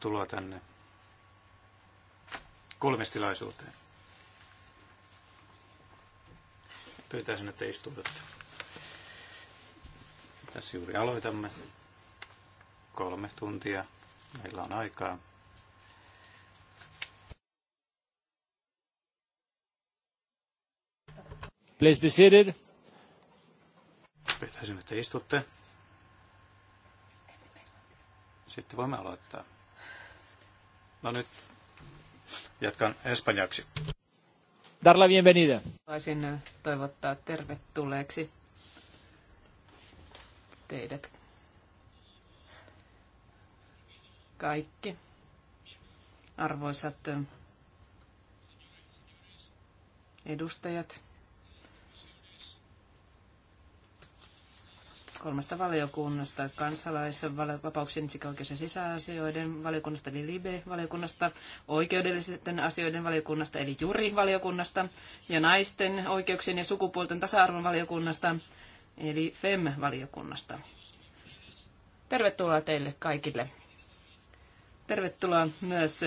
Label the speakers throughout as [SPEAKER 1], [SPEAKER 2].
[SPEAKER 1] Tervetuloa tänne kuulemistilaisuuteen. Pyytäisin, että istuudutte. Tässä juuri aloitamme. Kolme tuntia meillä on aikaa.
[SPEAKER 2] Please be seated.
[SPEAKER 1] Pyytäisin, että istutte. Sitten voimme aloittaa. No nyt jatkan espanjaksi.
[SPEAKER 2] Darla, bienvenida.
[SPEAKER 3] Haluaisin toivottaa tervetulleeksi teidät kaikki arvoisat edustajat. kolmesta valiokunnasta, kansalaisen vapauksien oikeus- ja sisäasioiden valiokunnasta, eli LIBE-valiokunnasta, oikeudellisten asioiden valiokunnasta, eli JURI-valiokunnasta, ja naisten oikeuksien ja sukupuolten tasa-arvon valiokunnasta, eli FEM-valiokunnasta. Tervetuloa teille kaikille. Tervetuloa myös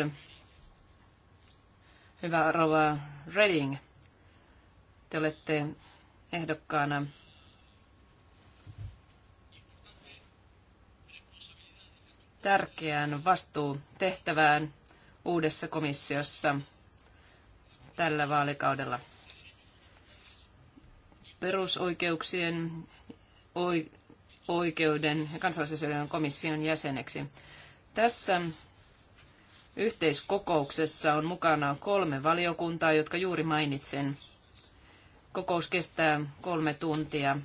[SPEAKER 3] hyvä rouva Reding. Te olette ehdokkaana tärkeään vastuutehtävään uudessa komissiossa tällä vaalikaudella. Perusoikeuksien, oikeuden ja kansalaisasioiden komission jäseneksi. Tässä yhteiskokouksessa on mukana kolme valiokuntaa, jotka juuri mainitsen. Kokous kestää kolme tuntia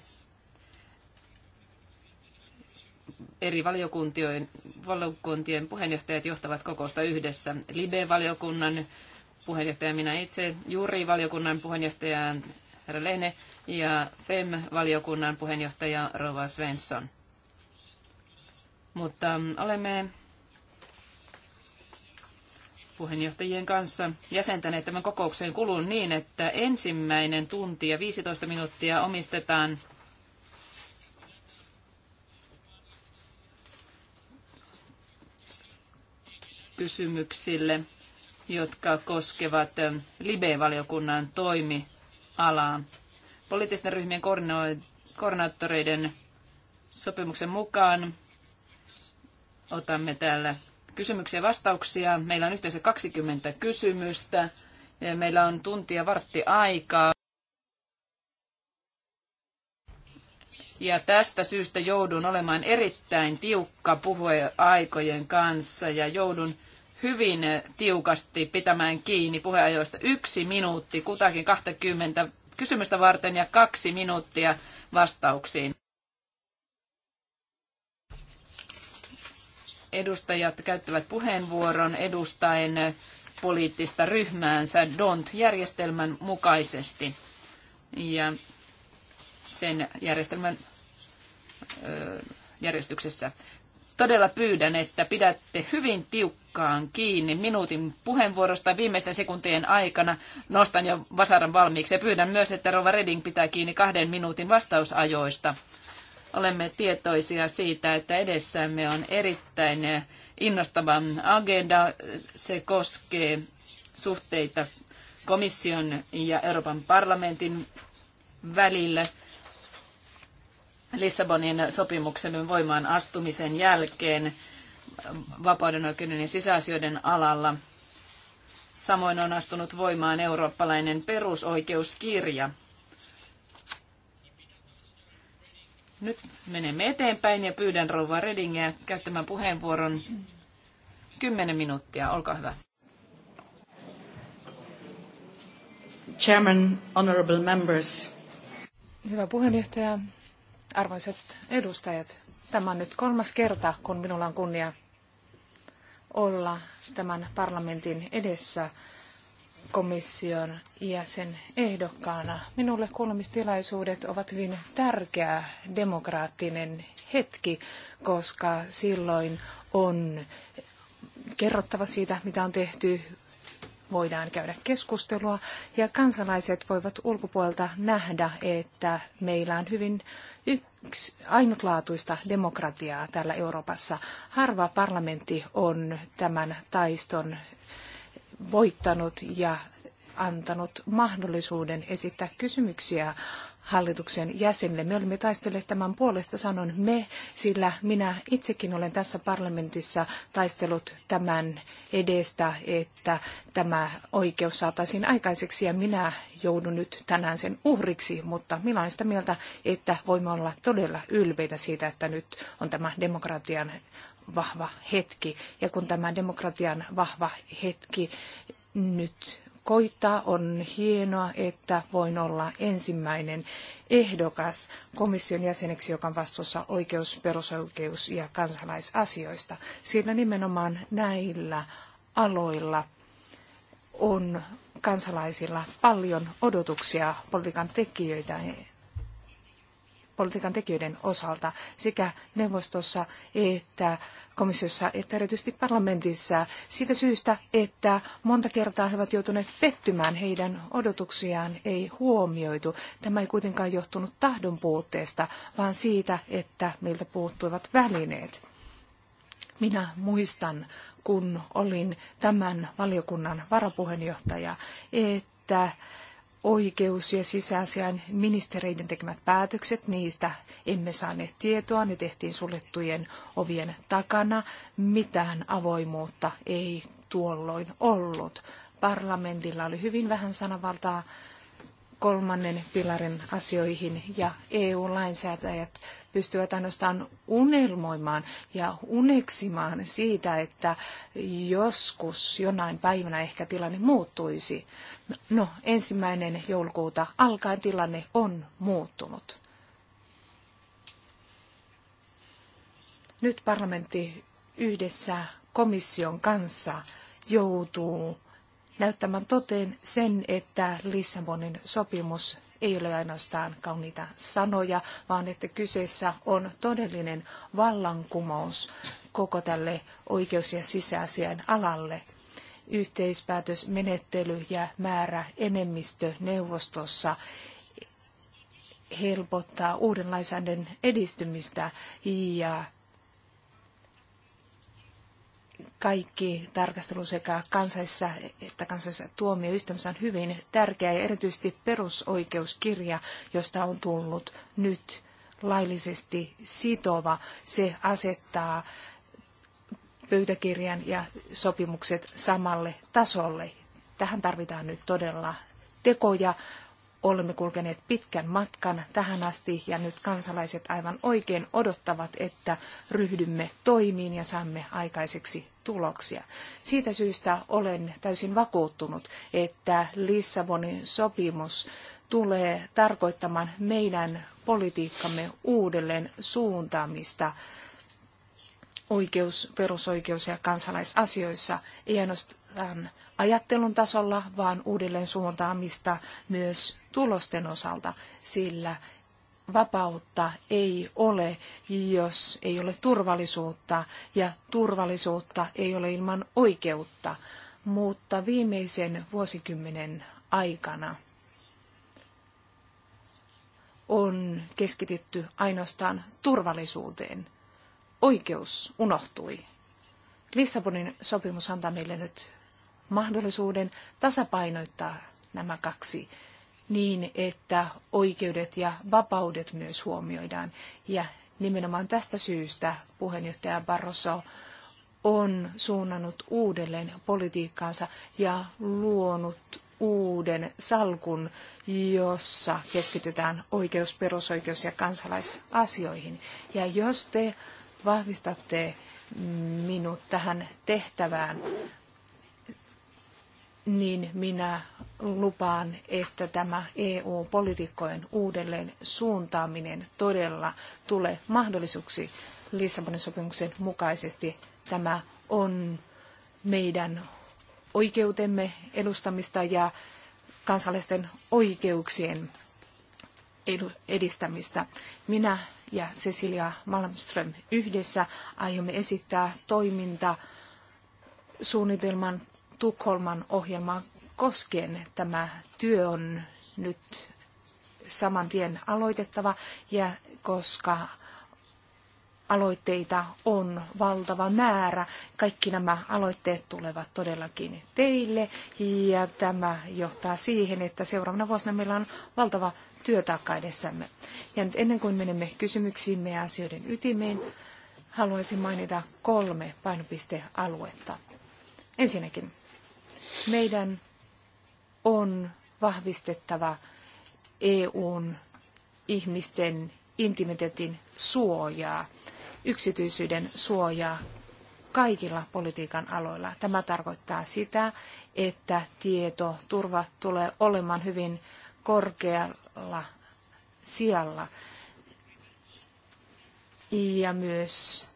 [SPEAKER 3] eri valiokuntien, valiokuntien puheenjohtajat johtavat kokousta yhdessä. Libe-valiokunnan puheenjohtaja minä itse, Juuri-valiokunnan puheenjohtaja herra Lehne ja FEM-valiokunnan puheenjohtaja Rova Svensson. Mutta mm, olemme puheenjohtajien kanssa jäsentäneet tämän kokouksen kulun niin, että ensimmäinen tunti ja 15 minuuttia omistetaan kysymyksille, jotka koskevat LIBE-valiokunnan toimialaa. Poliittisten ryhmien koordinaattoreiden sopimuksen mukaan otamme täällä kysymyksiä ja vastauksia. Meillä on yhteensä 20 kysymystä. Ja meillä on tuntia vartti aikaa. Ja tästä syystä joudun olemaan erittäin tiukka puheaikojen kanssa ja joudun hyvin tiukasti pitämään kiinni puheajoista. Yksi minuutti kutakin 20 kysymystä varten ja kaksi minuuttia vastauksiin. Edustajat käyttävät puheenvuoron edustaen poliittista ryhmäänsä DONT-järjestelmän mukaisesti. Ja sen järjestelmän järjestyksessä todella pyydän, että pidätte hyvin tiukkaan kiinni minuutin puheenvuorosta viimeisten sekuntien aikana. Nostan jo vasaran valmiiksi ja pyydän myös, että Rova Reding pitää kiinni kahden minuutin vastausajoista. Olemme tietoisia siitä, että edessämme on erittäin innostava agenda. Se koskee suhteita komission ja Euroopan parlamentin välillä – Lissabonin sopimuksen voimaan astumisen jälkeen vapauden oikeuden ja sisäasioiden alalla. Samoin on astunut voimaan eurooppalainen perusoikeuskirja. Nyt menemme eteenpäin ja pyydän rouva Redingia käyttämään puheenvuoron 10 minuuttia. Olkaa hyvä.
[SPEAKER 4] Chairman, honorable members.
[SPEAKER 5] Hyvä puheenjohtaja, Arvoisat edustajat, tämä on nyt kolmas kerta, kun minulla on kunnia olla tämän parlamentin edessä komission jäsen ehdokkaana. Minulle kuulemistilaisuudet ovat hyvin tärkeä demokraattinen hetki, koska silloin on kerrottava siitä, mitä on tehty, voidaan käydä keskustelua ja kansalaiset voivat ulkopuolelta nähdä, että meillä on hyvin yksi ainutlaatuista demokratiaa täällä Euroopassa. Harva parlamentti on tämän taiston voittanut ja antanut mahdollisuuden esittää kysymyksiä hallituksen jäsenille. Me olemme taistelleet tämän puolesta, sanon me, sillä minä itsekin olen tässä parlamentissa taistellut tämän edestä, että tämä oikeus saataisiin aikaiseksi ja minä joudun nyt tänään sen uhriksi, mutta minä olen sitä mieltä, että voimme olla todella ylpeitä siitä, että nyt on tämä demokratian vahva hetki. Ja kun tämä demokratian vahva hetki nyt koittaa. On hienoa, että voin olla ensimmäinen ehdokas komission jäseneksi, joka on vastuussa oikeus, perusoikeus ja kansalaisasioista, sillä nimenomaan näillä aloilla on kansalaisilla paljon odotuksia politiikan tekijöitä politiikan tekijöiden osalta sekä neuvostossa että komissiossa että erityisesti parlamentissa siitä syystä, että monta kertaa he ovat joutuneet pettymään, heidän odotuksiaan ei huomioitu. Tämä ei kuitenkaan johtunut tahdon puutteesta, vaan siitä, että meiltä puuttuivat välineet. Minä muistan, kun olin tämän valiokunnan varapuheenjohtaja, että että oikeus- ja sisäasian ministereiden tekemät päätökset, niistä emme saaneet tietoa, ne tehtiin suljettujen ovien takana. Mitään avoimuutta ei tuolloin ollut. Parlamentilla oli hyvin vähän sanavaltaa kolmannen pilarin asioihin ja EU-lainsäätäjät pystyvät ainoastaan unelmoimaan ja uneksimaan siitä, että joskus jonain päivänä ehkä tilanne muuttuisi. No, ensimmäinen joulukuuta alkaen tilanne on muuttunut. Nyt parlamentti yhdessä komission kanssa joutuu näyttämään toteen sen, että Lissabonin sopimus ei ole ainoastaan kauniita sanoja, vaan että kyseessä on todellinen vallankumous koko tälle oikeus- ja sisäasian alalle. Yhteispäätösmenettely ja määrä enemmistö neuvostossa helpottaa uuden lainsäädännön edistymistä ja kaikki tarkastelu sekä kansallisessa että kansallisessa tuomioistuimessa on hyvin tärkeä ja erityisesti perusoikeuskirja, josta on tullut nyt laillisesti sitova. Se asettaa pöytäkirjan ja sopimukset samalle tasolle. Tähän tarvitaan nyt todella tekoja olemme kulkeneet pitkän matkan tähän asti ja nyt kansalaiset aivan oikein odottavat, että ryhdymme toimiin ja saamme aikaiseksi tuloksia. Siitä syystä olen täysin vakuuttunut, että Lissabonin sopimus tulee tarkoittamaan meidän politiikkamme uudelleen suuntaamista oikeus, perusoikeus- ja kansalaisasioissa, ei ainoastaan ajattelun tasolla, vaan uudelleen suuntaamista myös tulosten osalta, sillä vapautta ei ole, jos ei ole turvallisuutta, ja turvallisuutta ei ole ilman oikeutta. Mutta viimeisen vuosikymmenen aikana on keskitytty ainoastaan turvallisuuteen. Oikeus unohtui. Lissabonin sopimus antaa meille nyt mahdollisuuden tasapainoittaa nämä kaksi niin, että oikeudet ja vapaudet myös huomioidaan. Ja nimenomaan tästä syystä puheenjohtaja Barroso on suunnannut uudelleen politiikkaansa ja luonut uuden salkun, jossa keskitytään oikeus, perusoikeus ja kansalaisasioihin. Ja jos te vahvistatte minut tähän tehtävään, niin minä lupaan, että tämä eu politiikkojen uudelleen suuntaaminen todella tulee mahdollisuksi Lissabonin sopimuksen mukaisesti. Tämä on meidän oikeutemme edustamista ja kansalaisten oikeuksien edistämistä. Minä ja Cecilia Malmström yhdessä aiomme esittää toiminta suunnitelman Tukholman ohjelmaa koskien. Tämä työ on nyt saman tien aloitettava ja koska aloitteita on valtava määrä. Kaikki nämä aloitteet tulevat todellakin teille ja tämä johtaa siihen, että seuraavana vuosina meillä on valtava työtaakka edessämme. Ja nyt ennen kuin menemme kysymyksiin ja asioiden ytimeen, haluaisin mainita kolme painopistealuetta. Ensinnäkin meidän on vahvistettava EUn ihmisten intimiteetin suojaa, yksityisyyden suojaa kaikilla politiikan aloilla. Tämä tarkoittaa sitä, että tietoturva tulee olemaan hyvin korkealla sijalla. Ja myös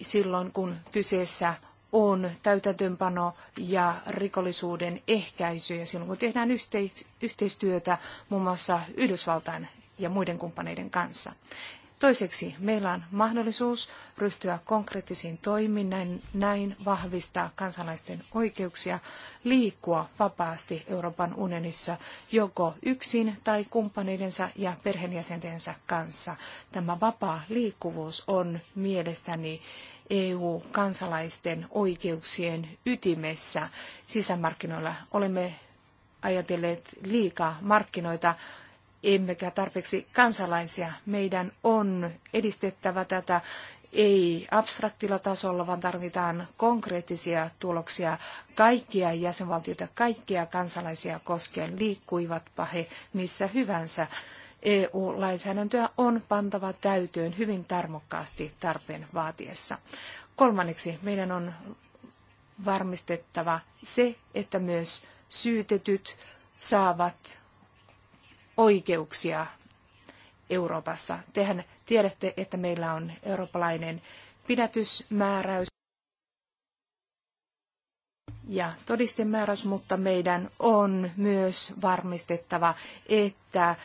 [SPEAKER 5] silloin, kun kyseessä on täytäntöönpano ja rikollisuuden ehkäisy. Ja silloin kun tehdään yhteistyötä muun muassa Yhdysvaltain ja muiden kumppaneiden kanssa. Toiseksi meillä on mahdollisuus ryhtyä konkreettisiin toimiin, näin, näin vahvistaa kansalaisten oikeuksia liikkua vapaasti Euroopan unionissa joko yksin tai kumppaneidensa ja perheenjäsentensä kanssa. Tämä vapaa liikkuvuus on mielestäni EU-kansalaisten oikeuksien ytimessä sisämarkkinoilla. Olemme ajatelleet liikaa markkinoita, emmekä tarpeeksi kansalaisia. Meidän on edistettävä tätä ei abstraktilla tasolla, vaan tarvitaan konkreettisia tuloksia kaikkia jäsenvaltioita, kaikkia kansalaisia koskien, liikkuivatpa he missä hyvänsä. EU-lainsäädäntöä on pantava täytöön hyvin tarmokkaasti tarpeen vaatiessa. Kolmanneksi meidän on varmistettava se, että myös syytetyt saavat oikeuksia Euroopassa. Tehän tiedätte, että meillä on eurooppalainen pidätysmääräys ja todistemääräys, mutta meidän on myös varmistettava, että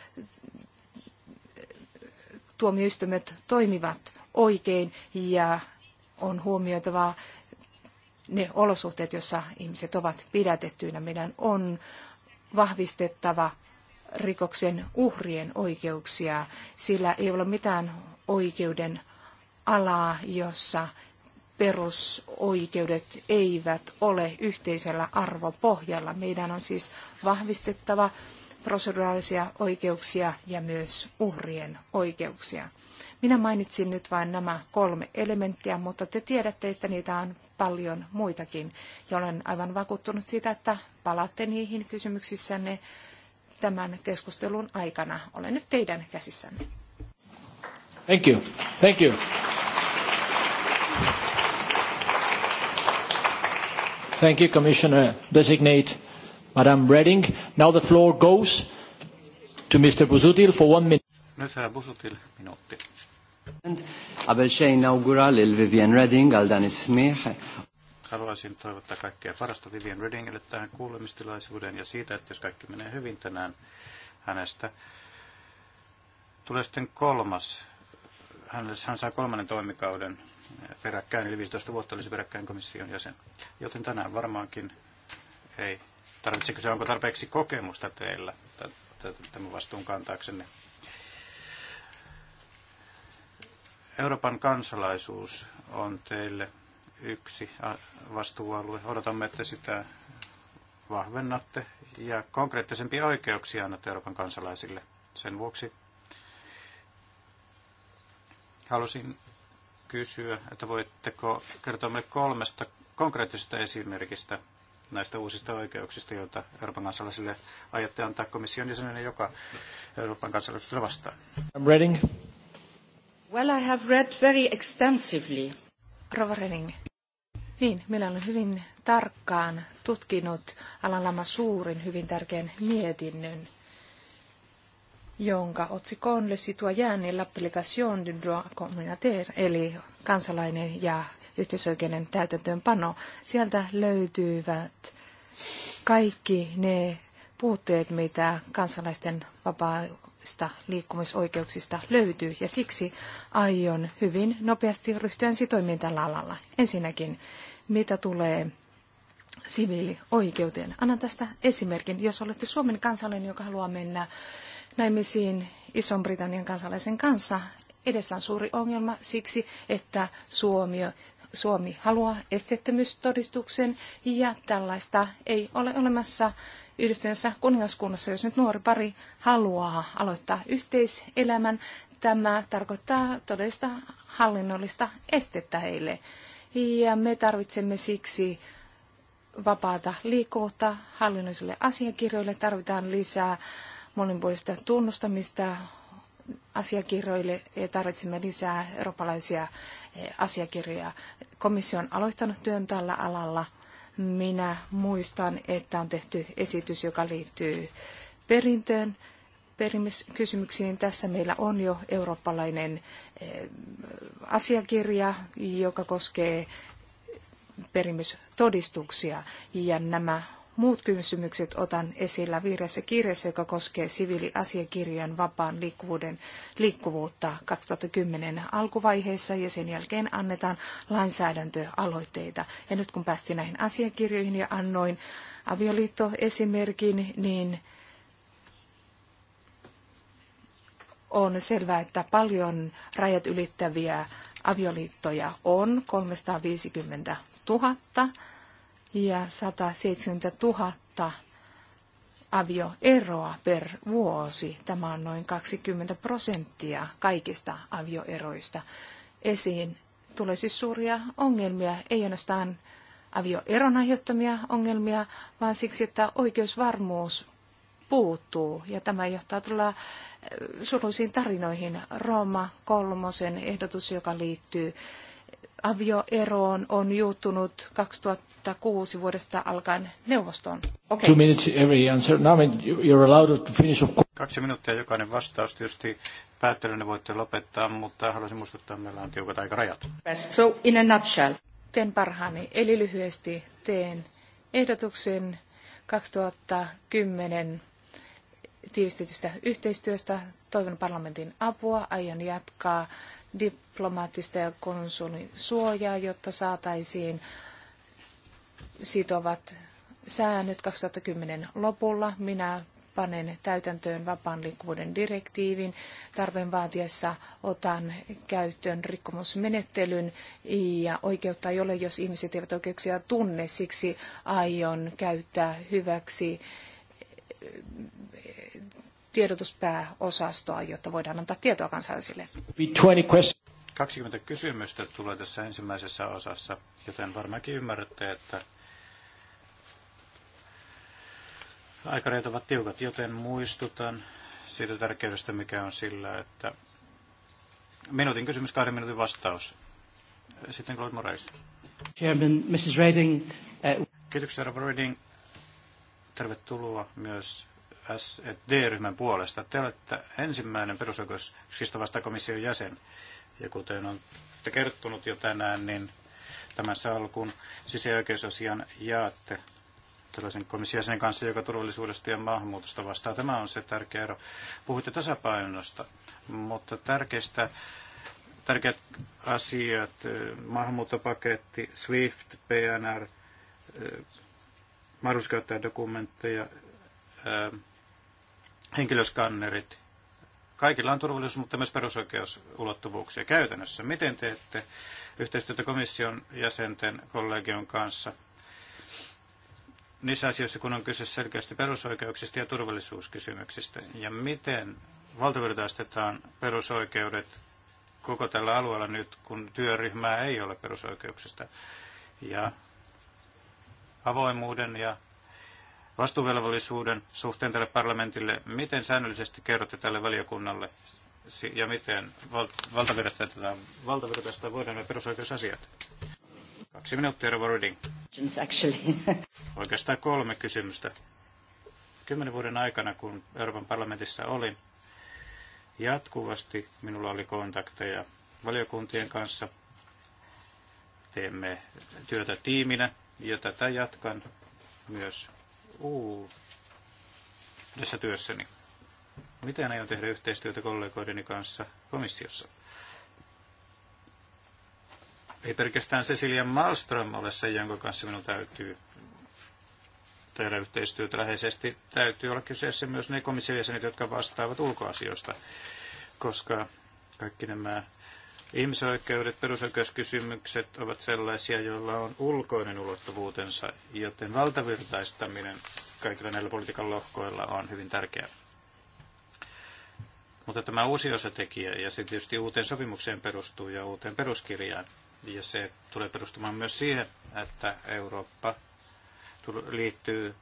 [SPEAKER 5] tuomioistuimet toimivat oikein ja on huomioitava ne olosuhteet, joissa ihmiset ovat pidätettyinä. Meidän on vahvistettava rikoksen uhrien oikeuksia, sillä ei ole mitään oikeuden alaa, jossa perusoikeudet eivät ole yhteisellä arvopohjalla. Meidän on siis vahvistettava proseduraalisia oikeuksia ja myös uhrien oikeuksia. Minä mainitsin nyt vain nämä kolme elementtiä, mutta te tiedätte, että niitä on paljon muitakin. Ja olen aivan vakuuttunut siitä, että palaatte niihin kysymyksissänne tämän keskustelun aikana. Olen nyt teidän käsissänne.
[SPEAKER 2] Thank you. Thank you. Thank you, Commissioner Designate. Madame Reding. Now the floor goes to Mr. Busutil for one minute.
[SPEAKER 1] Mr. herra Busutil, minuutti.
[SPEAKER 2] Qabel xejn inaugura lil Vivian Redding Aldani dan
[SPEAKER 1] Haluaisin toivottaa kaikkea parasta Vivian Reddingille tähän kuulemistilaisuuden ja siitä, että jos kaikki menee hyvin tänään hänestä, tulee sitten kolmas. Hänelle, hän saa kolmannen toimikauden peräkkäin, eli 15 vuotta olisi peräkkäin komission jäsen. Joten tänään varmaankin ei Tarvitseeko se, onko tarpeeksi kokemusta teillä tämän vastuun kantaaksenne? Euroopan kansalaisuus on teille yksi vastuualue. Odotamme, että sitä vahvennatte ja konkreettisempia oikeuksia annatte Euroopan kansalaisille. Sen vuoksi halusin kysyä, että voitteko kertoa meille kolmesta konkreettisesta esimerkistä näistä uusista oikeuksista, joita Euroopan kansalaisille aiotte antaa komission jäsenenä, joka Euroopan kansalaisuutta vastaa. I'm reading.
[SPEAKER 2] Well,
[SPEAKER 5] I have read very extensively. Rova Reding. Niin, minä olen hyvin tarkkaan tutkinut Alan Lama Suurin hyvin tärkeän mietinnön, jonka otsikko on Le citoyen et l'application du droit communautaire, eli kansalainen ja yhteisöoikeuden täytäntöönpano. Sieltä löytyvät kaikki ne puutteet, mitä kansalaisten vapaista liikkumisoikeuksista löytyy, ja siksi aion hyvin nopeasti ryhtyä sitoimiin tällä alalla. Ensinnäkin, mitä tulee siviilioikeuteen. Annan tästä esimerkin. Jos olette Suomen kansalainen, joka haluaa mennä naimisiin Ison-Britannian kansalaisen kanssa, edessä on suuri ongelma siksi, että Suomi Suomi haluaa esteettömyystodistuksen ja tällaista ei ole olemassa yhdistyneessä kuningaskunnassa, jos nyt nuori pari haluaa aloittaa yhteiselämän. Tämä tarkoittaa todellista hallinnollista estettä heille. Ja me tarvitsemme siksi vapaata liikkuvuutta hallinnollisille asiakirjoille, tarvitaan lisää monipuolista tunnustamista, asiakirjoille ja tarvitsemme lisää eurooppalaisia eh, asiakirjoja. Komissio on aloittanut työn tällä alalla. Minä muistan, että on tehty esitys, joka liittyy perintöön, perimiskysymyksiin. Tässä meillä on jo eurooppalainen eh, asiakirja, joka koskee perimystodistuksia ja nämä muut kysymykset otan esillä vihreässä kirjassa, joka koskee siviiliasiakirjojen vapaan liikkuvuuden liikkuvuutta 2010 alkuvaiheessa ja sen jälkeen annetaan lainsäädäntöaloitteita. Ja nyt kun päästiin näihin asiakirjoihin ja annoin avioliittoesimerkin, niin on selvää, että paljon rajat ylittäviä avioliittoja on, 350 000 ja 170 000 avioeroa per vuosi. Tämä on noin 20 prosenttia kaikista avioeroista. Esiin tulee siis suuria ongelmia, ei ainoastaan avioeron aiheuttamia ongelmia, vaan siksi, että oikeusvarmuus puuttuu. Ja tämä johtaa tulla äh, suruisiin tarinoihin. Rooma kolmosen ehdotus, joka liittyy avioeroon, on juuttunut 2000 2006 vuodesta alkaen neuvostoon. Okay. Two minutes every
[SPEAKER 2] answer. No, you're allowed to
[SPEAKER 1] finish Kaksi minuuttia jokainen vastaus. Tietysti päättelyn voitte lopettaa, mutta haluaisin muistuttaa, että meillä on tiukat aikarajat.
[SPEAKER 5] So in a nutshell. Teen parhaani, eli lyhyesti teen ehdotuksen 2010 tiivistetystä yhteistyöstä. Toivon parlamentin apua. Aion jatkaa diplomaattista ja konsulisuojaa, jotta saataisiin sitovat säännöt 2010 lopulla. Minä panen täytäntöön vapaan liikkuvuuden direktiivin. Tarpeen vaatiessa otan käyttöön rikkomusmenettelyn ja oikeutta ei ole, jos ihmiset eivät oikeuksia tunne. Siksi aion käyttää hyväksi eh, tiedotuspääosastoa, jotta voidaan antaa tietoa kansalaisille.
[SPEAKER 1] 20 kysymystä tulee tässä ensimmäisessä osassa, joten varmaankin ymmärrätte, että Aikarajat ovat tiukat, joten muistutan siitä tärkeydestä, mikä on sillä, että minuutin kysymys, kahden minuutin vastaus. Sitten Claude Moraes.
[SPEAKER 4] Chairman, Mrs. Reding.
[SPEAKER 1] Uh... Kiitoksia, Robert Redding. Tervetuloa myös SD-ryhmän puolesta. Te olette ensimmäinen perusoikeuksista vasta komission jäsen. Ja kuten on kertonut jo tänään, niin tämän salkun sisäoikeusasian jaatte Tällaisen komission kanssa, joka turvallisuudesta ja maahanmuutosta vastaa. Tämä on se tärkeä ero. Puhuitte tasapainosta, mutta tärkeistä tärkeät asiat, eh, maahanmuuttopaketti, SWIFT, PNR, eh, mahdollisuus dokumentteja, eh, henkilöskannerit. Kaikilla on turvallisuus, mutta myös perusoikeusulottuvuuksia käytännössä. Miten teette yhteistyötä komission jäsenten kollegion kanssa niissä asioissa, kun on kyse selkeästi perusoikeuksista ja turvallisuuskysymyksistä. Ja miten valtavirtaistetaan perusoikeudet koko tällä alueella nyt, kun työryhmää ei ole perusoikeuksista. Ja avoimuuden ja vastuuvelvollisuuden suhteen tälle parlamentille, miten säännöllisesti kerrotte tälle valiokunnalle ja miten val- valtavirtaistetaan, valtavirtaistetaan voidaan ne perusoikeusasiat? Kaksi minuuttia, Rova Reading. Oikeastaan kolme kysymystä. Kymmenen vuoden aikana, kun Euroopan parlamentissa olin, jatkuvasti minulla oli kontakteja valiokuntien kanssa. Teemme työtä tiiminä ja tätä jatkan myös uudessa työssäni. Miten aion tehdä yhteistyötä kollegoideni kanssa komissiossa? Ei pelkästään Cecilia Malmström ole se, jonka kanssa minun täytyy tehdä yhteistyötä läheisesti. Täytyy olla kyseessä myös ne komission jotka vastaavat ulkoasioista, koska kaikki nämä ihmisoikeudet, perusoikeuskysymykset ovat sellaisia, joilla on ulkoinen ulottuvuutensa, joten valtavirtaistaminen kaikilla näillä politiikan lohkoilla on hyvin tärkeää. Mutta tämä uusi osatekijä ja se tietysti uuteen sopimukseen perustuu ja uuteen peruskirjaan, ja se tulee perustumaan myös siihen, että Eurooppa liittyy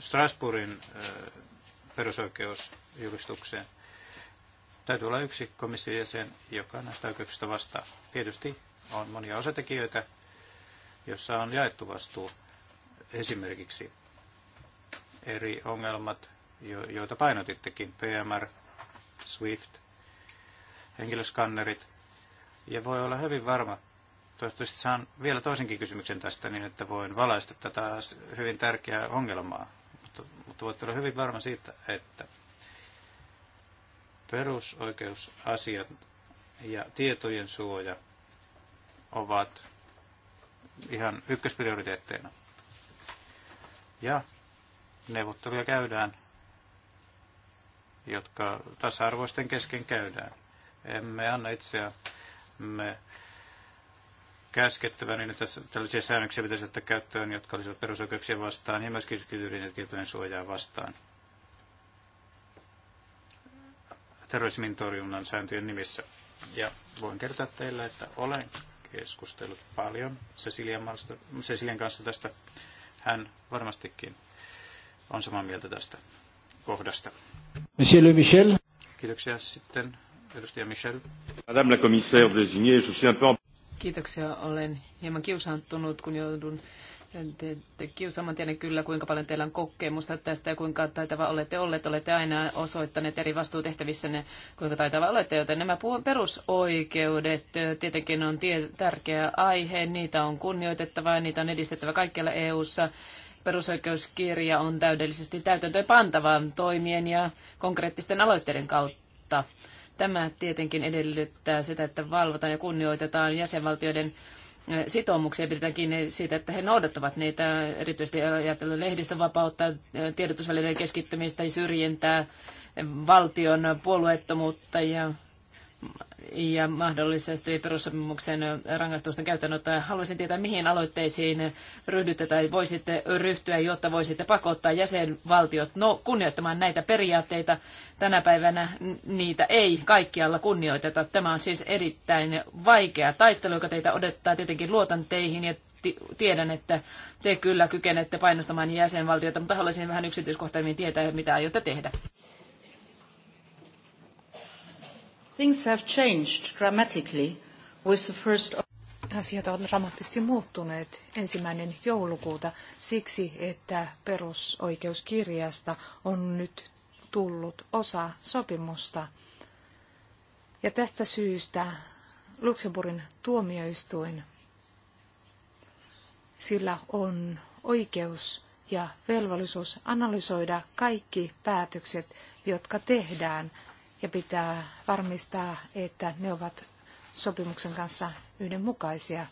[SPEAKER 1] Strasbourgin perusoikeusjulistukseen. Täytyy olla yksi komission jäsen, joka näistä oikeuksista vastaa. Tietysti on monia osatekijöitä, jossa on jaettu vastuu. Esimerkiksi eri ongelmat, joita painotittekin, PMR, SWIFT, henkilöskannerit – ja voi olla hyvin varma, toivottavasti saan vielä toisenkin kysymyksen tästä niin, että voin valaista tätä hyvin tärkeää ongelmaa. Mutta, mutta voit olla hyvin varma siitä, että perusoikeusasiat ja tietojen suoja ovat ihan ykkösprioriteetteina. Ja neuvotteluja käydään, jotka tasa-arvoisten kesken käydään. Emme anna itseä me käskettävä, niin että tällaisia säännöksiä pitäisi ottaa käyttöön, jotka olisivat perusoikeuksia vastaan ja myöskin yksityisen tietojen suojaa vastaan. terrorismin torjunnan sääntöjen nimissä. Ja voin kertoa teille, että olen keskustellut paljon Cecilian, Cecilian kanssa tästä. Hän varmastikin on samaa mieltä tästä kohdasta. Monsieur Michel. Kiitoksia sitten Edustaja Michel. Madame la commissaire désignée, je suis un peu...
[SPEAKER 3] Kiitoksia. Olen hieman kiusaantunut, kun joudun te, te kiusaamaan tiedän kyllä, kuinka paljon teillä on kokemusta tästä ja kuinka taitava olette olleet. Olette aina osoittaneet eri vastuutehtävissänne, kuinka taitava olette, joten nämä perusoikeudet tietenkin on tie, tärkeä aihe. Niitä on kunnioitettava ja niitä on edistettävä kaikkialla EU-ssa. Perusoikeuskirja on täydellisesti täytäntöön pantava toimien ja konkreettisten aloitteiden kautta. Tämä tietenkin edellyttää sitä, että valvotaan ja kunnioitetaan jäsenvaltioiden sitoumuksia pidetään kiinni siitä, että he noudattavat niitä, erityisesti ajatellen lehdistön vapautta, tiedotusvälineiden keskittymistä ja syrjintää, valtion puolueettomuutta ja ja mahdollisesti perussopimuksen rangaistusten käyttöönottoa. Haluaisin tietää, mihin aloitteisiin ryhdytte tai voisitte ryhtyä, jotta voisitte pakottaa jäsenvaltiot no, kunnioittamaan näitä periaatteita. Tänä päivänä niitä ei kaikkialla kunnioiteta. Tämä on siis erittäin vaikea taistelu, joka teitä odottaa. Tietenkin luotan teihin ja tiedän, että te kyllä kykenette painostamaan jäsenvaltiota, mutta haluaisin vähän yksityiskohtaisemmin tietää, mitä aiotte tehdä. Things have
[SPEAKER 5] changed dramatically with the first Asiat ovat dramaattisesti muuttuneet ensimmäinen joulukuuta siksi, että perusoikeuskirjasta on nyt tullut osa sopimusta. Ja tästä syystä Luxemburgin tuomioistuin sillä on oikeus ja velvollisuus analysoida kaikki päätökset, jotka tehdään ja pitää varmistaa, että ne ovat sopimuksen kanssa yhdenmukaisia.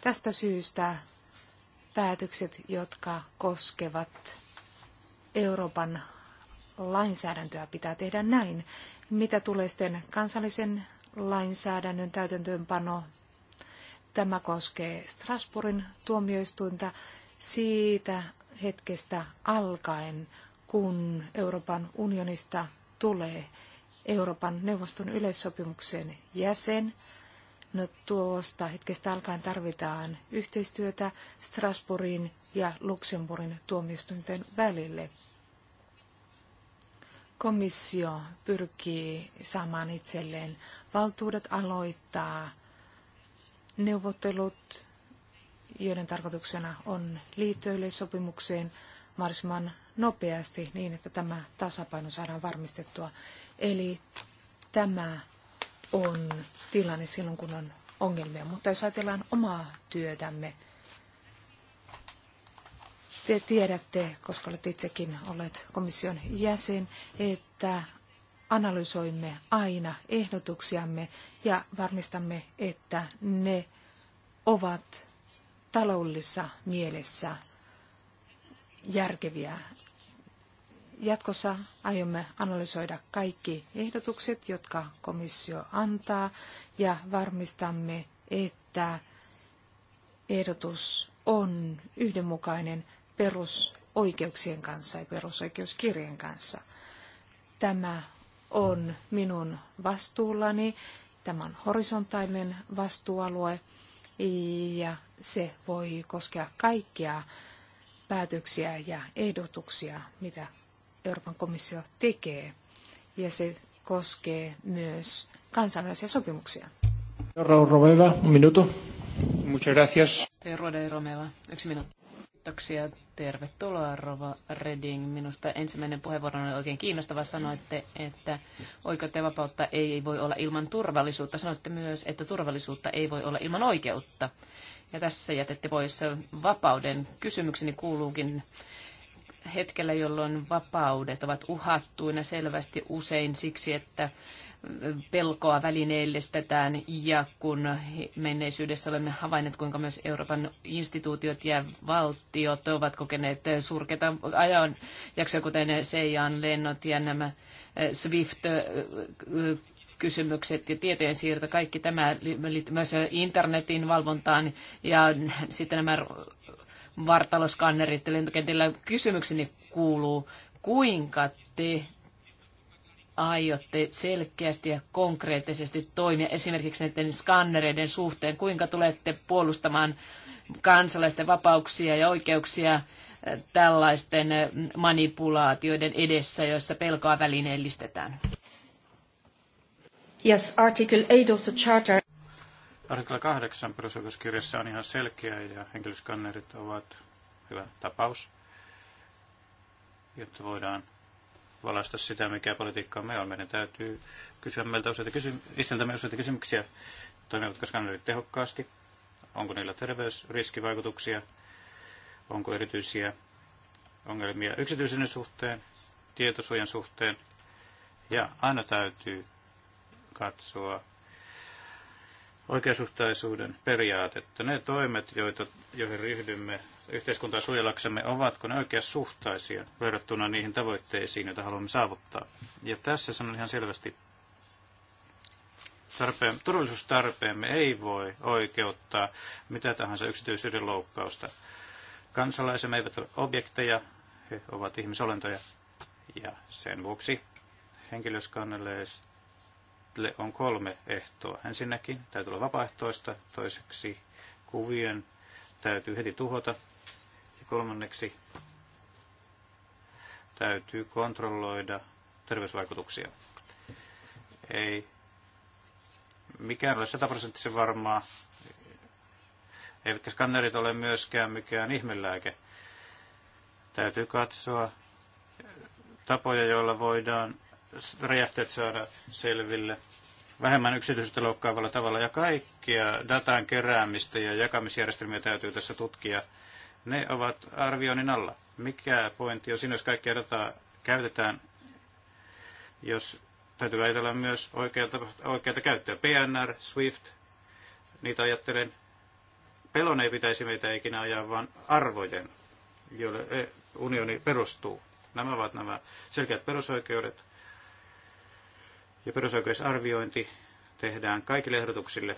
[SPEAKER 5] Tästä syystä päätökset, jotka koskevat Euroopan lainsäädäntöä, pitää tehdä näin. Mitä tulee sitten kansallisen lainsäädännön täytäntöönpano, tämä koskee Strasbourgin tuomioistuinta siitä hetkestä alkaen, kun Euroopan unionista tulee Euroopan neuvoston yleissopimuksen jäsen. No tuosta hetkestä alkaen tarvitaan yhteistyötä Strasbourgin ja Luxemburgin tuomioistuinten välille. Komissio pyrkii saamaan itselleen valtuudet aloittaa neuvottelut, joiden tarkoituksena on liittyä yleissopimukseen mahdollisimman nopeasti niin, että tämä tasapaino saadaan varmistettua. Eli tämä on tilanne silloin, kun on ongelmia. Mutta jos ajatellaan omaa työtämme, te tiedätte, koska olette itsekin olleet komission jäsen, että analysoimme aina ehdotuksiamme ja varmistamme, että ne ovat taloudellisessa mielessä järkeviä. Jatkossa aiomme analysoida kaikki ehdotukset, jotka komissio antaa, ja varmistamme, että ehdotus on yhdenmukainen perusoikeuksien kanssa ja perusoikeuskirjan kanssa. Tämä on minun vastuullani, tämä on horisontaalinen vastuualue ja se voi koskea kaikkia päätöksiä ja ehdotuksia, mitä Euroopan komissio tekee, ja se koskee myös kansainvälisiä
[SPEAKER 3] sopimuksia.
[SPEAKER 2] Romeva, minuutu. Muchas gracias.
[SPEAKER 3] Romeva, yksi minuutti. Kiitoksia. Tervetuloa Rova Reding. Minusta ensimmäinen puheenvuoro oli oikein kiinnostava. Sanoitte, että oikeutta ja vapautta ei voi olla ilman turvallisuutta. Sanoitte myös, että turvallisuutta ei voi olla ilman oikeutta. Ja tässä jätette pois vapauden. Kysymykseni kuuluukin, hetkellä, jolloin vapaudet ovat uhattuina selvästi usein siksi, että pelkoa välineellistetään ja kun menneisyydessä olemme havainneet, kuinka myös Euroopan instituutiot ja valtiot ovat kokeneet surkeita ajan jaksoja, kuten Seijan lennot ja nämä Swift äh, kysymykset ja tietojen siirto, kaikki tämä liittyy myös internetin valvontaan ja sitten nämä vartaloskannerit lentokentillä. Kysymykseni kuuluu, kuinka te aiotte selkeästi ja konkreettisesti toimia esimerkiksi näiden skannereiden suhteen? Kuinka tulette puolustamaan kansalaisten vapauksia ja oikeuksia äh, tällaisten äh, manipulaatioiden edessä, joissa pelkoa välineellistetään?
[SPEAKER 4] Yes, Article 8 of the Charter.
[SPEAKER 1] Artikla 8 perusoikeuskirjassa on ihan selkeä ja henkilöskannerit ovat hyvä tapaus, jotta voidaan valaista sitä, mikä politiikka me on. Meidän täytyy kysyä meiltä useita, kysy- me useita kysymyksiä, toimivatko skannerit tehokkaasti, onko niillä terveysriskivaikutuksia, onko erityisiä ongelmia yksityisen suhteen, tietosuojan suhteen, ja aina täytyy katsoa oikeasuhtaisuuden periaatetta. Ne toimet, joita, joihin ryhdymme yhteiskuntaa suojelaksemme, ovatko ne oikeasuhtaisia verrattuna niihin tavoitteisiin, joita haluamme saavuttaa. Ja tässä sanon ihan selvästi, tarpeen, turvallisuustarpeemme ei voi oikeuttaa mitä tahansa yksityisyyden loukkausta. Kansalaisemme eivät ole objekteja, he ovat ihmisolentoja, ja sen vuoksi henkilöskannelleista Tälle on kolme ehtoa. Ensinnäkin täytyy olla vapaaehtoista, toiseksi kuvien täytyy heti tuhota ja kolmanneksi täytyy kontrolloida terveysvaikutuksia. Ei mikään ole sataprosenttisen varmaa, eivätkä skannerit ole myöskään mikään ihmelääke. Täytyy katsoa tapoja, joilla voidaan räjähteet saada selville vähemmän yksityisesti loukkaavalla tavalla. Ja kaikkia datan keräämistä ja jakamisjärjestelmiä täytyy tässä tutkia. Ne ovat arvioinnin alla. Mikä pointti on siinä, jos kaikkia dataa käytetään, jos täytyy ajatella myös oikeata, oikeata käyttöä. PNR, SWIFT, niitä ajattelen. Pelon ei pitäisi meitä ikinä ajaa, vaan arvojen, joille eh, unioni perustuu. Nämä ovat nämä selkeät perusoikeudet ja perusoikeusarviointi tehdään kaikille ehdotuksille,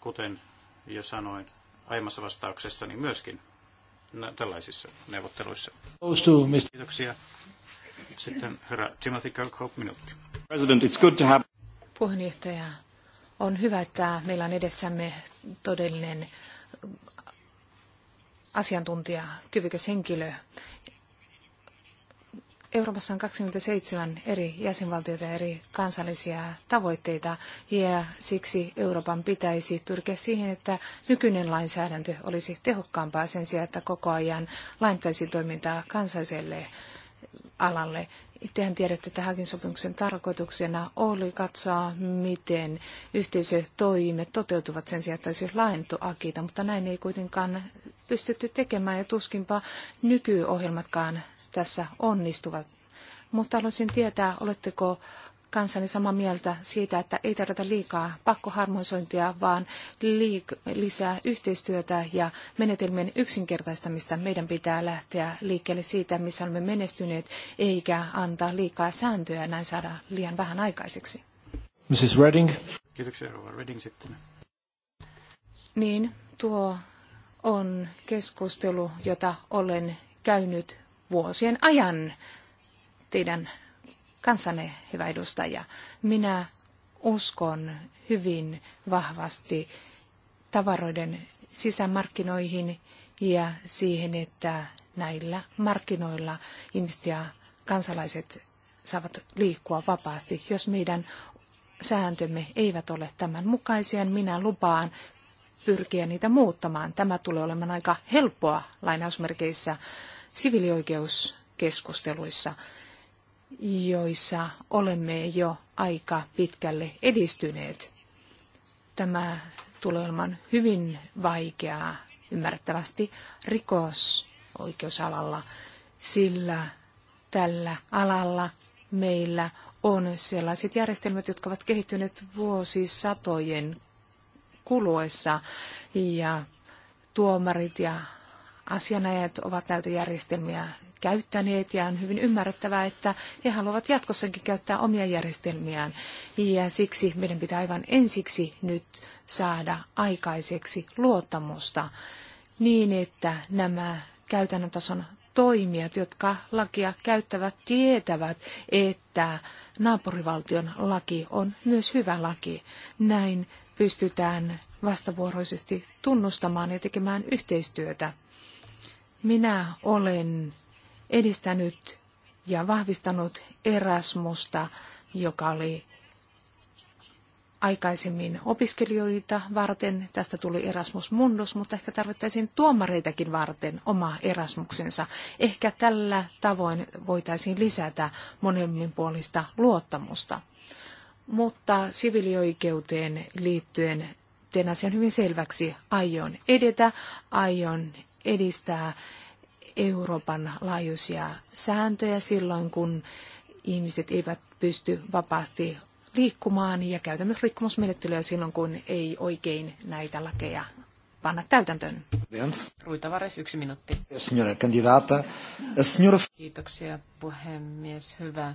[SPEAKER 1] kuten jo sanoin aiemmassa vastauksessani myöskin tällaisissa neuvotteluissa. Kiitoksia. Sitten herra Timothy Kirkhope, minuutti. President, it's good to have...
[SPEAKER 5] Puheenjohtaja, on hyvä, että meillä on edessämme todellinen asiantuntija, kyvykäs henkilö, Euroopassa on 27 eri jäsenvaltioita ja eri kansallisia tavoitteita ja siksi Euroopan pitäisi pyrkiä siihen, että nykyinen lainsäädäntö olisi tehokkaampaa sen sijaan, että koko ajan laintaisiin toimintaa kansalliselle alalle. Tehän tiedätte, että Hagin sopimuksen tarkoituksena oli katsoa, miten yhteisötoimet toteutuvat sen sijaan, että olisi laajentu Akita, mutta näin ei kuitenkaan pystytty tekemään ja tuskinpa nykyohjelmatkaan tässä onnistuvat. Mutta haluaisin tietää, oletteko kanssani samaa mieltä siitä, että ei tarvita liikaa pakkoharmonisointia, vaan lisää yhteistyötä ja menetelmien yksinkertaistamista. Meidän pitää lähteä liikkeelle siitä, missä olemme menestyneet, eikä antaa liikaa sääntöjä ja näin saada liian vähän aikaiseksi.
[SPEAKER 2] Mrs. Redding.
[SPEAKER 1] Kiitoksia, Rova Redding sitten.
[SPEAKER 5] Niin, tuo on keskustelu, jota olen käynyt vuosien ajan teidän kansanne, hyvä edustaja. Minä uskon hyvin vahvasti tavaroiden sisämarkkinoihin ja siihen, että näillä markkinoilla ihmiset ja kansalaiset saavat liikkua vapaasti. Jos meidän sääntömme eivät ole tämän mukaisia, niin minä lupaan pyrkiä niitä muuttamaan. Tämä tulee olemaan aika helppoa lainausmerkeissä sivilioikeuskeskusteluissa, joissa olemme jo aika pitkälle edistyneet. Tämä tulee olemaan hyvin vaikeaa ymmärrettävästi rikosoikeusalalla, sillä tällä alalla meillä on sellaiset järjestelmät, jotka ovat kehittyneet vuosisatojen kuluessa ja tuomarit ja asianajat ovat järjestelmiä käyttäneet ja on hyvin ymmärrettävää, että he haluavat jatkossakin käyttää omia järjestelmiään. Ja siksi meidän pitää aivan ensiksi nyt saada aikaiseksi luottamusta niin, että nämä käytännön tason toimijat, jotka lakia käyttävät, tietävät, että naapurivaltion laki on myös hyvä laki. Näin pystytään vastavuoroisesti tunnustamaan ja tekemään yhteistyötä. Minä olen edistänyt ja vahvistanut Erasmusta, joka oli aikaisemmin opiskelijoita varten. Tästä tuli Erasmus Mundus, mutta ehkä tarvittaisiin tuomareitakin varten oma Erasmuksensa. Ehkä tällä tavoin voitaisiin lisätä monimminpuolista luottamusta. Mutta sivilioikeuteen liittyen teen asian hyvin selväksi. Aion edetä, aion edistää Euroopan laajuisia sääntöjä silloin, kun ihmiset eivät pysty vapaasti liikkumaan ja käytämme rikkomusmenettelyä silloin, kun ei oikein näitä lakeja panna täytäntöön.
[SPEAKER 3] Ruitavares, yksi minuutti. Signora
[SPEAKER 2] candidata. Signora...
[SPEAKER 3] Kiitoksia puhemies. Hyvä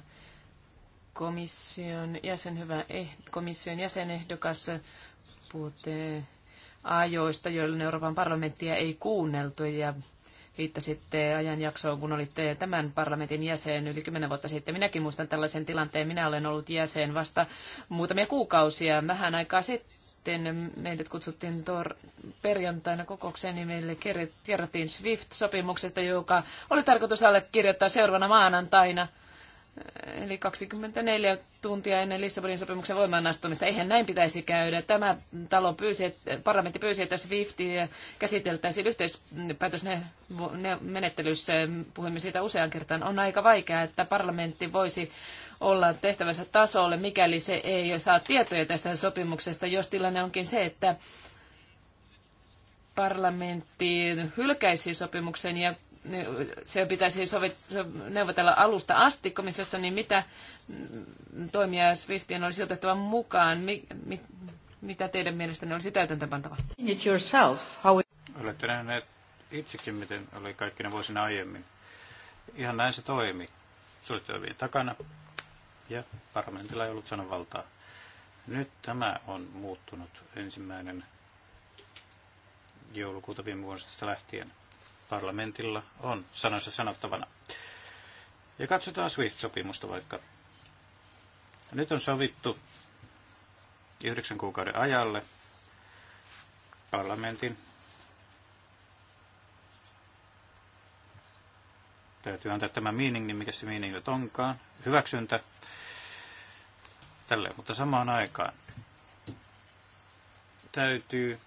[SPEAKER 3] komission jäsen, hyvä eh, komission jäsenehdokas. Puhutte ajoista, joilla Euroopan parlamenttia ei kuunneltu ja viittasitte ajanjaksoon, kun olitte tämän parlamentin jäsen yli kymmenen vuotta sitten. Minäkin muistan tällaisen tilanteen. Minä olen ollut jäsen vasta muutamia kuukausia, vähän aikaa sitten. Meidät kutsuttiin tor- perjantaina kokoukseen, niin meille kerrottiin SWIFT-sopimuksesta, joka oli tarkoitus allekirjoittaa seuraavana maanantaina – Eli 24 tuntia ennen Lissabonin sopimuksen voimaan astumista. Eihän näin pitäisi käydä. Tämä talo pyysi, että, parlamentti pyysi, että Swift käsiteltäisiin menettelyssä Puhuimme siitä usean kertaan. On aika vaikeaa, että parlamentti voisi olla tehtävänsä tasolle, mikäli se ei saa tietoja tästä sopimuksesta, jos tilanne onkin se, että parlamentti hylkäisi sopimuksen ja se pitäisi sovit, neuvotella alusta asti komissiossa, niin mitä mm, toimia Swiftien olisi otettava mukaan? Mi, mi, mitä teidän mielestänne olisi täytäntöpantava?
[SPEAKER 1] Olette nähneet itsekin, miten oli kaikkina vuosina aiemmin. Ihan näin se toimi. Suljettujen takana ja parlamentilla ei ollut sananvaltaa. Nyt tämä on muuttunut ensimmäinen joulukuuta viime vuodesta lähtien parlamentilla on sanansa sanottavana. Ja katsotaan SWIFT-sopimusta vaikka. Nyt on sovittu yhdeksän kuukauden ajalle parlamentin täytyy antaa tämä meaning, niin mikä se meaning nyt onkaan, hyväksyntä tälle, mutta samaan aikaan täytyy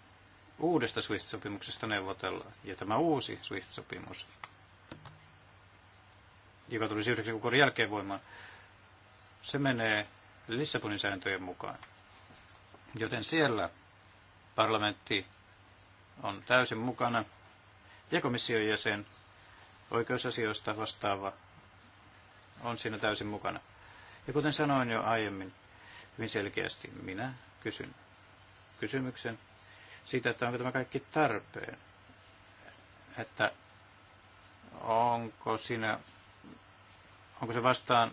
[SPEAKER 1] uudesta SWIFT-sopimuksesta neuvotellaan. Ja tämä uusi SWIFT-sopimus, joka tulisi yhdeksän kuukauden jälkeen voimaan, se menee Lissabonin sääntöjen mukaan. Joten siellä parlamentti on täysin mukana ja komission jäsen oikeusasioista vastaava on siinä täysin mukana. Ja kuten sanoin jo aiemmin hyvin selkeästi, minä kysyn kysymyksen siitä, että onko tämä kaikki tarpeen. Että onko siinä, onko se vastaan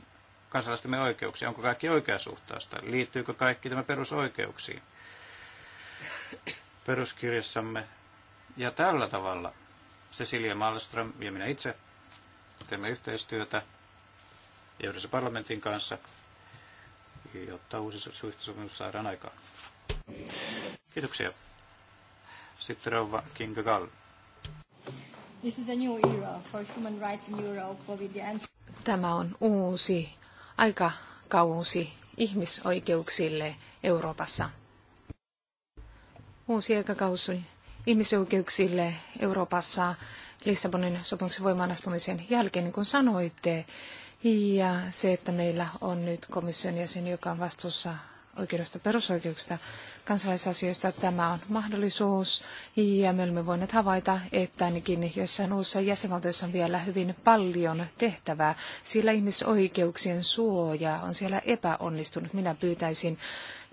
[SPEAKER 1] kansalaistamme oikeuksia, onko kaikki oikeasuhtaista, liittyykö kaikki tämä perusoikeuksiin peruskirjassamme. Ja tällä tavalla Cecilia Malmström ja minä itse teemme yhteistyötä yhdessä parlamentin kanssa, jotta uusi suhteellisuus saadaan aikaan. Kiitoksia. Sitrova Kingagal.
[SPEAKER 5] This is a new era for human rights in Europe with the Tämä on uusi aika kausi ihmisoikeuksille Euroopassa. Uusi aikakausi ihmisoikeuksille Euroopassa Lissabonin sopimuksen voimaanastumisen jälkeen, niin kuin sanoitte. Ja se, että meillä on nyt komission jäsen, joka on vastuussa oikeudesta perusoikeuksista kansalaisasioista. Tämä on mahdollisuus ja me olemme voineet havaita, että ainakin joissain uusissa jäsenvaltioissa on vielä hyvin paljon tehtävää, sillä ihmisoikeuksien suoja on siellä epäonnistunut. Minä pyytäisin,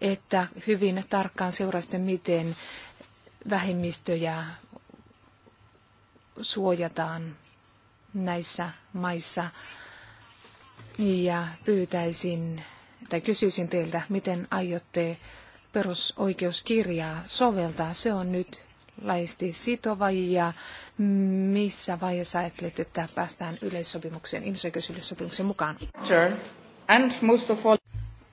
[SPEAKER 5] että hyvin tarkkaan seuraisitte, miten vähemmistöjä suojataan näissä maissa ja pyytäisin tai kysyisin teiltä, miten aiotte perusoikeuskirjaa soveltaa. Se on nyt laisti sitova ja missä vaiheessa ajattelet, että päästään yleissopimukseen, ihmisoikeusyleissopimuksen mukaan? And most of all...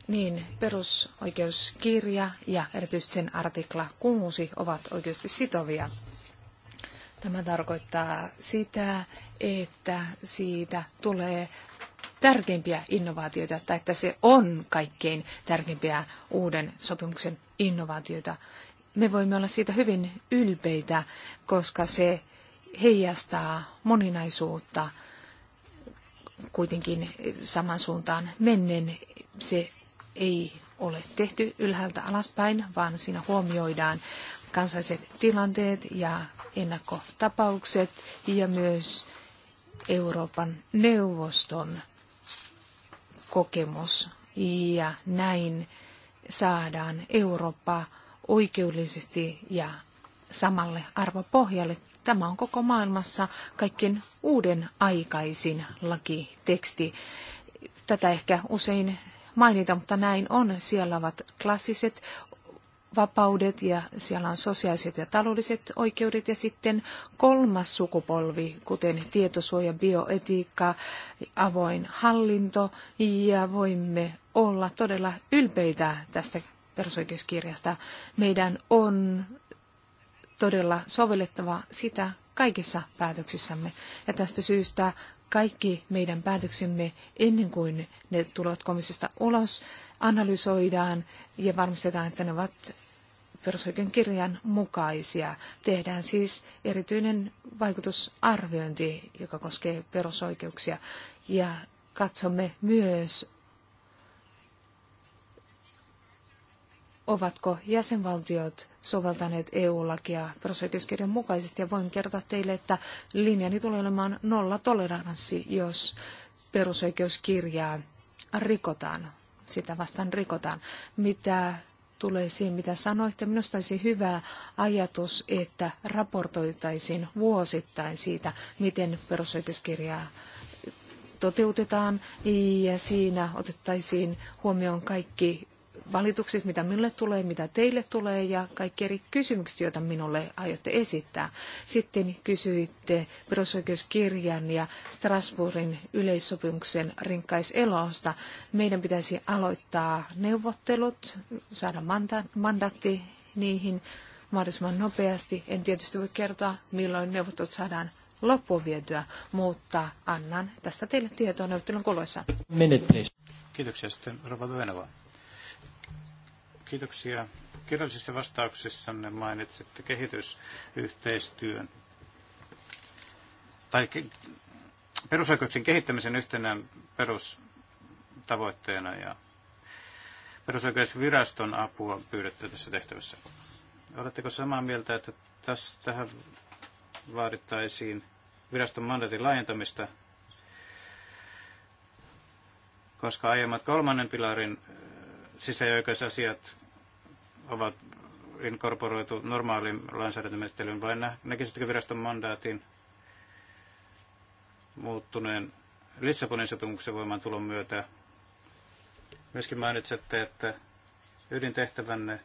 [SPEAKER 5] Niin, perusoikeuskirja ja erityisesti sen artikla 6 ovat oikeasti sitovia. Tämä tarkoittaa sitä, että siitä tulee tärkeimpiä innovaatioita, tai että se on kaikkein tärkeimpiä uuden sopimuksen innovaatioita. Me voimme olla siitä hyvin ylpeitä, koska se heijastaa moninaisuutta kuitenkin saman suuntaan mennen. Se ei ole tehty ylhäältä alaspäin, vaan siinä huomioidaan kansalliset tilanteet ja ennakkotapaukset ja myös Euroopan neuvoston kokemus ja näin saadaan Eurooppa oikeudellisesti ja samalle arvopohjalle. Tämä on koko maailmassa kaikkien uuden aikaisin lakiteksti. Tätä ehkä usein mainita, mutta näin on. Siellä ovat klassiset vapaudet ja siellä on sosiaaliset ja taloudelliset oikeudet ja sitten kolmas sukupolvi, kuten tietosuoja, bioetiikka, avoin hallinto ja voimme olla todella ylpeitä tästä perusoikeuskirjasta. Meidän on todella sovellettava sitä kaikissa päätöksissämme ja tästä syystä kaikki meidän päätöksemme ennen kuin ne tulevat komissiosta ulos analysoidaan ja varmistetaan, että ne ovat perusoikeuden kirjan mukaisia. Tehdään siis erityinen vaikutusarviointi, joka koskee perusoikeuksia. Ja katsomme myös, ovatko jäsenvaltiot soveltaneet EU-lakia perusoikeuskirjan mukaisesti. Ja voin kertoa teille, että linjani tulee olemaan nolla toleranssi, jos perusoikeuskirjaa rikotaan sitä vastaan rikotaan. Mitä tulee siihen, mitä sanoitte. Minusta olisi hyvä ajatus, että raportoitaisiin vuosittain siitä, miten perusoikeuskirjaa toteutetaan ja siinä otettaisiin huomioon kaikki valitukset, mitä minulle tulee, mitä teille tulee ja kaikki eri kysymykset, joita minulle aiotte esittää. Sitten kysyitte perusoikeuskirjan ja Strasbourgin yleissopimuksen rinkkaiselosta. Meidän pitäisi aloittaa neuvottelut, saada manda- mandaatti niihin mahdollisimman nopeasti. En tietysti voi kertoa, milloin neuvottelut saadaan loppuun vietyä, mutta annan tästä teille tietoa neuvottelun kuluessa. Minute,
[SPEAKER 1] please. Kiitoksia sitten Rova Venova. Kiitoksia. Kirjallisissa vastauksissanne mainitsitte kehitysyhteistyön tai perusoikeuksien kehittämisen yhtenä perustavoitteena ja perusoikeusviraston apua pyydetty tässä tehtävässä. Oletteko samaa mieltä, että tähän vaadittaisiin viraston mandatin laajentamista, koska aiemmat kolmannen pilarin sisäoikeusasiat ovat inkorporoitu normaaliin lainsäädäntömenettelyyn, vai näkisittekö viraston mandaatin muuttuneen Lissabonin sopimuksen voimaantulon myötä? Myöskin mainitsette, että ydintehtävänne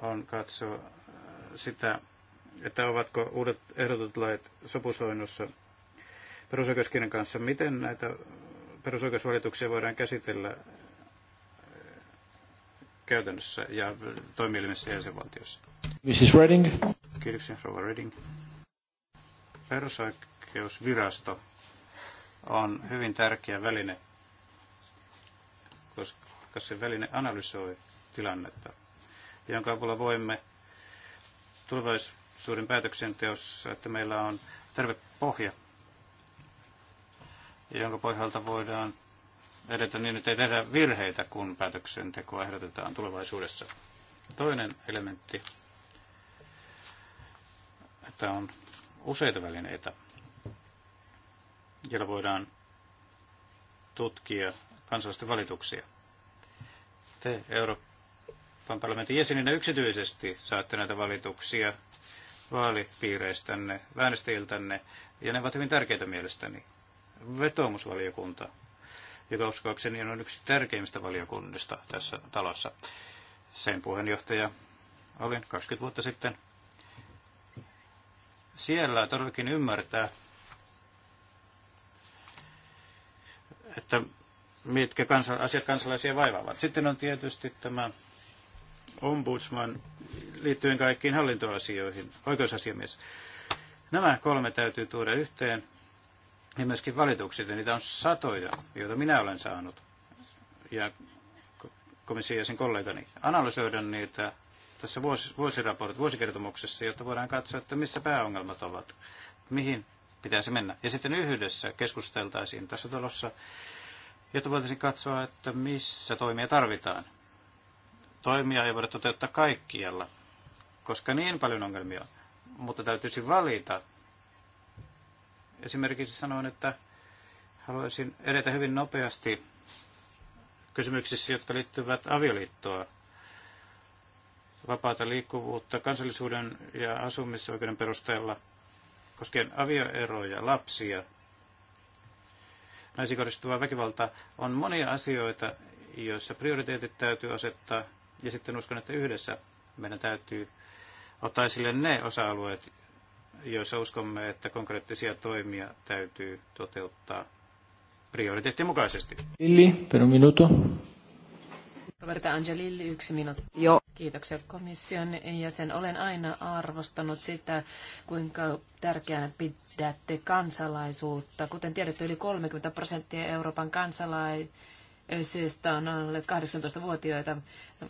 [SPEAKER 1] on katsoa sitä, että ovatko uudet ehdotut lait sopusoinnussa perusoikeuskirjan kanssa. Miten näitä perusoikeusvalituksia voidaan käsitellä käytännössä ja toimielimissä ja
[SPEAKER 2] Mrs. Reading.
[SPEAKER 1] Kiitoksia, Rova Reading. Perusoikeusvirasto on hyvin tärkeä väline, koska se väline analysoi tilannetta, jonka avulla voimme tulevaisuuden päätöksenteossa, että meillä on terve pohja, jonka pohjalta voidaan edetä niin, että ei tehdä virheitä, kun päätöksentekoa ehdotetaan tulevaisuudessa. Toinen elementti, että on useita välineitä, joilla voidaan tutkia kansallisten valituksia. Te Euroopan parlamentin jäseninä yksityisesti saatte näitä valituksia vaalipiireistänne, äänestäjiltänne, ja ne ovat hyvin tärkeitä mielestäni. Vetoomusvaliokunta joka uskoakseni on yksi tärkeimmistä valiokunnista tässä talossa. Sen puheenjohtaja olin 20 vuotta sitten. Siellä todellakin ymmärtää, että mitkä kansa- asiat kansalaisia vaivaavat. Sitten on tietysti tämä ombudsman liittyen kaikkiin hallintoasioihin, oikeusasiamies. Nämä kolme täytyy tuoda yhteen ja myöskin valitukset, niitä on satoja, joita minä olen saanut, ja komission jäsen kollegani, analysoida niitä tässä vuosiraportissa, vuosikertomuksessa, jotta voidaan katsoa, että missä pääongelmat ovat, mihin pitäisi mennä. Ja sitten yhdessä keskusteltaisiin tässä talossa, jotta voitaisiin katsoa, että missä toimia tarvitaan. Toimia ei voida toteuttaa kaikkialla, koska niin paljon ongelmia on. Mutta täytyisi valita Esimerkiksi sanoin, että haluaisin edetä hyvin nopeasti kysymyksissä, jotka liittyvät avioliittoa, vapaata liikkuvuutta kansallisuuden ja asumisoikeuden perusteella koskien avioeroja, lapsia, naisiin kohdistuva väkivalta, On monia asioita, joissa prioriteetit täytyy asettaa, ja sitten uskon, että yhdessä meidän täytyy ottaa esille ne osa-alueet, joissa uskomme, että konkreettisia toimia täytyy toteuttaa prioriteettien mukaisesti.
[SPEAKER 3] Lilli, per un minuto. Roberta Angelilli, yksi minuutti. Joo. Kiitoksia komission jäsen. Olen aina arvostanut sitä, kuinka tärkeänä pidätte kansalaisuutta. Kuten tiedätte, yli 30 prosenttia Euroopan kansalaisista on alle 18-vuotiaita.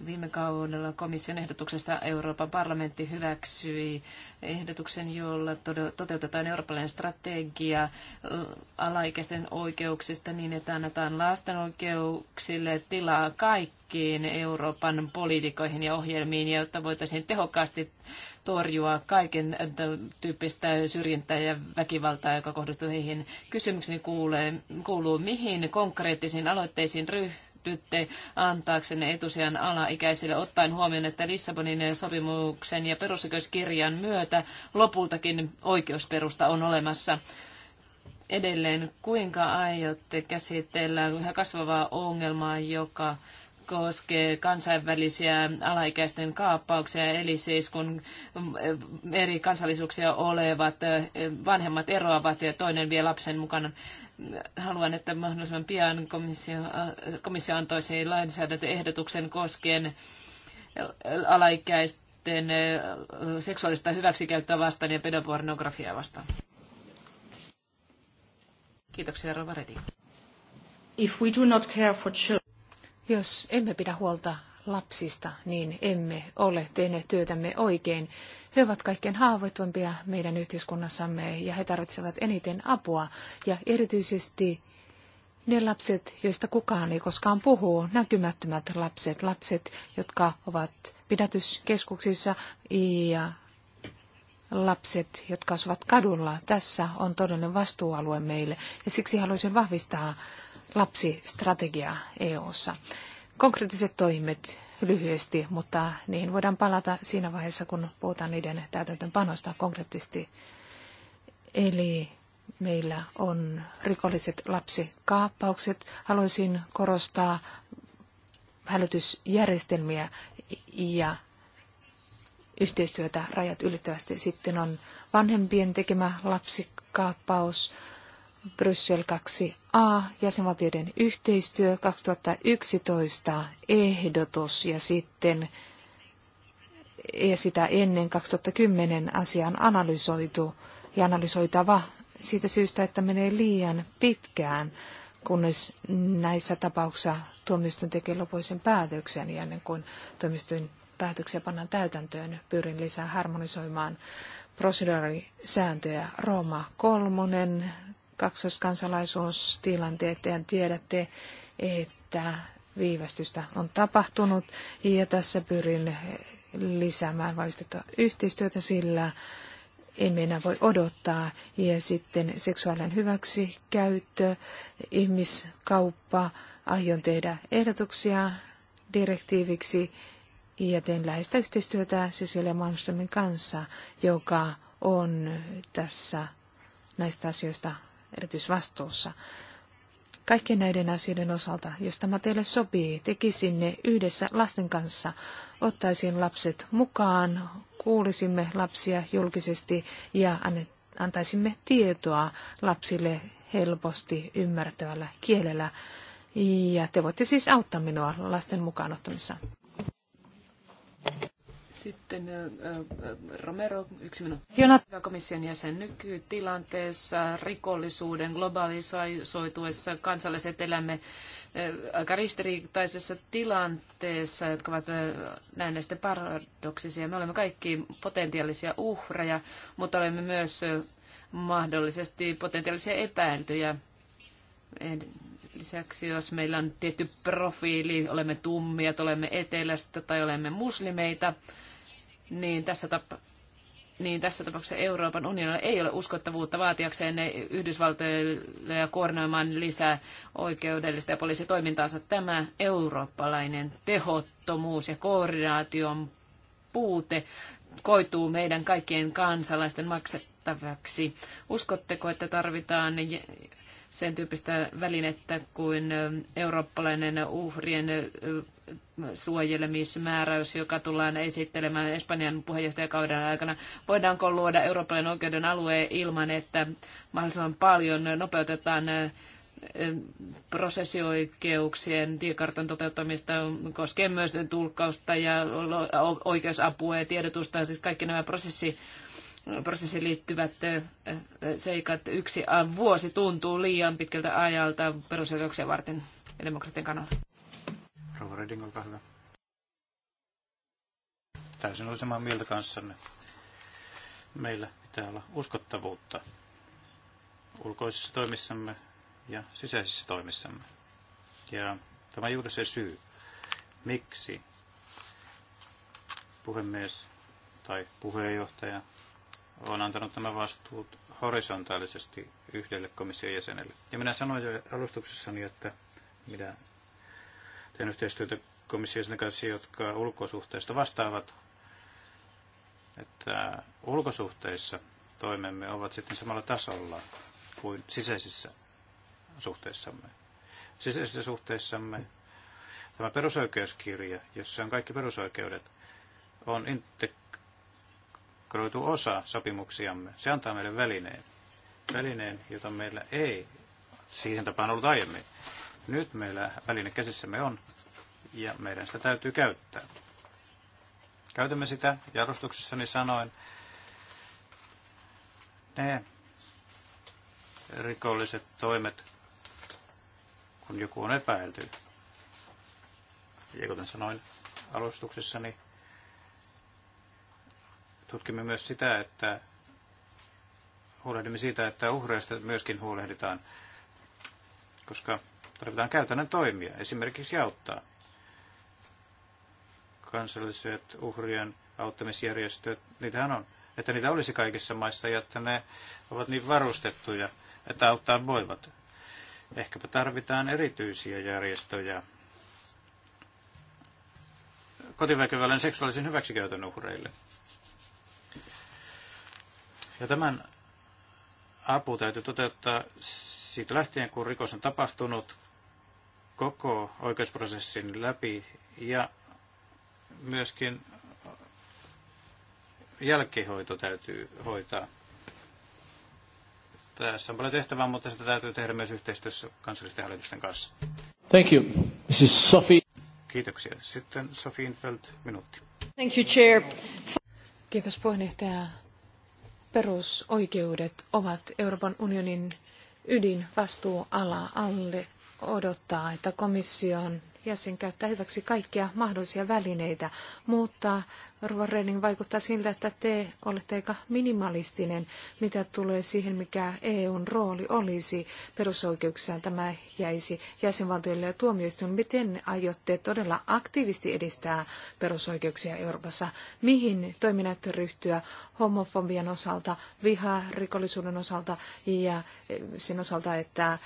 [SPEAKER 3] Viime kaudella komission ehdotuksesta Euroopan parlamentti hyväksyi ehdotuksen, jolla toteutetaan eurooppalainen strategia alaikäisten oikeuksista niin, että annetaan lasten oikeuksille tilaa kaikkiin Euroopan poliitikoihin ja ohjelmiin, jotta voitaisiin tehokkaasti torjua kaiken tyyppistä syrjintää ja väkivaltaa, joka kohdistuu heihin. Kysymykseni kuuluu, mihin konkreettisiin aloitteisiin ryhtyy ryhdytte antaaksenne etusijan alaikäisille ottaen huomioon, että Lissabonin sopimuksen ja perusoikeuskirjan myötä lopultakin oikeusperusta on olemassa edelleen, kuinka aiotte käsitellä yhä kasvavaa ongelmaa, joka koskee kansainvälisiä alaikäisten kaappauksia, eli siis kun eri kansallisuuksia olevat vanhemmat eroavat ja toinen vie lapsen mukana. Haluan, että mahdollisimman pian komissio, komissio antoisi lainsäädäntöehdotuksen koskien alaikäisten seksuaalista hyväksikäyttöä vastaan ja pedopornografiaa vastaan. Kiitoksia, Rova Redi.
[SPEAKER 5] If we do not care for children, jos emme pidä huolta lapsista, niin emme ole tehneet työtämme oikein. He ovat kaikkein haavoittuvimpia meidän yhteiskunnassamme ja he tarvitsevat eniten apua. Ja erityisesti ne lapset, joista kukaan ei koskaan puhu, näkymättömät lapset, lapset, jotka ovat pidätyskeskuksissa ja lapset, jotka asuvat kadulla. Tässä on todellinen vastuualue meille ja siksi haluaisin vahvistaa lapsistrategiaa EU:ssa. Konkreettiset toimet lyhyesti, mutta niihin voidaan palata siinä vaiheessa, kun puhutaan niiden täytäntöönpanosta konkreettisesti. Eli meillä on rikolliset lapsikaappaukset. Haluaisin korostaa hälytysjärjestelmiä ja yhteistyötä rajat ylittävästi. Sitten on vanhempien tekemä lapsikaappaus, Bryssel 2a, jäsenvaltioiden yhteistyö 2011 ehdotus ja sitten ja sitä ennen 2010 asiaan analysoitu ja analysoitava siitä syystä, että menee liian pitkään, kunnes näissä tapauksissa tuomioistuin tekee lopuisen päätöksen ja ennen kuin tuomioistuin päätöksiä pannaan täytäntöön, pyrin lisää harmonisoimaan prosedurisääntöjä Rooma kolmonen kaksoiskansalaisuustilanteet. ja tiedätte, että viivästystä on tapahtunut ja tässä pyrin lisäämään vahvistettua yhteistyötä, sillä emme enää voi odottaa. Ja sitten seksuaalinen hyväksikäyttö, ihmiskauppa, aion tehdä ehdotuksia direktiiviksi ja teen läheistä yhteistyötä Cecilia Malmströmin kanssa, joka on tässä näistä asioista erityisvastuussa. Kaikkien näiden asioiden osalta, jos tämä teille sopii, tekisin ne yhdessä lasten kanssa. Ottaisin lapset mukaan, kuulisimme lapsia julkisesti ja antaisimme tietoa lapsille helposti ymmärtävällä kielellä. Ja te voitte siis auttaa minua lasten mukaan ottamisessa.
[SPEAKER 3] Sitten Romero, yksi minuutti. Hyvä komission jäsen nykytilanteessa, rikollisuuden globalisoituessa, kansalaiset elämme aika ristiriitaisessa tilanteessa, jotka ovat näin näistä paradoksisia. Me olemme kaikki potentiaalisia uhreja, mutta olemme myös mahdollisesti potentiaalisia epäiltyjä. Lisäksi jos meillä on tietty profiili, olemme tummia, olemme etelästä tai olemme muslimeita, niin tässä, tap- niin tässä tapauksessa Euroopan unionilla ei ole uskottavuutta vaatiakseen ne Yhdysvaltoille ja koordinoimaan lisää oikeudellista ja poliisitoimintaansa. Tämä eurooppalainen tehottomuus ja koordinaation puute koituu meidän kaikkien kansalaisten maksettavaksi. Uskotteko, että tarvitaan sen tyyppistä välinettä kuin eurooppalainen uhrien suojelemismääräys, joka tullaan esittelemään Espanjan puheenjohtajakauden aikana. Voidaanko luoda Euroopan oikeuden alue ilman, että mahdollisimman paljon nopeutetaan prosessioikeuksien tiekartan toteuttamista koskee myös tulkkausta ja oikeusapua ja tiedotusta, siis kaikki nämä prosessi prosessiin liittyvät seikat. Yksi vuosi tuntuu liian pitkältä ajalta perusoikeuksia varten ja demokratian kannalta.
[SPEAKER 1] Rova Reding, olkaa hyvä. Täysin olen samaa mieltä kanssanne. Meillä pitää olla uskottavuutta ulkoisissa toimissamme ja sisäisissä toimissamme. Ja tämä on juuri se syy, miksi puhemies tai puheenjohtaja on antanut tämä vastuut horisontaalisesti yhdelle komission jäsenelle. Ja minä sanoin jo alustuksessani, että minä teen yhteistyötä komission kanssa, jotka ulkosuhteista vastaavat, että ulkosuhteissa toimemme ovat sitten samalla tasolla kuin sisäisissä suhteissamme. Sisäisissä suhteissamme tämä perusoikeuskirja, jossa on kaikki perusoikeudet, on integroitu osa sopimuksiamme. Se antaa meille välineen. Välineen, jota meillä ei siihen tapaan ollut aiemmin. Nyt meillä väline käsissämme on ja meidän sitä täytyy käyttää. Käytämme sitä, jarrustuksessani sanoen, sanoin, ne rikolliset toimet, kun joku on epäilty. Ja kuten sanoin alustuksessani, tutkimme myös sitä, että huolehdimme siitä, että uhreista myöskin huolehditaan, koska Tarvitaan käytännön toimia, esimerkiksi auttaa kansalliset uhrien auttamisjärjestöt, niitähän on, että niitä olisi kaikissa maissa ja että ne ovat niin varustettuja, että auttaa voivat. Ehkäpä tarvitaan erityisiä järjestöjä kotiväkivallan seksuaalisen hyväksikäytön uhreille. Ja tämän apu täytyy toteuttaa siitä lähtien, kun rikos on tapahtunut, koko oikeusprosessin läpi ja myöskin jälkihoito täytyy hoitaa. Tässä on paljon tehtävää, mutta sitä täytyy tehdä myös yhteistyössä kansallisten hallitusten kanssa.
[SPEAKER 2] Thank you. This is Sophie.
[SPEAKER 1] Kiitoksia. Sitten Sophie Infeld, minuutti.
[SPEAKER 5] Thank you, Chair. Kiitos puheenjohtaja. Perusoikeudet ovat Euroopan unionin ydinvastuuala alle odottaa, että komission jäsen käyttää hyväksi kaikkia mahdollisia välineitä, mutta Rova Reding, vaikuttaa siltä, että te olette aika minimalistinen, mitä tulee siihen, mikä EUn rooli olisi perusoikeuksissaan. Tämä jäisi jäsenvaltioille ja tuomioistuin. Miten aiotte todella aktiivisesti edistää perusoikeuksia Euroopassa? Mihin toiminnat ryhtyä homofobian osalta, rikollisuuden osalta ja sen osalta, että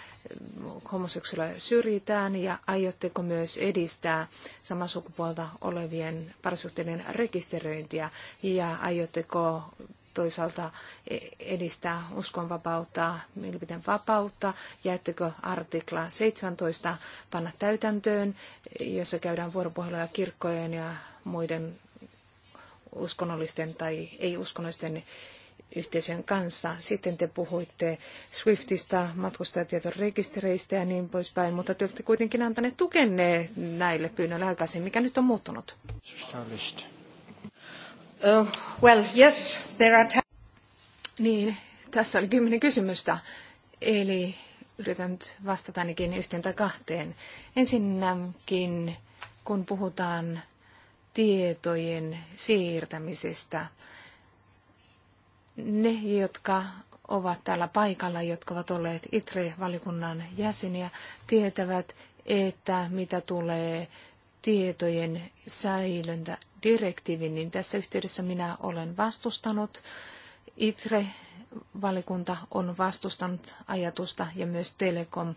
[SPEAKER 5] homoseksuaaleja syrjitään ja aiotteko myös edistää samansukupuolta olevien parisuhteiden rekisteriä? rekisteröintiä ja aiotteko toisaalta edistää uskonvapautta, mielipiteen vapautta, ja artikla 17 panna täytäntöön, jossa käydään vuoropuhelua kirkkojen ja muiden uskonnollisten tai ei-uskonnollisten yhteisön kanssa. Sitten te puhuitte Swiftista matkustajatietorekistereistä ja niin poispäin, mutta te olette kuitenkin antaneet tukenne näille pyynnöille aikaisemmin, mikä nyt on muuttunut. Uh, well, yes, there are niin, tässä oli kymmenen kysymystä. Eli yritän nyt vastata ainakin yhteen tai kahteen. Ensinnäkin, kun puhutaan tietojen siirtämisestä, ne, jotka ovat täällä paikalla, jotka ovat olleet ITRE-valikunnan jäseniä, tietävät, että mitä tulee tietojen säilöntä direktiivin, niin tässä yhteydessä minä olen vastustanut. ITRE-valikunta on vastustanut ajatusta ja myös Telekom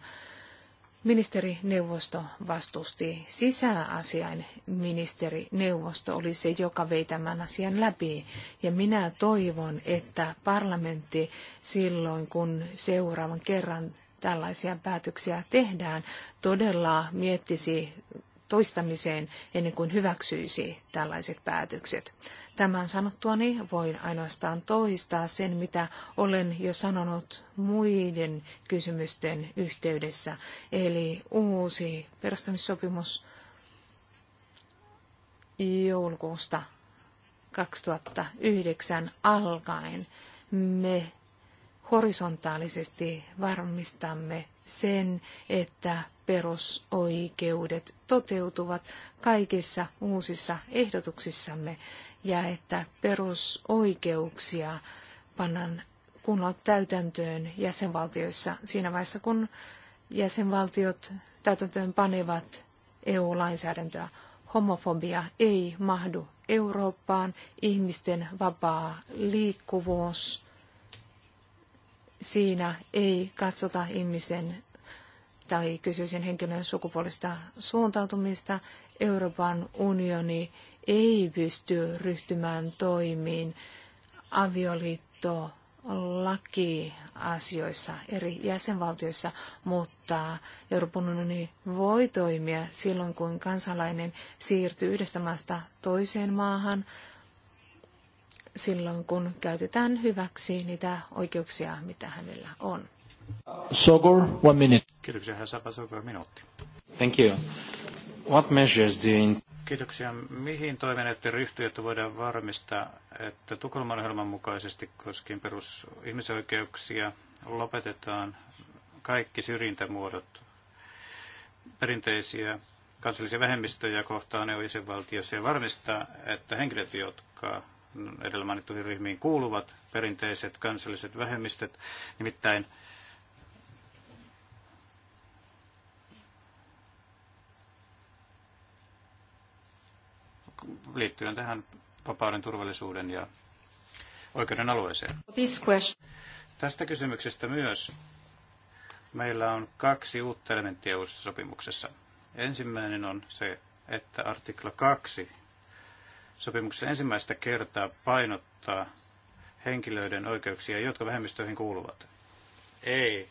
[SPEAKER 5] ministerineuvosto vastusti. Sisäasiain ministerineuvosto oli se, joka vei tämän asian läpi. Ja minä toivon, että parlamentti silloin, kun seuraavan kerran tällaisia päätöksiä tehdään, todella miettisi toistamiseen ennen kuin hyväksyisi tällaiset päätökset. Tämän sanottuani voin ainoastaan toistaa sen, mitä olen jo sanonut muiden kysymysten yhteydessä. Eli uusi perustamissopimus joulukuusta 2009 alkaen me horisontaalisesti varmistamme sen, että perusoikeudet toteutuvat kaikissa uusissa ehdotuksissamme ja että perusoikeuksia pannaan kunnolla täytäntöön jäsenvaltioissa siinä vaiheessa, kun jäsenvaltiot täytäntöön panevat EU-lainsäädäntöä. Homofobia ei mahdu Eurooppaan, ihmisten vapaa liikkuvuus siinä ei katsota ihmisen tai kyseisen henkilön sukupuolista suuntautumista. Euroopan unioni ei pysty ryhtymään toimiin avioliitto lakiasioissa eri jäsenvaltioissa, mutta Euroopan unioni voi toimia silloin, kun kansalainen siirtyy yhdestä maasta toiseen maahan silloin, kun käytetään hyväksi niitä oikeuksia,
[SPEAKER 1] mitä hänellä on.
[SPEAKER 2] Sogor, one minute.
[SPEAKER 1] Kiitoksia, herra Sapa Sogor, minuutti.
[SPEAKER 2] Thank you. What measures do you...
[SPEAKER 1] Kiitoksia. Mihin toimenette ryhtyä, että voidaan varmistaa, että Tukholman ohjelman mukaisesti koskien perus ihmisoikeuksia lopetetaan kaikki syrjintämuodot perinteisiä kansallisia vähemmistöjä kohtaan EU-jäsenvaltiossa ja varmistaa, että henkilöt, jotka edellä mainittuihin ryhmiin kuuluvat perinteiset kansalliset vähemmistöt, nimittäin liittyen tähän vapauden, turvallisuuden ja oikeuden alueeseen. Tästä kysymyksestä myös meillä on kaksi uutta elementtiä uusissa sopimuksessa. Ensimmäinen on se, että artikla 2 sopimuksessa ensimmäistä kertaa painottaa henkilöiden oikeuksia, jotka vähemmistöihin kuuluvat. Ei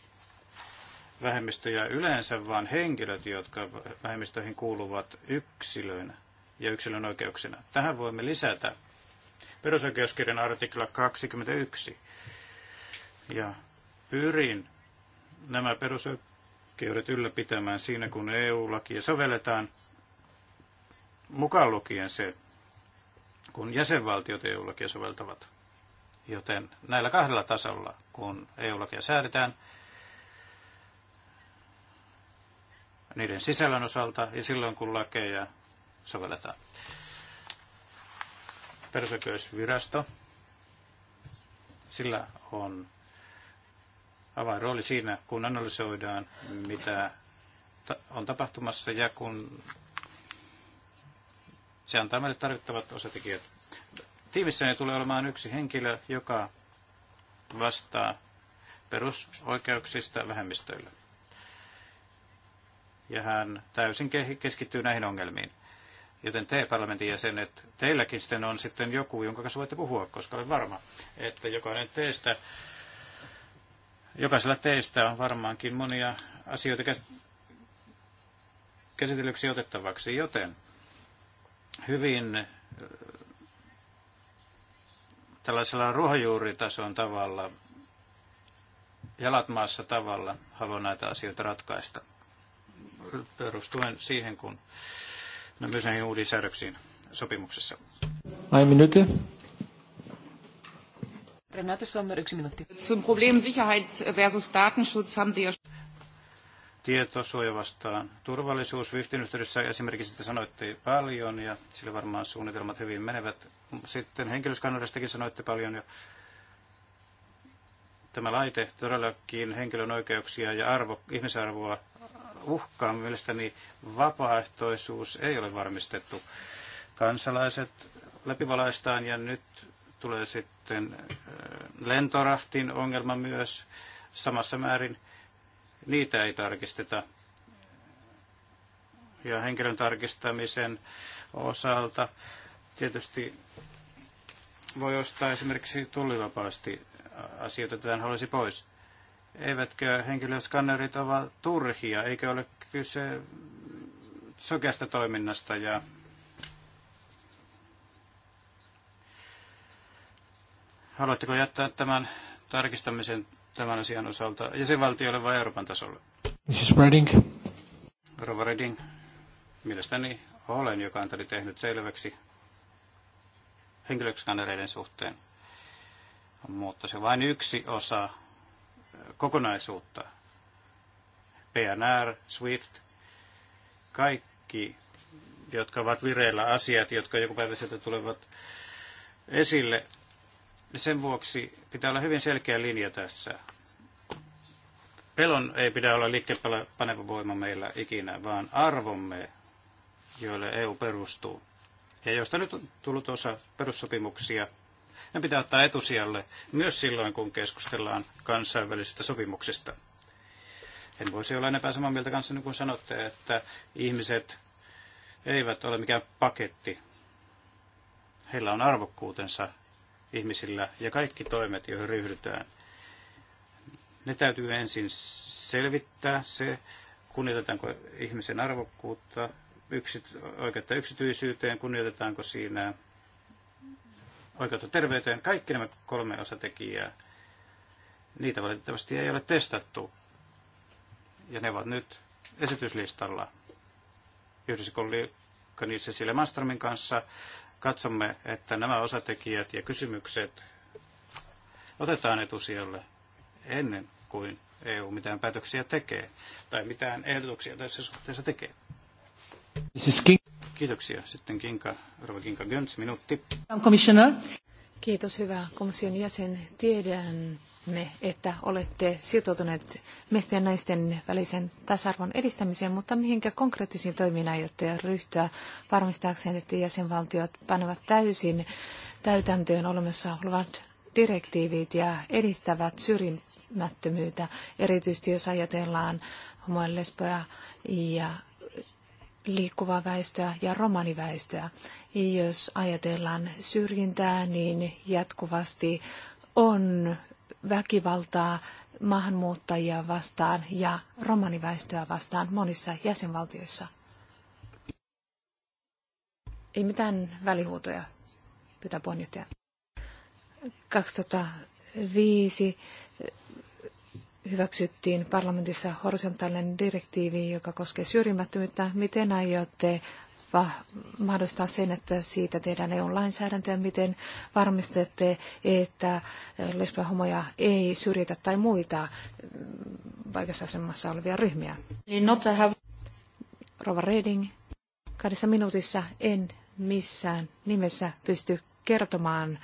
[SPEAKER 1] vähemmistöjä yleensä, vaan henkilöt, jotka vähemmistöihin kuuluvat yksilöinä ja yksilön oikeuksina. Tähän voimme lisätä perusoikeuskirjan artikla 21. Ja pyrin nämä perusoikeudet ylläpitämään siinä, kun EU-lakia sovelletaan, mukaan lukien se, kun jäsenvaltiot EU-lakia soveltavat. Joten näillä kahdella tasolla, kun EU-lakia säädetään, niiden sisällön osalta ja silloin, kun lakeja sovelletaan. Perusoikeusvirasto, sillä on avainrooli siinä, kun analysoidaan, mitä on tapahtumassa ja kun se antaa meille tarvittavat osatekijät. ne tulee olemaan yksi henkilö, joka vastaa perusoikeuksista vähemmistöille, Ja hän täysin keskittyy näihin ongelmiin. Joten te parlamentin jäsenet, teilläkin sitten on sitten joku, jonka kanssa voitte puhua, koska olen varma, että jokainen teistä, jokaisella teistä on varmaankin monia asioita käsitellyksi otettavaksi, joten hyvin tällaisella ruohonjuuritason tavalla, jalat maassa tavalla haluan näitä asioita ratkaista perustuen siihen, kun no, myös näihin uudiin säädöksiin sopimuksessa.
[SPEAKER 2] Ai minuutti.
[SPEAKER 3] Renate Sommer, yksi minuutti. Zum Problem Sicherheit versus Datenschutz haben Sie jo
[SPEAKER 1] tietosuoja vastaan turvallisuus. Wiftin yhteydessä esimerkiksi sitä sanoitte paljon ja sillä varmaan suunnitelmat hyvin menevät. Sitten henkilöskanneristakin sanoitte paljon ja tämä laite todellakin henkilön oikeuksia ja arvo, ihmisarvoa uhkaa. Mielestäni vapaaehtoisuus ei ole varmistettu. Kansalaiset läpivalaistaan ja nyt tulee sitten äh, lentorahtin ongelma myös samassa määrin – niitä ei tarkisteta. Ja henkilön tarkistamisen osalta tietysti voi ostaa esimerkiksi tullivapaasti asioita, joita hän haluaisi pois. Eivätkö henkilöskannerit ole turhia, eikö ole kyse sokeasta toiminnasta ja Haluatteko jättää tämän tarkistamisen tämän asian osalta jäsenvaltioille vai Euroopan tasolle?
[SPEAKER 2] Mrs. Reading,
[SPEAKER 1] Rova Reading, mielestäni olen jo kantani tehnyt selväksi henkilöskannereiden suhteen, mutta se vain yksi osa kokonaisuutta. PNR, SWIFT, kaikki, jotka ovat vireillä asiat, jotka joku päivä sieltä tulevat esille, sen vuoksi pitää olla hyvin selkeä linja tässä. Pelon ei pidä olla liikkeelle paneva voima meillä ikinä, vaan arvomme, joille EU perustuu. Ja joista nyt on tullut osa perussopimuksia, ne pitää ottaa etusijalle myös silloin, kun keskustellaan kansainvälisistä sopimuksista. En voisi olla enempää samaa mieltä kanssa, kun sanotte, että ihmiset eivät ole mikään paketti. Heillä on arvokkuutensa ihmisillä ja kaikki toimet, joihin ryhdytään, ne täytyy ensin selvittää se, kunnioitetaanko ihmisen arvokkuutta, yksit, oikeutta yksityisyyteen, kunnioitetaanko siinä oikeutta terveyteen. Kaikki nämä kolme osatekijää, niitä valitettavasti ei ole testattu. Ja ne ovat nyt esityslistalla yhdessä kollegani Sille Mastromin kanssa Katsomme, että nämä osatekijät ja kysymykset otetaan etusijalle ennen kuin EU mitään päätöksiä tekee tai mitään ehdotuksia tässä suhteessa tekee. Kiitoksia. Sitten Kinka, Rova Kinka Göns, minuutti.
[SPEAKER 5] Commissioner. Kiitos hyvä komission jäsen. Tiedämme, että olette sitoutuneet miesten ja naisten välisen tasa-arvon edistämiseen, mutta mihinkä konkreettisiin toimiin aiotte ryhtyä varmistaakseen, että jäsenvaltiot panevat täysin täytäntöön olemassa olevat direktiivit ja edistävät syrjimättömyyttä, erityisesti jos ajatellaan homoja, lesboja ja liikkuvaa väestöä ja romaniväestöä. Jos ajatellaan syrjintää, niin jatkuvasti on väkivaltaa maahanmuuttajia vastaan ja romaniväestöä vastaan monissa jäsenvaltioissa. Ei mitään välihuutoja, pyytää puheenjohtaja. 2005 hyväksyttiin parlamentissa horisontaalinen direktiivi, joka koskee syrjimättömyyttä. Miten aiotte mahdollistaa sen, että siitä tehdään EU-lainsäädäntöä, miten varmistatte, että lesboja, homoja ei syrjitä tai muita vaikeassa asemassa olevia ryhmiä? Have... Rova Reding, kahdessa minuutissa en missään nimessä pysty kertomaan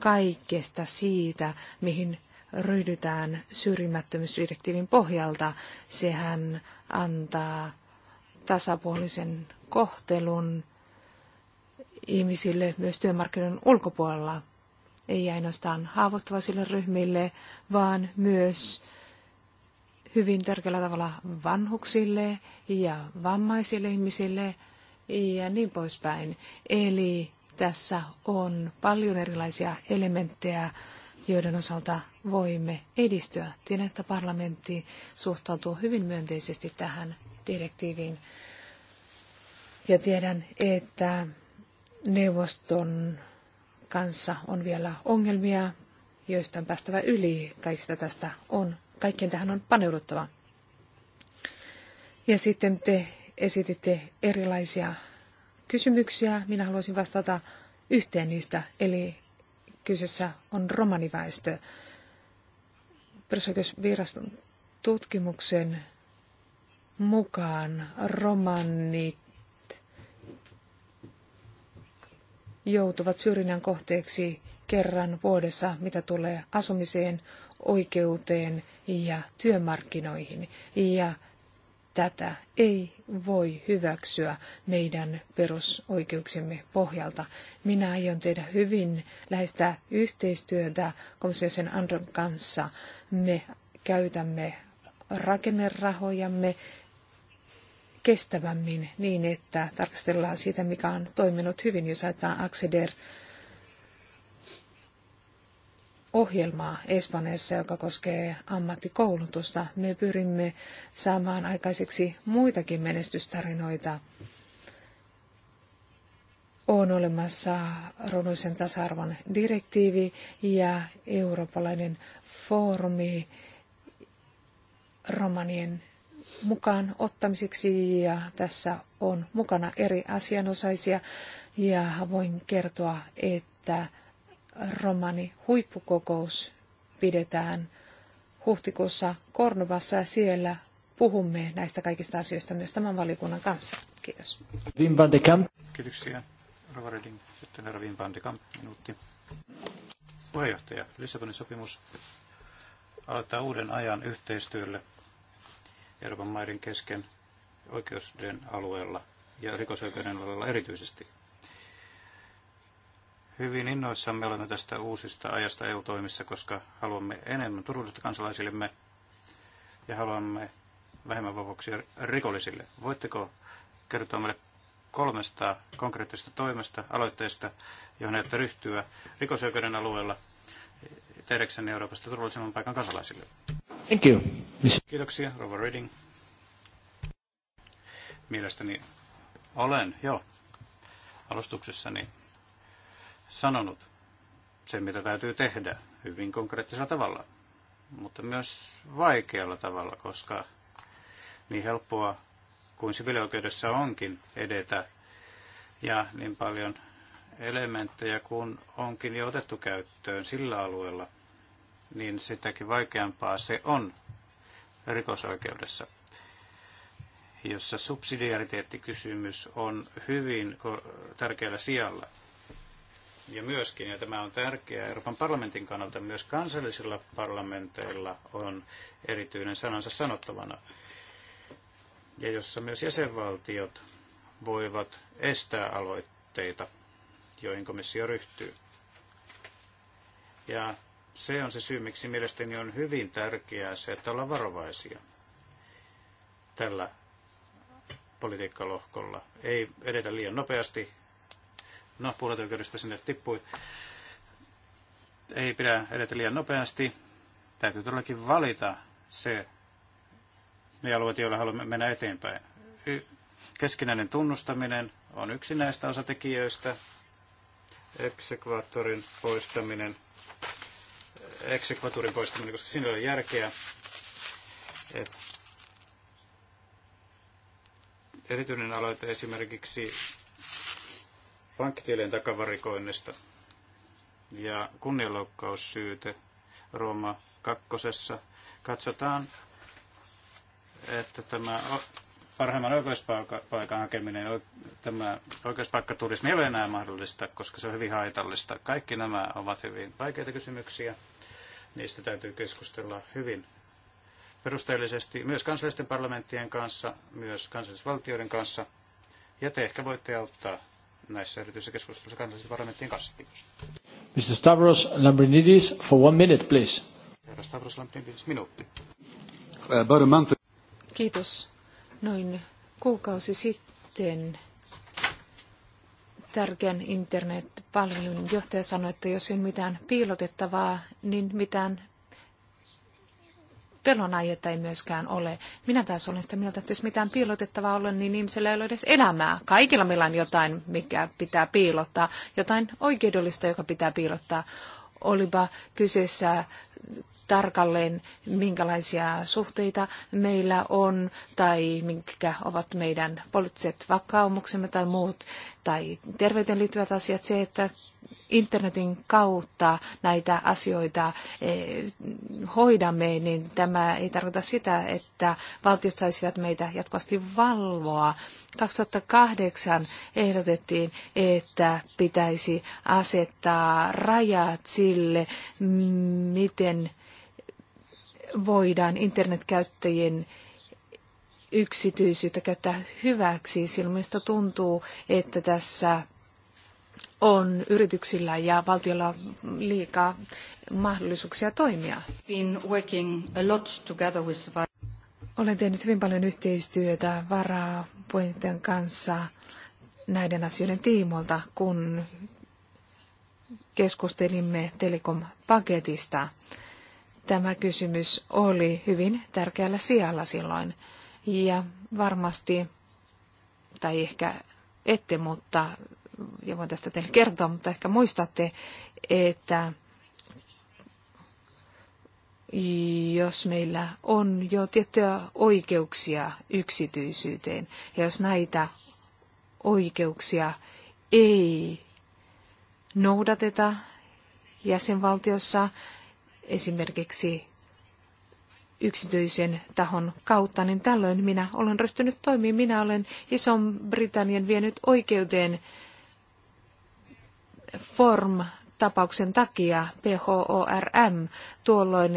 [SPEAKER 5] kaikesta siitä, mihin ryhdytään syrjimättömyysdirektiivin pohjalta. Sehän antaa tasapuolisen kohtelun ihmisille myös työmarkkinoiden ulkopuolella. Ei ainoastaan haavoittuvaisille ryhmille, vaan myös hyvin tärkeällä tavalla vanhuksille ja vammaisille ihmisille ja niin poispäin. Eli tässä on paljon erilaisia elementtejä joiden osalta voimme edistyä. Tiedän, että parlamentti suhtautuu hyvin myönteisesti tähän direktiiviin. Ja tiedän, että neuvoston kanssa on vielä ongelmia, joista on päästävä yli. Kaikista tästä on, kaikkien tähän on paneuduttava. Ja sitten te esititte erilaisia kysymyksiä. Minä haluaisin vastata yhteen niistä, eli kyseessä on romaniväestö. Perusoikeusviraston tutkimuksen mukaan romannit joutuvat syrjinnän kohteeksi kerran vuodessa, mitä tulee asumiseen, oikeuteen ja työmarkkinoihin. Ja Tätä ei voi hyväksyä meidän perusoikeuksemme pohjalta. Minä aion tehdä hyvin läheistä yhteistyötä komissiosen Andron kanssa. Me käytämme rakennerahojamme kestävämmin niin, että tarkastellaan siitä, mikä on toiminut hyvin, jos ajatellaan Axeder ohjelmaa Espanjassa, joka koskee ammattikoulutusta. Me pyrimme saamaan aikaiseksi muitakin menestystarinoita. On olemassa runoisen tasa-arvon direktiivi ja eurooppalainen foorumi romanien mukaan ottamiseksi ja tässä on mukana eri asianosaisia ja voin kertoa, että romani huippukokous pidetään huhtikuussa Kornovassa ja siellä puhumme näistä kaikista asioista myös tämän valiokunnan
[SPEAKER 2] kanssa. Kiitos.
[SPEAKER 1] Wim van de Kamp. Kiitoksia. Rova Reding. Sitten herra Wim van de Kamp. Minuutti. Puheenjohtaja, Lissabonin sopimus aloittaa uuden ajan yhteistyölle Euroopan maiden kesken oikeuden alueella ja rikosoikeuden alueella erityisesti. Hyvin innoissamme olemme tästä uusista ajasta EU-toimissa, koska haluamme enemmän turvallisuutta kansalaisillemme ja haluamme vähemmän vapauksia rikollisille. Voitteko kertoa meille kolmesta konkreettisesta toimesta, aloitteesta, johon aiotte ryhtyä rikosoikeuden alueella tehdäksenne Euroopasta turvallisemman paikan kansalaisille? Thank you. Kiitoksia, Rova Reading. Mielestäni olen jo alustuksessani sanonut sen, mitä täytyy tehdä hyvin konkreettisella tavalla, mutta myös vaikealla tavalla, koska niin helppoa kuin sivilioikeudessa onkin edetä ja niin paljon elementtejä kun onkin jo otettu käyttöön sillä alueella, niin sitäkin vaikeampaa se on rikosoikeudessa, jossa subsidiariteettikysymys on hyvin tärkeällä sijalla ja myöskin, ja tämä on tärkeää Euroopan parlamentin kannalta, myös kansallisilla parlamenteilla on erityinen sanansa sanottavana, ja jossa myös jäsenvaltiot voivat estää aloitteita, joihin komissio ryhtyy. Ja se on se syy, miksi mielestäni on hyvin tärkeää se, että ollaan varovaisia tällä politiikkalohkolla. Ei edetä liian nopeasti, no puolet oikeudesta sinne tippui. Ei pidä edetä liian nopeasti. Täytyy todellakin valita se, ne alueet, joilla haluamme mennä eteenpäin. Keskinäinen tunnustaminen on yksi näistä osatekijöistä. Eksekvaattorin poistaminen, Eksekvaattorin poistaminen, koska siinä on järkeä. Et erityinen aloite esimerkiksi pankkitilien takavarikoinnista ja kunnianloukkaussyyte Rooma kakkosessa. Katsotaan, että tämä parhaimman oikeuspaikan hakeminen, tämä oikeuspaikka ei ole enää mahdollista, koska se on hyvin haitallista. Kaikki nämä ovat hyvin vaikeita kysymyksiä. Niistä täytyy keskustella hyvin perusteellisesti myös kansallisten parlamenttien kanssa, myös kansallisvaltioiden kanssa. Ja te ehkä voitte auttaa näissä erityisissä keskusteluissa kansallisten parlamenttien kanssa. Kiitos.
[SPEAKER 2] Mr. Stavros Lambrinidis, for one minute, please.
[SPEAKER 1] Herra Stavros Lambrinidis, minuutti. About a month.
[SPEAKER 5] Kiitos. Noin kuukausi sitten tärkeän internetpalvelun johtaja sanoi, että jos ei ole mitään piilotettavaa, niin mitään pelon aihetta ei myöskään ole. Minä taas olen sitä mieltä, että jos mitään piilotettavaa on, niin ihmisellä ei ole edes elämää. Kaikilla meillä on jotain, mikä pitää piilottaa, jotain oikeudellista, joka pitää piilottaa. Olipa kyseessä tarkalleen, minkälaisia suhteita meillä on tai mitkä ovat meidän poliittiset vakaumuksemme tai muut tai terveyteen liittyvät asiat. Se, että internetin kautta näitä asioita eh, hoidamme, niin tämä ei tarkoita sitä, että valtiot saisivat meitä jatkuvasti valvoa. 2008 ehdotettiin, että pitäisi asettaa rajat sille, miten voidaan internetkäyttäjien yksityisyyttä käyttää hyväksi. Silloin minusta tuntuu, että tässä on yrityksillä ja valtiolla liikaa mahdollisuuksia toimia. Olen tehnyt hyvin paljon yhteistyötä varapuheenjohtajan kanssa näiden asioiden tiimolta, kun keskustelimme telekom-paketista. Tämä kysymys oli hyvin tärkeällä sijalla silloin. Ja varmasti, tai ehkä ette, mutta, ja voin tästä teille kertoa, mutta ehkä muistatte, että jos meillä on jo tiettyjä oikeuksia yksityisyyteen, ja jos näitä oikeuksia ei noudateta jäsenvaltiossa, esimerkiksi yksityisen tahon kautta, niin tällöin minä olen ryhtynyt toimiin. Minä olen ison Britannian vienyt oikeuteen FORM-tapauksen takia, PHORM, tuolloin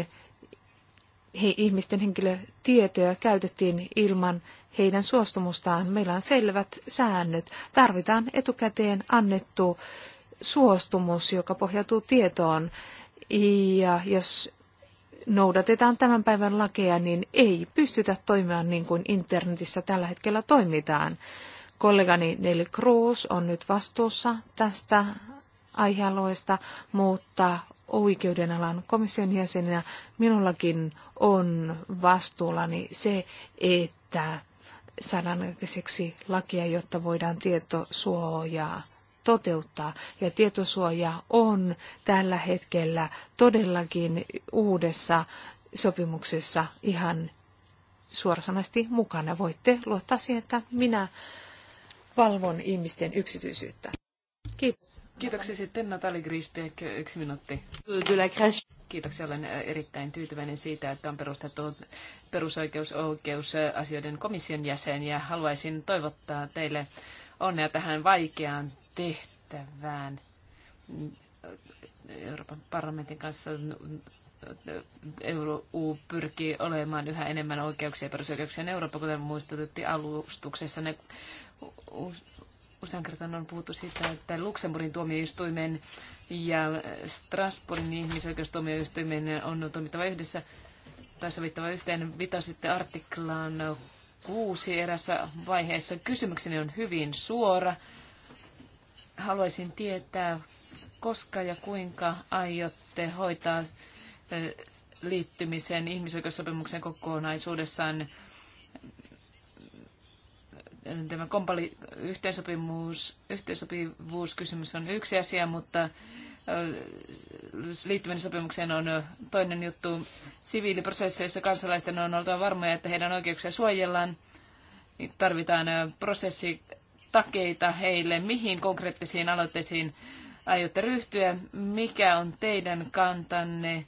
[SPEAKER 5] he, ihmisten henkilötietoja käytettiin ilman heidän suostumustaan. Meillä on selvät säännöt. Tarvitaan etukäteen annettu suostumus, joka pohjautuu tietoon. Ja jos noudatetaan tämän päivän lakeja, niin ei pystytä toimimaan niin kuin internetissä tällä hetkellä toimitaan. Kollegani Neil Cruz on nyt vastuussa tästä aihealueesta, mutta oikeudenalan komission jäsenenä minullakin on vastuullani se, että saadaan lakia, jotta voidaan tietosuojaa toteuttaa. Ja tietosuoja on tällä hetkellä todellakin uudessa sopimuksessa ihan suorasanaisesti mukana. Voitte luottaa siihen, että minä valvon ihmisten yksityisyyttä.
[SPEAKER 3] Kiitos. Kiitoksia sitten Natali Grisbeck, yksi minuutti. Kiitoksia, olen erittäin tyytyväinen siitä, että on perustettu perusoikeusasioiden komission jäsen ja haluaisin toivottaa teille onnea tähän vaikeaan tehtävään Euroopan parlamentin kanssa EU pyrkii olemaan yhä enemmän oikeuksia ja perusoikeuksia Eurooppa, kuten muistutettiin alustuksessa. Ne usean kertaan on puhuttu siitä, että Luxemburgin tuomioistuimen ja Strasbourgin ihmisoikeustuomioistuimen on toimittava yhdessä tai sovittava yhteen. Vitasitte artiklaan kuusi erässä vaiheessa. Kysymykseni on hyvin suora Haluaisin tietää, koska ja kuinka aiotte hoitaa liittymisen ihmisoikeussopimuksen kokonaisuudessaan tämä kompali, yhteensopivuus, yhteensopivuuskysymys on yksi asia, mutta liittyminen sopimukseen on toinen juttu. Siviiliprosesseissa kansalaisten on oltava varmoja, että heidän oikeuksia suojellaan. Tarvitaan prosessi takeita heille, mihin konkreettisiin aloitteisiin aiotte ryhtyä, mikä on teidän kantanne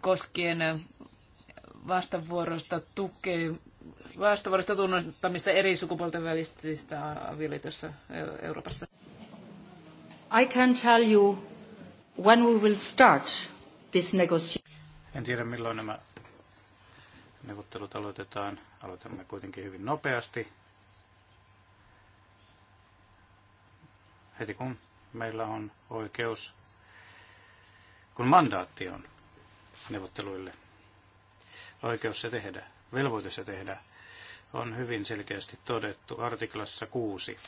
[SPEAKER 3] koskien vastavuorosta tukea, vastavuorosta tunnustamista eri sukupuolten välistä avioliitossa Euroopassa?
[SPEAKER 4] I can tell you when we will start this negotiation.
[SPEAKER 1] En tiedä milloin nämä neuvottelut aloitetaan. Aloitamme kuitenkin hyvin nopeasti. heti kun meillä on oikeus, kun mandaatti on neuvotteluille, oikeus se tehdä, velvoite se tehdä, on hyvin selkeästi todettu artiklassa 6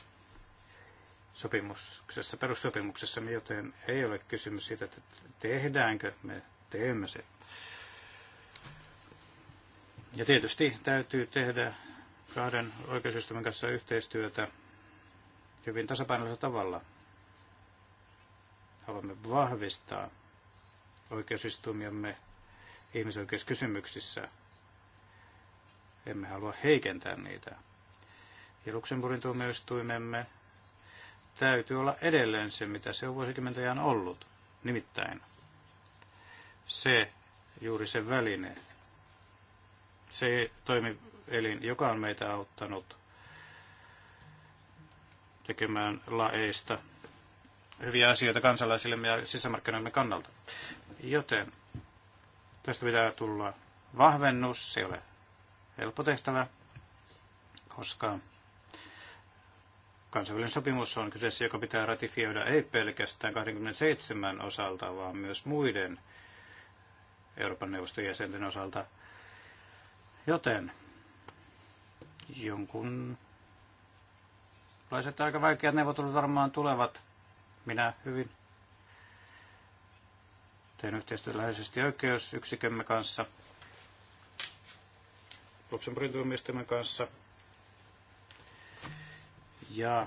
[SPEAKER 1] sopimuksessa, perussopimuksessa, joten ei ole kysymys siitä, että tehdäänkö me, teemme se. Ja tietysti täytyy tehdä kahden oikeusystävän kanssa yhteistyötä hyvin tasapainoisella tavalla. Haluamme vahvistaa oikeusistuimiamme ihmisoikeuskysymyksissä. Emme halua heikentää niitä. Ja Luxemburgin tuomioistuimemme täytyy olla edelleen se, mitä se on vuosikymmentäjään ollut. Nimittäin se, juuri se väline, se toimielin, joka on meitä auttanut tekemään laeista hyviä asioita kansalaisille ja sisämarkkinoimme kannalta. Joten tästä pitää tulla vahvennus, se ei ole helppo tehtävä, koska kansainvälinen sopimus on kyseessä, joka pitää ratifioida ei pelkästään 27 osalta, vaan myös muiden Euroopan neuvoston jäsenten osalta. Joten jonkun Laiset aika vaikeat neuvottelut varmaan tulevat. Minä hyvin teen yhteistyötä läheisesti oikeusyksikömme kanssa, Luxemburgin tuomioistuimen kanssa ja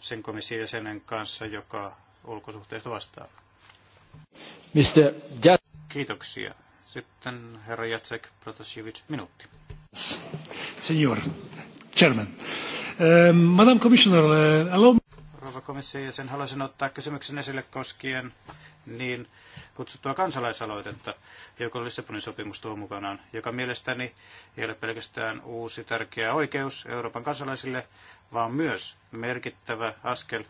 [SPEAKER 1] sen komission jäsenen kanssa, joka ulkosuhteista vastaa. Mr. Jat- Kiitoksia. Sitten herra Jacek Protasiewicz, minuutti.
[SPEAKER 2] Signor Chairman. Ehm, Madam Commissioner, eh, allow...
[SPEAKER 1] Rouva komission sen haluaisin ottaa kysymyksen esille koskien niin kutsuttua kansalaisaloitetta, joka Lissabonin sopimus tuo mukanaan, joka mielestäni ei ole pelkästään uusi tärkeä oikeus Euroopan kansalaisille, vaan myös merkittävä askel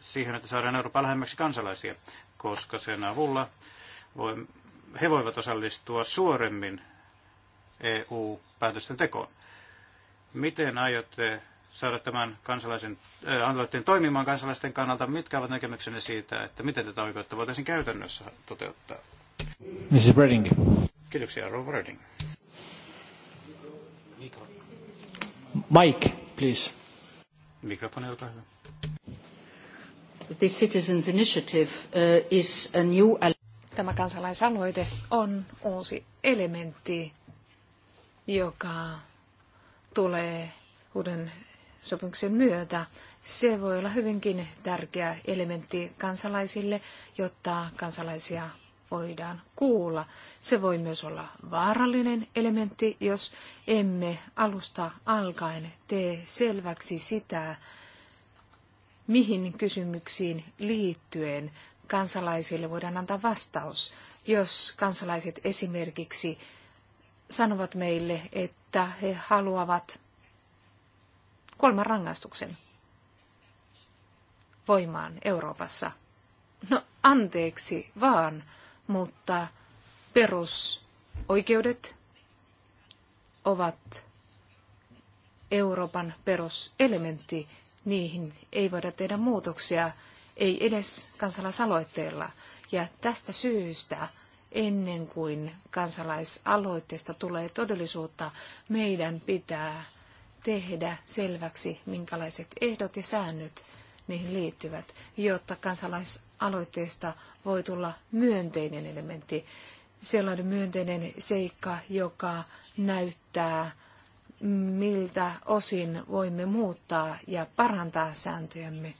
[SPEAKER 1] siihen, että saadaan Euroopan lähemmäksi kansalaisia, koska sen avulla voi, he voivat osallistua suoremmin EU-päätösten tekoon. Miten aiotte saada tämän kansalaisen, äh, aloitteen toimimaan kansalaisten kannalta. Mitkä ovat näkemyksenne siitä, että miten tätä oikeutta voitaisiin käytännössä toteuttaa? Mrs. Breding. Kiitoksia, Rouva Breding.
[SPEAKER 2] Mike, please.
[SPEAKER 1] Mikrofoni, olkaa hyvä.
[SPEAKER 4] This Citizens Initiative uh, is a new...
[SPEAKER 5] Tämä kansalaisaloite on uusi elementti, joka tulee uuden sopimuksen myötä. Se voi olla hyvinkin tärkeä elementti kansalaisille, jotta kansalaisia voidaan kuulla. Se voi myös olla vaarallinen elementti, jos emme alusta alkaen tee selväksi sitä, mihin kysymyksiin liittyen kansalaisille voidaan antaa vastaus. Jos kansalaiset esimerkiksi sanovat meille, että he haluavat kuoleman rangaistuksen voimaan Euroopassa. No anteeksi vaan, mutta perusoikeudet ovat Euroopan peruselementti. Niihin ei voida tehdä muutoksia, ei edes kansalaisaloitteella. Ja tästä syystä ennen kuin kansalaisaloitteesta tulee todellisuutta, meidän pitää tehdä selväksi, minkälaiset ehdot ja säännöt niihin liittyvät, jotta kansalaisaloitteesta voi tulla myönteinen elementti, sellainen myönteinen seikka, joka näyttää, miltä osin voimme muuttaa ja parantaa sääntöjämme,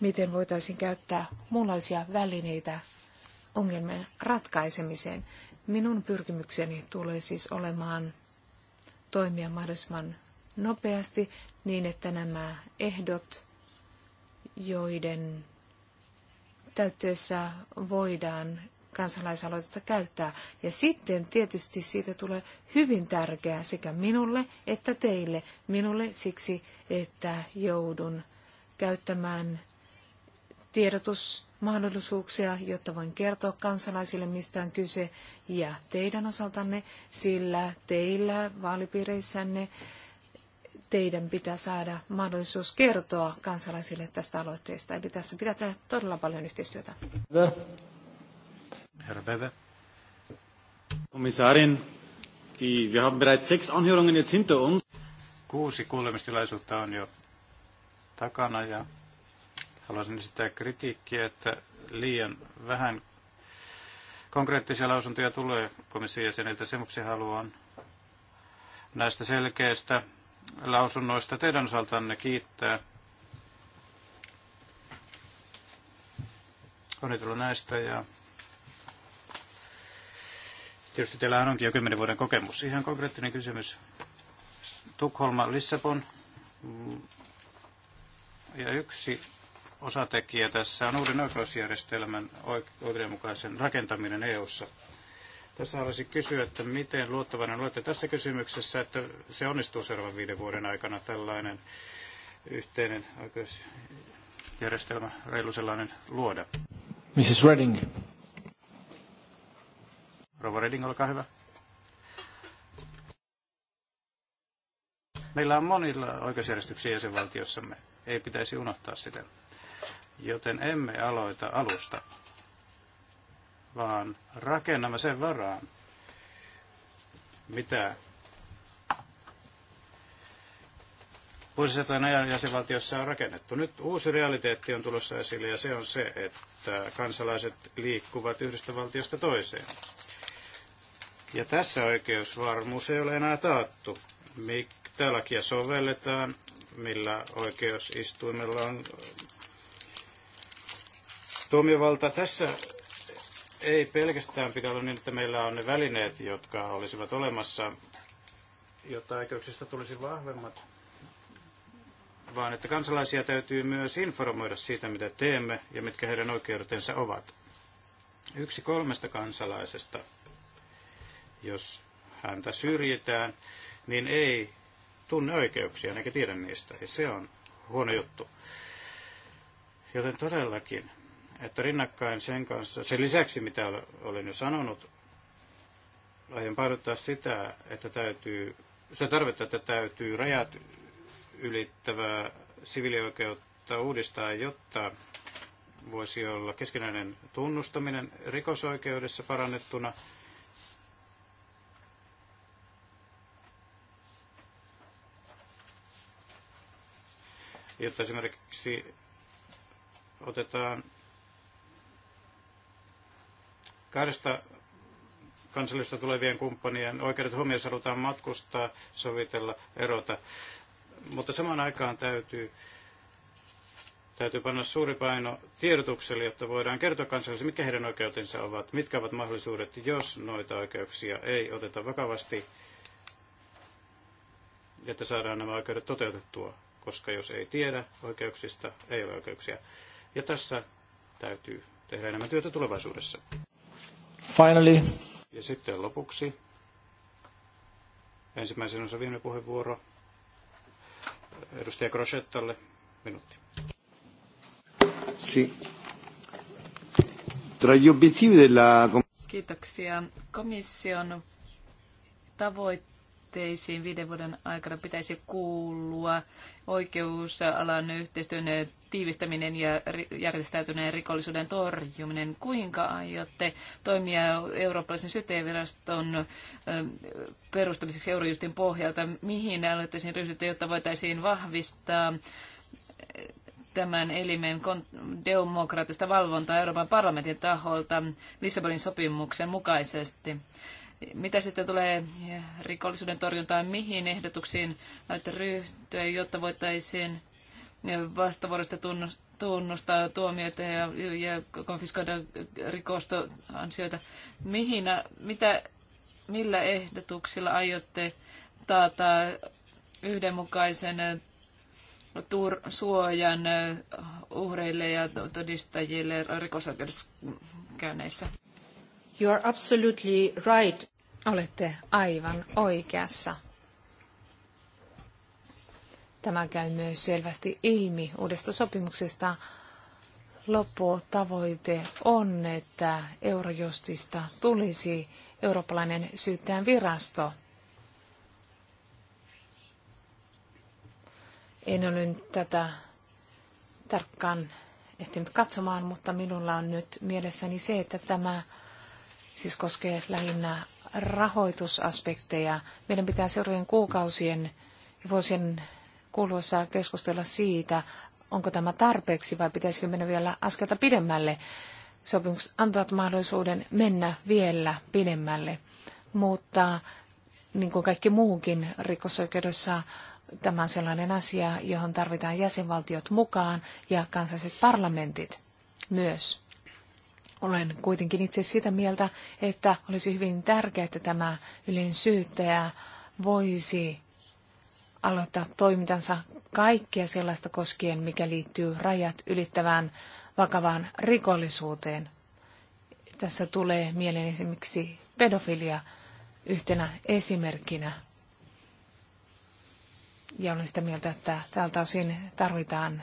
[SPEAKER 5] miten voitaisiin käyttää muunlaisia välineitä ongelmien ratkaisemiseen. Minun pyrkimykseni tulee siis olemaan toimia mahdollisimman nopeasti niin, että nämä ehdot, joiden täyttyessä voidaan kansalaisaloitetta käyttää. Ja sitten tietysti siitä tulee hyvin tärkeää sekä minulle että teille. Minulle siksi, että joudun käyttämään tiedotusmahdollisuuksia, jotta voin kertoa kansalaisille, mistä on kyse, ja teidän osaltanne, sillä teillä vaalipiireissänne teidän pitää saada mahdollisuus kertoa kansalaisille tästä aloitteesta. Eli tässä pitää tehdä todella paljon yhteistyötä.
[SPEAKER 1] Herra Bebe. Komissaarin, die, wir bereits sechs Anhörungen jetzt hinter uns. Kuusi kuulemistilaisuutta on jo takana ja haluaisin esittää kritiikkiä, että liian vähän konkreettisia lausuntoja tulee komission jäseniltä. Sen haluan näistä selkeistä lausunnoista teidän osaltanne kiittää. Onnitella näistä ja tietysti teillä onkin jo kymmenen vuoden kokemus. Ihan konkreettinen kysymys. Tukholma, Lissabon ja yksi osatekijä tässä on uuden oikeusjärjestelmän oikeudenmukaisen rakentaminen EU:ssa. ssa tässä haluaisin kysyä, että miten luottavainen olette tässä kysymyksessä, että se onnistuu seuraavan viiden vuoden aikana tällainen yhteinen oikeusjärjestelmä, reilu sellainen luoda.
[SPEAKER 2] Mrs. Redding.
[SPEAKER 1] Rouva Redding, olkaa hyvä. Meillä on monilla oikeusjärjestyksiä jäsenvaltiossamme. Ei pitäisi unohtaa sitä. Joten emme aloita alusta vaan rakennamme sen varaan, mitä vuosisatojen ajan jäsenvaltiossa on rakennettu. Nyt uusi realiteetti on tulossa esille ja se on se, että kansalaiset liikkuvat yhdestä valtiosta toiseen. Ja tässä oikeusvarmuus ei ole enää taattu. Mitä lakia sovelletaan, millä oikeusistuimella on tuomiovalta. Tässä ei pelkästään pitää olla niin, että meillä on ne välineet, jotka olisivat olemassa, jotta oikeuksista tulisi vahvemmat, vaan että kansalaisia täytyy myös informoida siitä, mitä teemme ja mitkä heidän oikeutensa ovat. Yksi kolmesta kansalaisesta, jos häntä syrjitään, niin ei tunne oikeuksia eikä tiedä niistä, ja se on huono juttu. Joten todellakin että rinnakkain sen kanssa, sen lisäksi mitä olen jo sanonut, aion painottaa sitä, että täytyy, se tarvetta, että täytyy rajat ylittävää siviilioikeutta uudistaa, jotta voisi olla keskinäinen tunnustaminen rikosoikeudessa parannettuna. Jotta esimerkiksi otetaan Kahdesta kansallista tulevien kumppanien oikeudet huomioissa halutaan matkustaa, sovitella, erota. Mutta samaan aikaan täytyy, täytyy panna suuri paino tiedotukselle, jotta voidaan kertoa kansalaisille, mitkä heidän oikeutensa ovat, mitkä ovat mahdollisuudet, jos noita oikeuksia ei oteta vakavasti, että saadaan nämä oikeudet toteutettua, koska jos ei tiedä oikeuksista, ei ole oikeuksia. Ja tässä täytyy tehdä enemmän työtä tulevaisuudessa. Finally. Ja sitten lopuksi ensimmäisen osa viimeinen puheenvuoro edustaja Crochettalle. Minuutti. Si. Tra gli obiettivi della...
[SPEAKER 3] Kiitoksia. Komission tavoitteet tavoitteisiin viiden vuoden aikana pitäisi kuulua oikeusalan yhteistyön tiivistäminen ja järjestäytyneen rikollisuuden torjuminen. Kuinka aiotte toimia eurooppalaisen syyttäjäviraston perustamiseksi Eurojustin pohjalta? Mihin aloitteisiin ryhdytte, jotta voitaisiin vahvistaa tämän elimen demokraattista valvontaa Euroopan parlamentin taholta Lissabonin sopimuksen mukaisesti. Mitä sitten tulee rikollisuuden torjuntaan, mihin ehdotuksiin näitä ryhtyä, jotta voitaisiin vastavuorosta tunnustaa tuomioita ja, ja konfiskoida rikostoansioita. Mihin, mitä, millä ehdotuksilla aiotte taata yhdenmukaisen tur- suojan uhreille ja todistajille rikosoikeudessa käyneissä?
[SPEAKER 5] You are absolutely right. Olette aivan oikeassa. Tämä käy myös selvästi ilmi uudesta sopimuksesta. Lopputavoite on, että Eurojustista tulisi eurooppalainen syyttäjän virasto. En ole nyt tätä tarkkaan ehtinyt katsomaan, mutta minulla on nyt mielessäni se, että tämä siis koskee lähinnä rahoitusaspekteja. Meidän pitää seuraavien kuukausien ja vuosien kuluessa keskustella siitä, onko tämä tarpeeksi vai pitäisikö mennä vielä askelta pidemmälle. Sopimukset antavat mahdollisuuden mennä vielä pidemmälle, mutta niin kuin kaikki muukin rikosoikeudessa tämä on sellainen asia, johon tarvitaan jäsenvaltiot mukaan ja kansalliset parlamentit myös. Olen kuitenkin itse sitä mieltä, että olisi hyvin tärkeää, että tämä ylensyyttäjä voisi aloittaa toimintansa kaikkea sellaista koskien, mikä liittyy rajat ylittävään vakavaan rikollisuuteen. Tässä tulee mieleen esimerkiksi pedofilia yhtenä esimerkkinä. Ja olen sitä mieltä, että tältä osin tarvitaan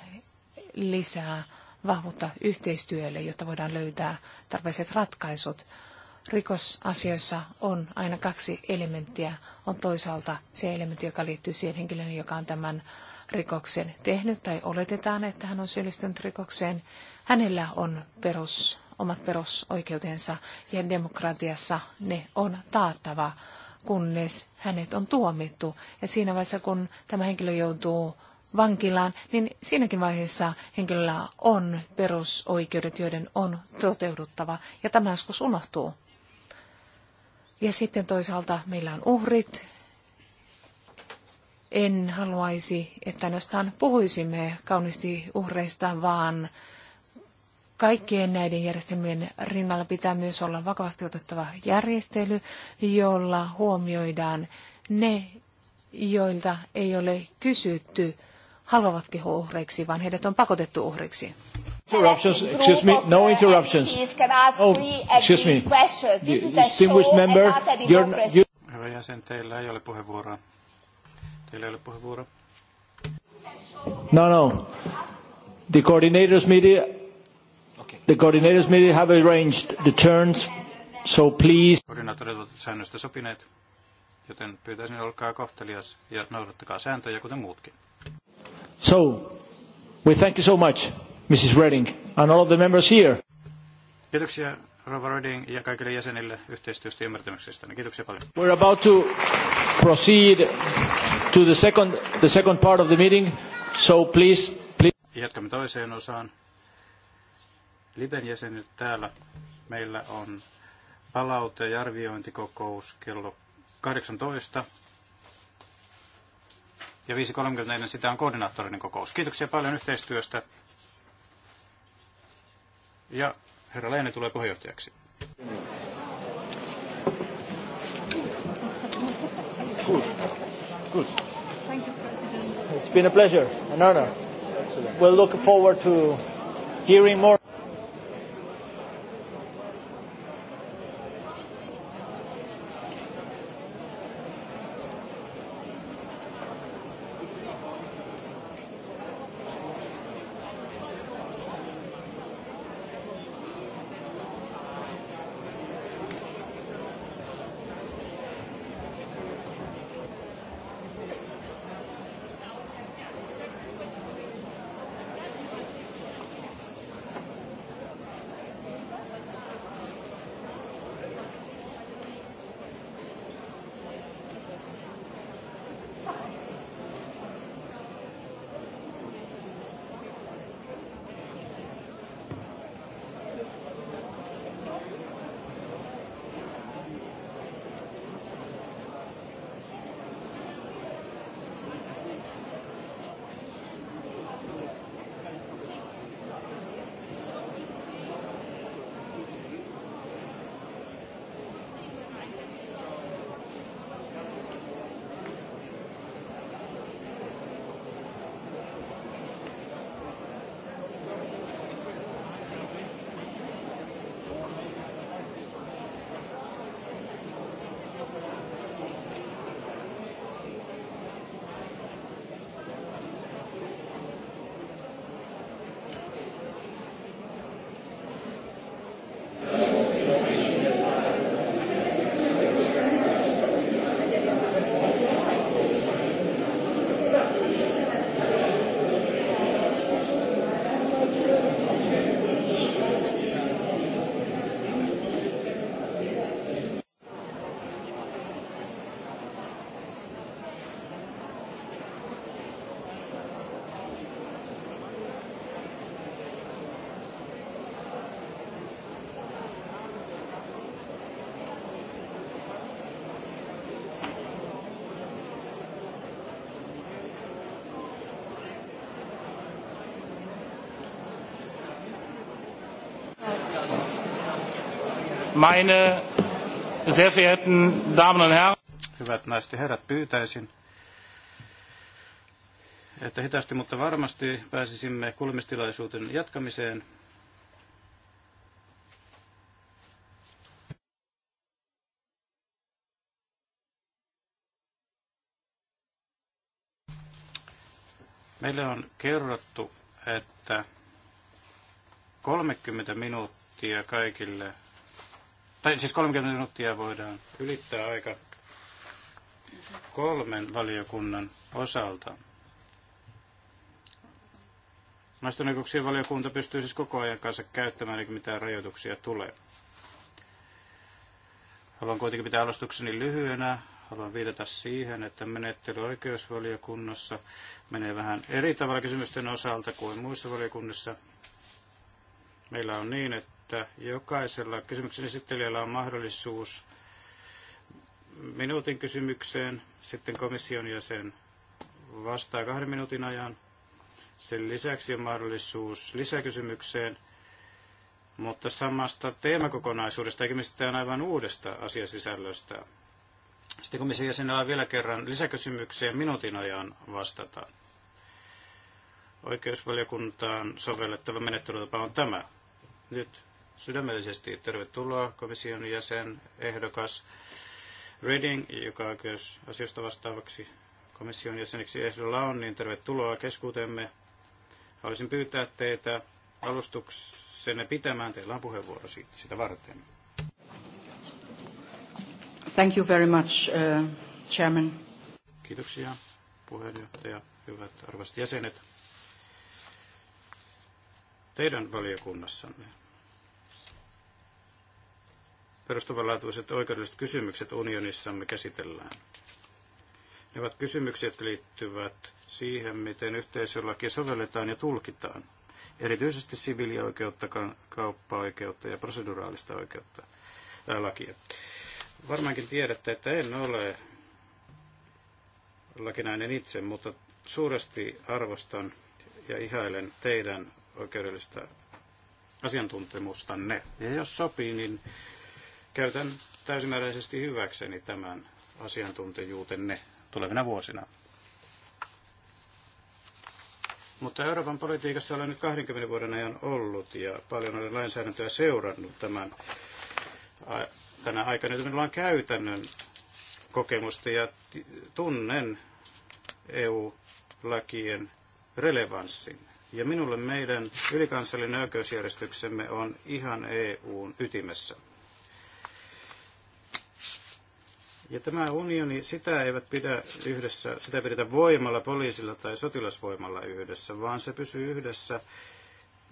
[SPEAKER 5] lisää vahvuutta yhteistyölle, jotta voidaan löytää tarpeiset ratkaisut. Rikosasioissa on aina kaksi elementtiä. On toisaalta se elementti, joka liittyy siihen henkilöön, joka on tämän rikoksen tehnyt tai oletetaan, että hän on syyllistynyt rikokseen. Hänellä on perus, omat perusoikeutensa ja demokratiassa ne on taattava kunnes hänet on tuomittu. Ja siinä vaiheessa, kun tämä henkilö joutuu vankilaan, niin siinäkin vaiheessa henkilöllä on perusoikeudet, joiden on toteuduttava, ja tämä joskus unohtuu. Ja sitten toisaalta meillä on uhrit. En haluaisi, että ainoastaan puhuisimme kauniisti uhreista, vaan kaikkien näiden järjestelmien rinnalla pitää myös olla vakavasti otettava järjestely, jolla huomioidaan ne, joilta ei ole kysytty haluavatkin uhreiksi, vaan heidät on pakotettu uhreiksi.
[SPEAKER 2] Interruptions, excuse me, no interruptions.
[SPEAKER 5] Oh, excuse me, distinguished member, you're, you...
[SPEAKER 1] Hyvä jäsen, teillä ei ole puheenvuoroa. Teillä ei ole puheenvuoroa.
[SPEAKER 2] No, no. The coordinators media. the coordinators media have arranged the turns, so please.
[SPEAKER 1] Koordinaattorit ovat säännöstä sopineet, joten pyytäisin olkaa kohtelias ja noudattakaa sääntöjä kuten muutkin.
[SPEAKER 2] So, we thank you so much, Mrs. Redding, and all of the members here.
[SPEAKER 1] Kiitoksia Rova Redding ja kaikille jäsenille yhteistyöstä ja ymmärtämyksestä. Niin kiitoksia paljon.
[SPEAKER 2] We're about to proceed to the second, the second part of the meeting, so please, please.
[SPEAKER 1] Jatkamme toiseen osaan. Liben jäsenet täällä meillä on palaute- ja arviointikokous kello 18 ja 5.34 sitä on koordinaattorinen kokous. Kiitoksia paljon yhteistyöstä. Ja herra Leene tulee puheenjohtajaksi.
[SPEAKER 2] Good. Good. Thank you, President. It's been a pleasure, an honor. Excellent. We'll look forward to hearing more.
[SPEAKER 1] Meine sehr verehrten Damen und Herren. Hyvät naiset ja herrat, pyytäisin, että hitaasti, mutta varmasti pääsisimme kuulemistilaisuuden jatkamiseen. Meille on kerrottu, että 30 minuuttia kaikille tai siis 30 minuuttia voidaan ylittää aika kolmen valiokunnan osalta. Naisten valiokunta pystyy siis koko ajan kanssa käyttämään, eikä mitään rajoituksia tulee. Haluan kuitenkin pitää alustukseni lyhyenä. Haluan viitata siihen, että menettely oikeusvaliokunnassa menee vähän eri tavalla kysymysten osalta kuin muissa valiokunnissa. Meillä on niin, että että jokaisella kysymyksen esittelijällä on mahdollisuus minuutin kysymykseen, sitten komission jäsen vastaa kahden minuutin ajan. Sen lisäksi on mahdollisuus lisäkysymykseen, mutta samasta teemakokonaisuudesta eikä mistään aivan uudesta asiasisällöstä. Sitten komission jäsenellä on vielä kerran lisäkysymykseen minuutin ajan vastata. Oikeusvaliokuntaan sovellettava menettelytapa on tämä. Nyt sydämellisesti tervetuloa komission jäsen ehdokas Reading, joka asiasta vastaavaksi komission jäseneksi ehdolla on, niin tervetuloa keskuutemme. Haluaisin pyytää teitä alustuksenne pitämään. Teillä on puheenvuoro siitä, sitä varten.
[SPEAKER 4] Thank you very much, uh, Chairman.
[SPEAKER 1] Kiitoksia, puheenjohtaja. Hyvät arvoisat jäsenet. Teidän valiokunnassanne perustavanlaatuiset oikeudelliset kysymykset unionissamme käsitellään. Ne ovat kysymyksiä, jotka liittyvät siihen, miten yhteisölakia sovelletaan ja tulkitaan, erityisesti siviilioikeutta, kauppaoikeutta ja proseduraalista oikeutta tai lakia. Varmaankin tiedätte, että en ole lakinainen itse, mutta suuresti arvostan ja ihailen teidän oikeudellista asiantuntemustanne. Ja jos sopii, niin Käytän täysimääräisesti hyväkseni tämän asiantuntijuutenne tulevina vuosina. Mutta Euroopan politiikassa olen nyt 20 vuoden ajan ollut ja paljon olen lainsäädäntöä seurannut tämän, tänä aikana. Nyt minulla on käytännön kokemusta ja tunnen EU-lakien relevanssin. Ja minulle meidän ylikansallinen oikeusjärjestyksemme on ihan EUn ytimessä. Ja tämä unioni, sitä eivät pidä yhdessä, sitä pidetä voimalla, poliisilla tai sotilasvoimalla yhdessä, vaan se pysyy yhdessä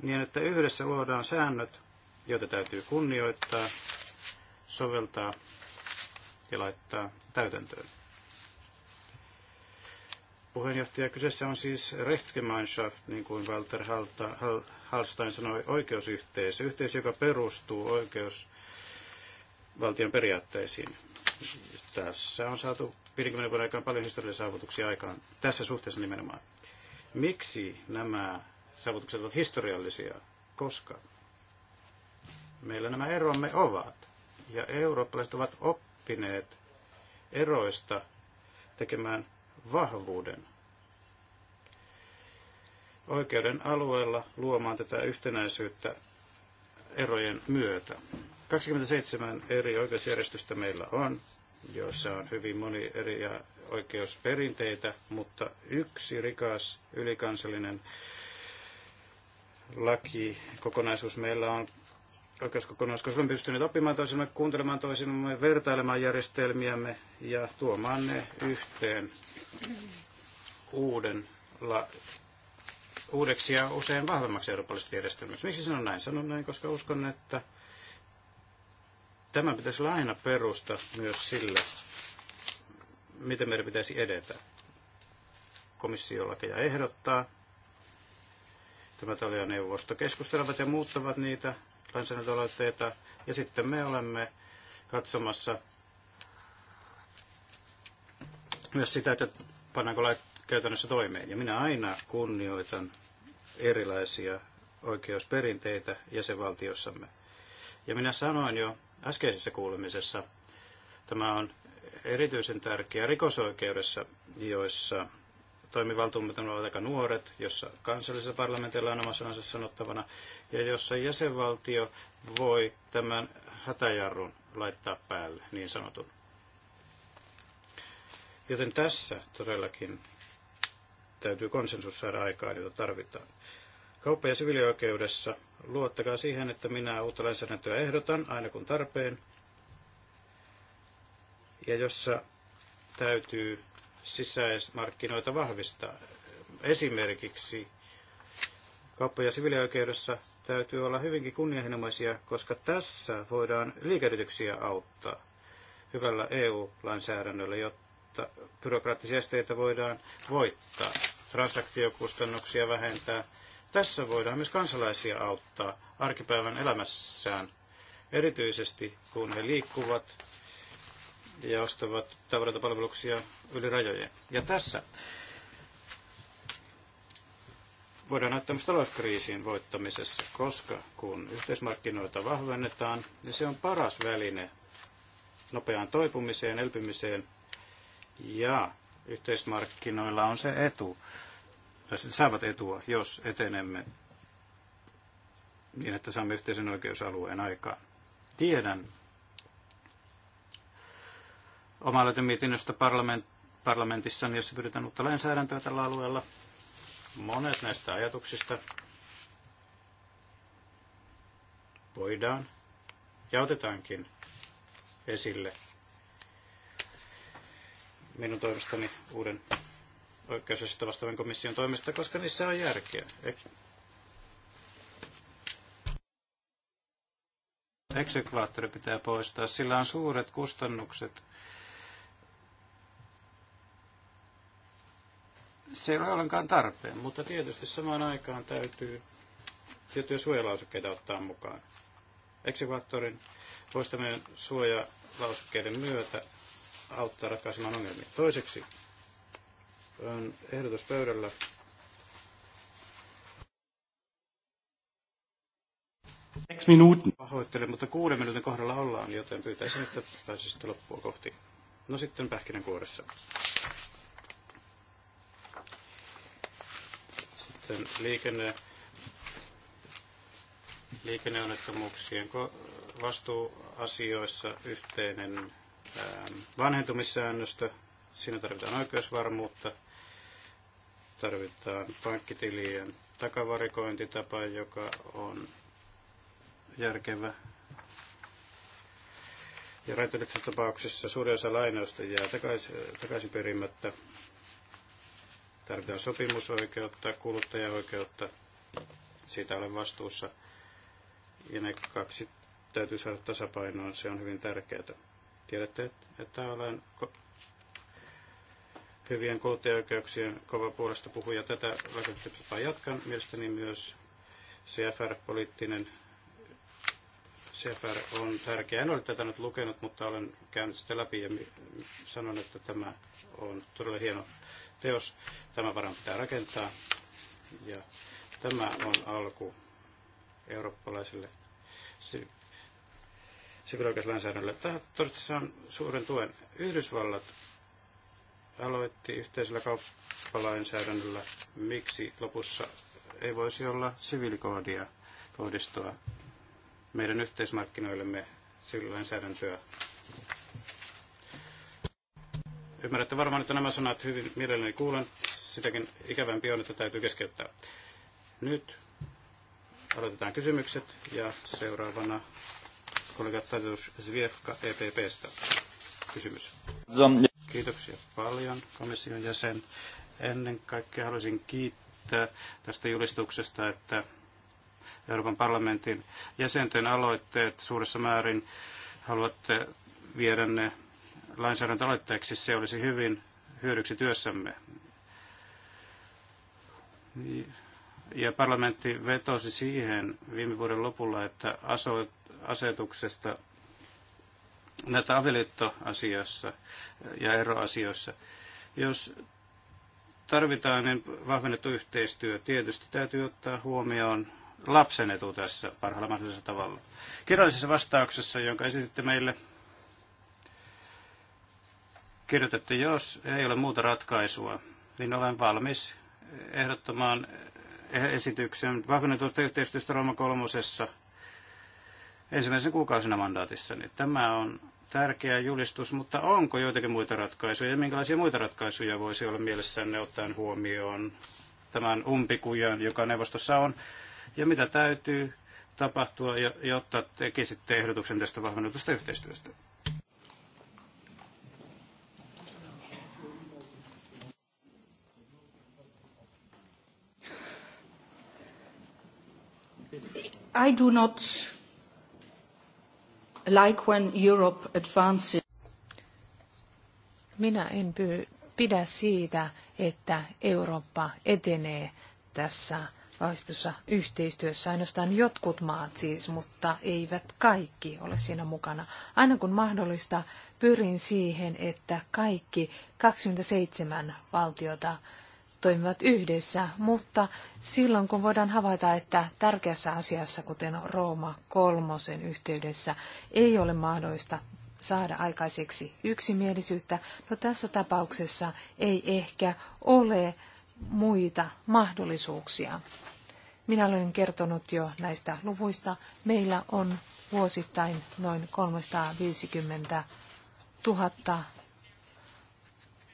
[SPEAKER 1] niin, että yhdessä luodaan säännöt, joita täytyy kunnioittaa, soveltaa ja laittaa täytäntöön. Puheenjohtaja kyseessä on siis Rechtsgemeinschaft, niin kuin Walter Hallstein sanoi, oikeusyhteisö, yhteisö, joka perustuu oikeusvaltion periaatteisiin. Tässä on saatu 50 vuoden aikaan paljon historiallisia saavutuksia aikaan, tässä suhteessa nimenomaan. Miksi nämä saavutukset ovat historiallisia? Koska meillä nämä eromme ovat. Ja eurooppalaiset ovat oppineet eroista tekemään vahvuuden oikeuden alueella luomaan tätä yhtenäisyyttä erojen myötä. 27 eri oikeusjärjestystä meillä on joissa on hyvin moni eri oikeusperinteitä, mutta yksi rikas ylikansallinen laki kokonaisuus meillä on oikeuskokonaisuus, koska olemme pystyneet oppimaan toisemme, kuuntelemaan toisemme, vertailemaan järjestelmiämme ja tuomaan ne yhteen uuden la, uudeksi ja usein vahvemmaksi eurooppalaisesta järjestelmäksi. Miksi sanon näin? Sanon näin, koska uskon, että Tämä pitäisi olla aina perusta myös sille, miten meidän pitäisi edetä. Komissio lakeja ehdottaa. Tämä ja neuvosto keskustelevat ja muuttavat niitä lainsäädäntöaloitteita. Ja sitten me olemme katsomassa myös sitä, että pannaanko lait käytännössä toimeen. Ja minä aina kunnioitan erilaisia oikeusperinteitä jäsenvaltiossamme. Ja minä sanoin jo äskeisessä kuulemisessa. Tämä on erityisen tärkeä rikosoikeudessa, joissa toimivaltuudet ovat aika nuoret, jossa kansallisessa parlamentilla on omassa sanottavana, ja jossa jäsenvaltio voi tämän hätäjarrun laittaa päälle, niin sanotun. Joten tässä todellakin täytyy konsensus saada aikaan, jota tarvitaan. Kauppa- ja sivilioikeudessa. luottakaa siihen, että minä uutta lainsäädäntöä ehdotan aina kun tarpeen, ja jossa täytyy sisäismarkkinoita vahvistaa. Esimerkiksi kauppa- ja sivilioikeudessa täytyy olla hyvinkin kunnianhimoisia, koska tässä voidaan liikeyrityksiä auttaa hyvällä EU-lainsäädännöllä, jotta byrokraattisia esteitä voidaan voittaa, transaktiokustannuksia vähentää – tässä voidaan myös kansalaisia auttaa arkipäivän elämässään, erityisesti kun he liikkuvat ja ostavat tavaroita palveluksia yli rajojen. Ja tässä voidaan näyttää myös talouskriisin voittamisessa, koska kun yhteismarkkinoita vahvennetaan, niin se on paras väline nopeaan toipumiseen, elpymiseen ja yhteismarkkinoilla on se etu, tai saavat etua, jos etenemme niin, että saamme yhteisen oikeusalueen aikaan. Tiedän oma mietinnöstä parlament, parlamentissa, jossa pyritään uutta lainsäädäntöä tällä alueella. Monet näistä ajatuksista voidaan ja otetaankin esille minun toivostani uuden oikeusasioista vastaavan komission toimesta, koska niissä on järkeä. Eksekvaattori pitää poistaa, sillä on suuret kustannukset. Se ei ole ollenkaan tarpeen, mutta tietysti samaan aikaan täytyy tiettyjä suojalausukkeita ottaa mukaan. Eksekvaattorin poistaminen suojalausukkeiden myötä auttaa ratkaisemaan ongelmia. Toiseksi on ehdotus pöydällä. minuutin. Pahoittelen, mutta kuuden minuutin kohdalla ollaan, joten pyytäisin, että pääsisitte loppua kohti. No sitten pähkinänkuoressa. Sitten liikenne, liikenneonnettomuuksien vastuuasioissa yhteinen vanhentumissäännöstö. Siinä tarvitaan oikeusvarmuutta tarvitaan pankkitilien takavarikointitapa, joka on järkevä. Ja rajoituksessa tapauksessa suurin osa lainoista jää takaisin, takaisin perimättä. Tarvitaan sopimusoikeutta, kuluttajaoikeutta, siitä olen vastuussa. Ja ne kaksi täytyy saada tasapainoon, se on hyvin tärkeää. Tiedätte, että olen hyvien kuluttajaoikeuksien kova puolesta puhuja tätä vaikutusta jatkan. Mielestäni myös CFR-poliittinen CFR on tärkeä. En ole tätä nyt lukenut, mutta olen käynyt sitä läpi ja sanon, että tämä on todella hieno teos. Tämä varan pitää rakentaa ja tämä on alku eurooppalaiselle sivilaikaislainsäädännölle. Tämä todennäköisesti suuren tuen. Yhdysvallat aloitti yhteisellä kauppalainsäädännöllä, miksi lopussa ei voisi olla siviilikoodia kohdistua meidän yhteismarkkinoillemme siviililainsäädäntöä. Ymmärrätte varmaan, että nämä sanat hyvin mielelläni kuulen. Sitäkin ikävämpi on, että täytyy keskeyttää. Nyt aloitetaan kysymykset ja seuraavana kollega Tadeusz Zwiefka EPPstä. Kysymys. Kiitoksia paljon komission jäsen. Ennen kaikkea haluaisin kiittää tästä julistuksesta, että Euroopan parlamentin jäsenten aloitteet suuressa määrin haluatte viedä ne lainsäädäntöaloitteeksi. Se olisi hyvin hyödyksi työssämme. Ja parlamentti vetosi siihen viime vuoden lopulla, että asetuksesta näitä avioliittoasiassa ja eroasioissa. Jos tarvitaan niin vahvennettu yhteistyö, tietysti täytyy ottaa huomioon lapsen etu tässä parhaalla mahdollisella tavalla. Kirjallisessa vastauksessa, jonka esititte meille, kirjoitatte, jos ei ole muuta ratkaisua, niin olen valmis ehdottamaan eh, esityksen vahvennetusta yhteistyöstä Rooma kolmosessa – ensimmäisen kuukausina mandaatissa, niin Tämä on tärkeä julistus, mutta onko joitakin muita ratkaisuja ja minkälaisia muita ratkaisuja voisi olla mielessänne ottaen huomioon tämän umpikujan, joka neuvostossa on, ja mitä täytyy tapahtua, jotta tekisitte ehdotuksen tästä vahvennetusta yhteistyöstä?
[SPEAKER 4] I do not like when Europe advances.
[SPEAKER 5] Minä en pidä siitä, että Eurooppa etenee tässä vaistussa yhteistyössä. Ainoastaan jotkut maat siis, mutta eivät kaikki ole siinä mukana. Aina kun mahdollista, pyrin siihen, että kaikki 27 valtiota toimivat yhdessä, mutta silloin kun voidaan havaita, että tärkeässä asiassa, kuten Rooma kolmosen yhteydessä, ei ole mahdollista saada aikaiseksi yksimielisyyttä, no tässä tapauksessa ei ehkä ole muita mahdollisuuksia. Minä olen kertonut jo näistä luvuista. Meillä on vuosittain noin 350 000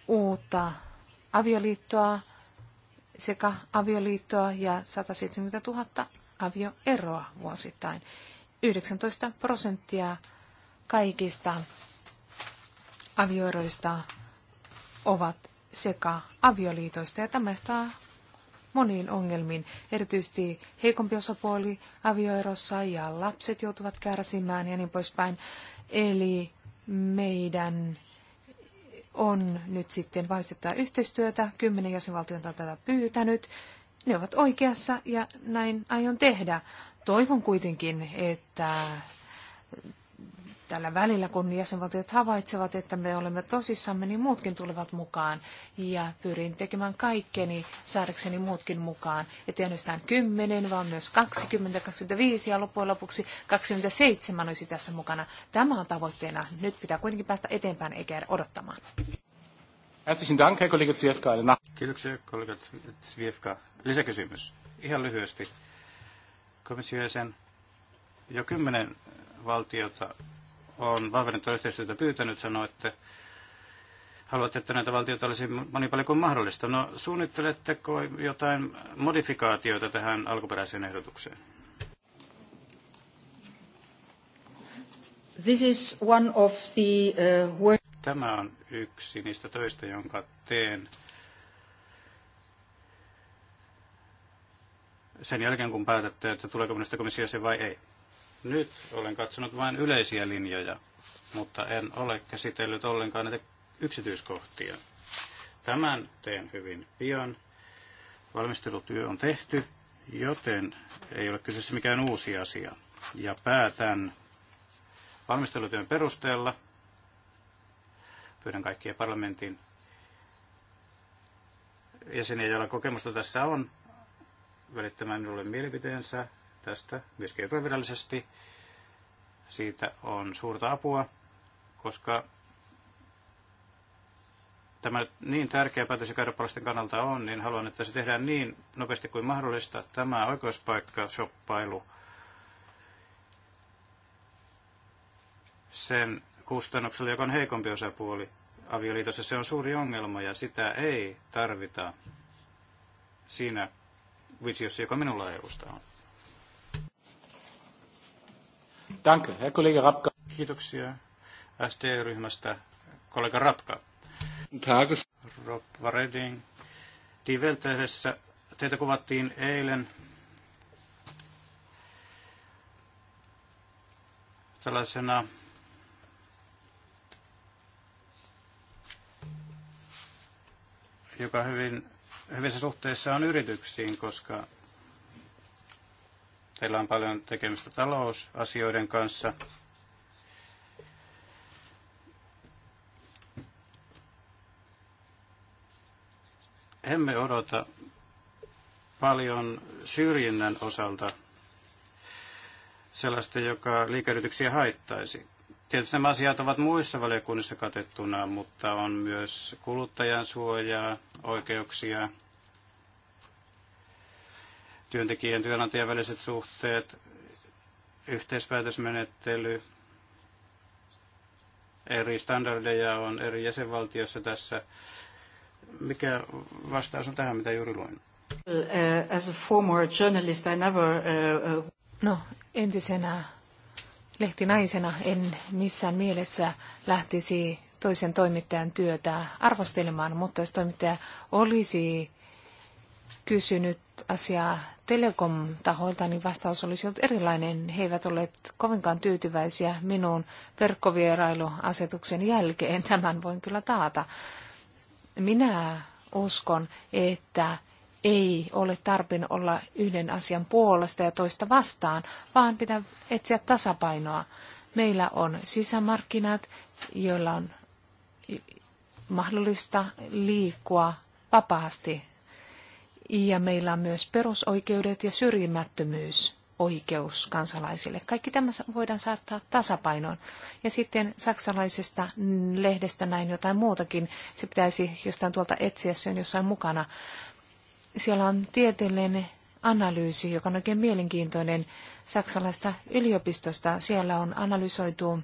[SPEAKER 5] uutta avioliittoa sekä avioliittoa ja 170 000 avioeroa vuosittain. 19 prosenttia kaikista avioeroista ovat sekä avioliitoista ja tämä johtaa moniin ongelmiin. Erityisesti heikompi osapuoli avioerossa ja lapset joutuvat kärsimään ja niin poispäin. Eli meidän on nyt sitten vaistettaa yhteistyötä. Kymmenen jäsenvaltiota on tätä pyytänyt. Ne ovat oikeassa ja näin aion tehdä. Toivon kuitenkin, että tällä välillä, kun jäsenvaltiot havaitsevat, että me olemme tosissamme, niin muutkin tulevat mukaan. Ja pyrin tekemään kaikkeni saadakseni muutkin mukaan. Että ei ainoastaan 10, vaan myös 20, 25 ja loppujen lopuksi 27 olisi tässä mukana. Tämä on tavoitteena. Nyt pitää kuitenkin päästä eteenpäin eikä jäädä odottamaan.
[SPEAKER 1] Herzlichen Dank, Herr Kollege Zwiefka. Kiitoksia, kollega Zwiefka. Lisäkysymys. Ihan lyhyesti. Komissio jäsen jo kymmenen valtiota on vahvennettua yhteistyötä pyytänyt, sanoo, että haluatte, että näitä valtioita olisi moni paljon kuin mahdollista. No suunnitteletteko jotain modifikaatioita tähän alkuperäiseen ehdotukseen?
[SPEAKER 4] This is one of the, uh, work...
[SPEAKER 1] Tämä on yksi niistä töistä, jonka teen sen jälkeen, kun päätätte, että tuleeko minusta komissiosi vai ei. Nyt olen katsonut vain yleisiä linjoja, mutta en ole käsitellyt ollenkaan näitä yksityiskohtia. Tämän teen hyvin pian. Valmistelutyö on tehty, joten ei ole kyseessä mikään uusi asia. Ja päätän valmistelutyön perusteella. Pyydän kaikkia parlamentin jäseniä, joilla kokemusta tässä on, välittämään minulle mielipiteensä tästä myöskin epävirallisesti. Siitä on suurta apua, koska tämä niin tärkeä päätös, joka eurooppalaisten kannalta on, niin haluan, että se tehdään niin nopeasti kuin mahdollista. Tämä shoppailu, sen kustannuksella, joka on heikompi osapuoli avioliitossa, se on suuri ongelma ja sitä ei tarvita siinä visiossa, joka minulla EUsta on. Danke,
[SPEAKER 2] Herr Kollege Rapka.
[SPEAKER 1] Kiitoksia SD-ryhmästä, kollega Rapka. Tages. Rob Varedin. Die teitä kuvattiin eilen tällaisena joka hyvin, hyvissä suhteissa on yrityksiin, koska Teillä on paljon tekemistä talousasioiden kanssa. Emme odota paljon syrjinnän osalta sellaista, joka liikeyrityksiä haittaisi. Tietysti nämä asiat ovat muissa valiokunnissa katettuna, mutta on myös kuluttajan suojaa, oikeuksia, työntekijän ja työnantajan väliset suhteet, yhteispäätösmenettely, eri standardeja on eri jäsenvaltiossa tässä. Mikä vastaus on tähän, mitä juuri luin?
[SPEAKER 4] Uh, as a former journalist, I never, uh, uh,
[SPEAKER 5] No, entisenä lehtinaisena en missään mielessä lähtisi toisen toimittajan työtä arvostelemaan, mutta jos toimittaja olisi kysynyt asiaa Telekom-taholta, niin vastaus olisi ollut erilainen. He eivät olleet kovinkaan tyytyväisiä minun verkkovierailuasetuksen jälkeen. Tämän voin kyllä taata. Minä uskon, että ei ole tarpeen olla yhden asian puolesta ja toista vastaan, vaan pitää etsiä tasapainoa. Meillä on sisämarkkinat, joilla on mahdollista liikkua vapaasti ja meillä on myös perusoikeudet ja syrjimättömyys oikeus kansalaisille. Kaikki tämä voidaan saattaa tasapainoon. Ja sitten saksalaisesta lehdestä näin jotain muutakin. Se pitäisi jostain tuolta etsiä, se on jossain mukana. Siellä on tieteellinen analyysi, joka on oikein mielenkiintoinen saksalaista yliopistosta. Siellä on analysoitu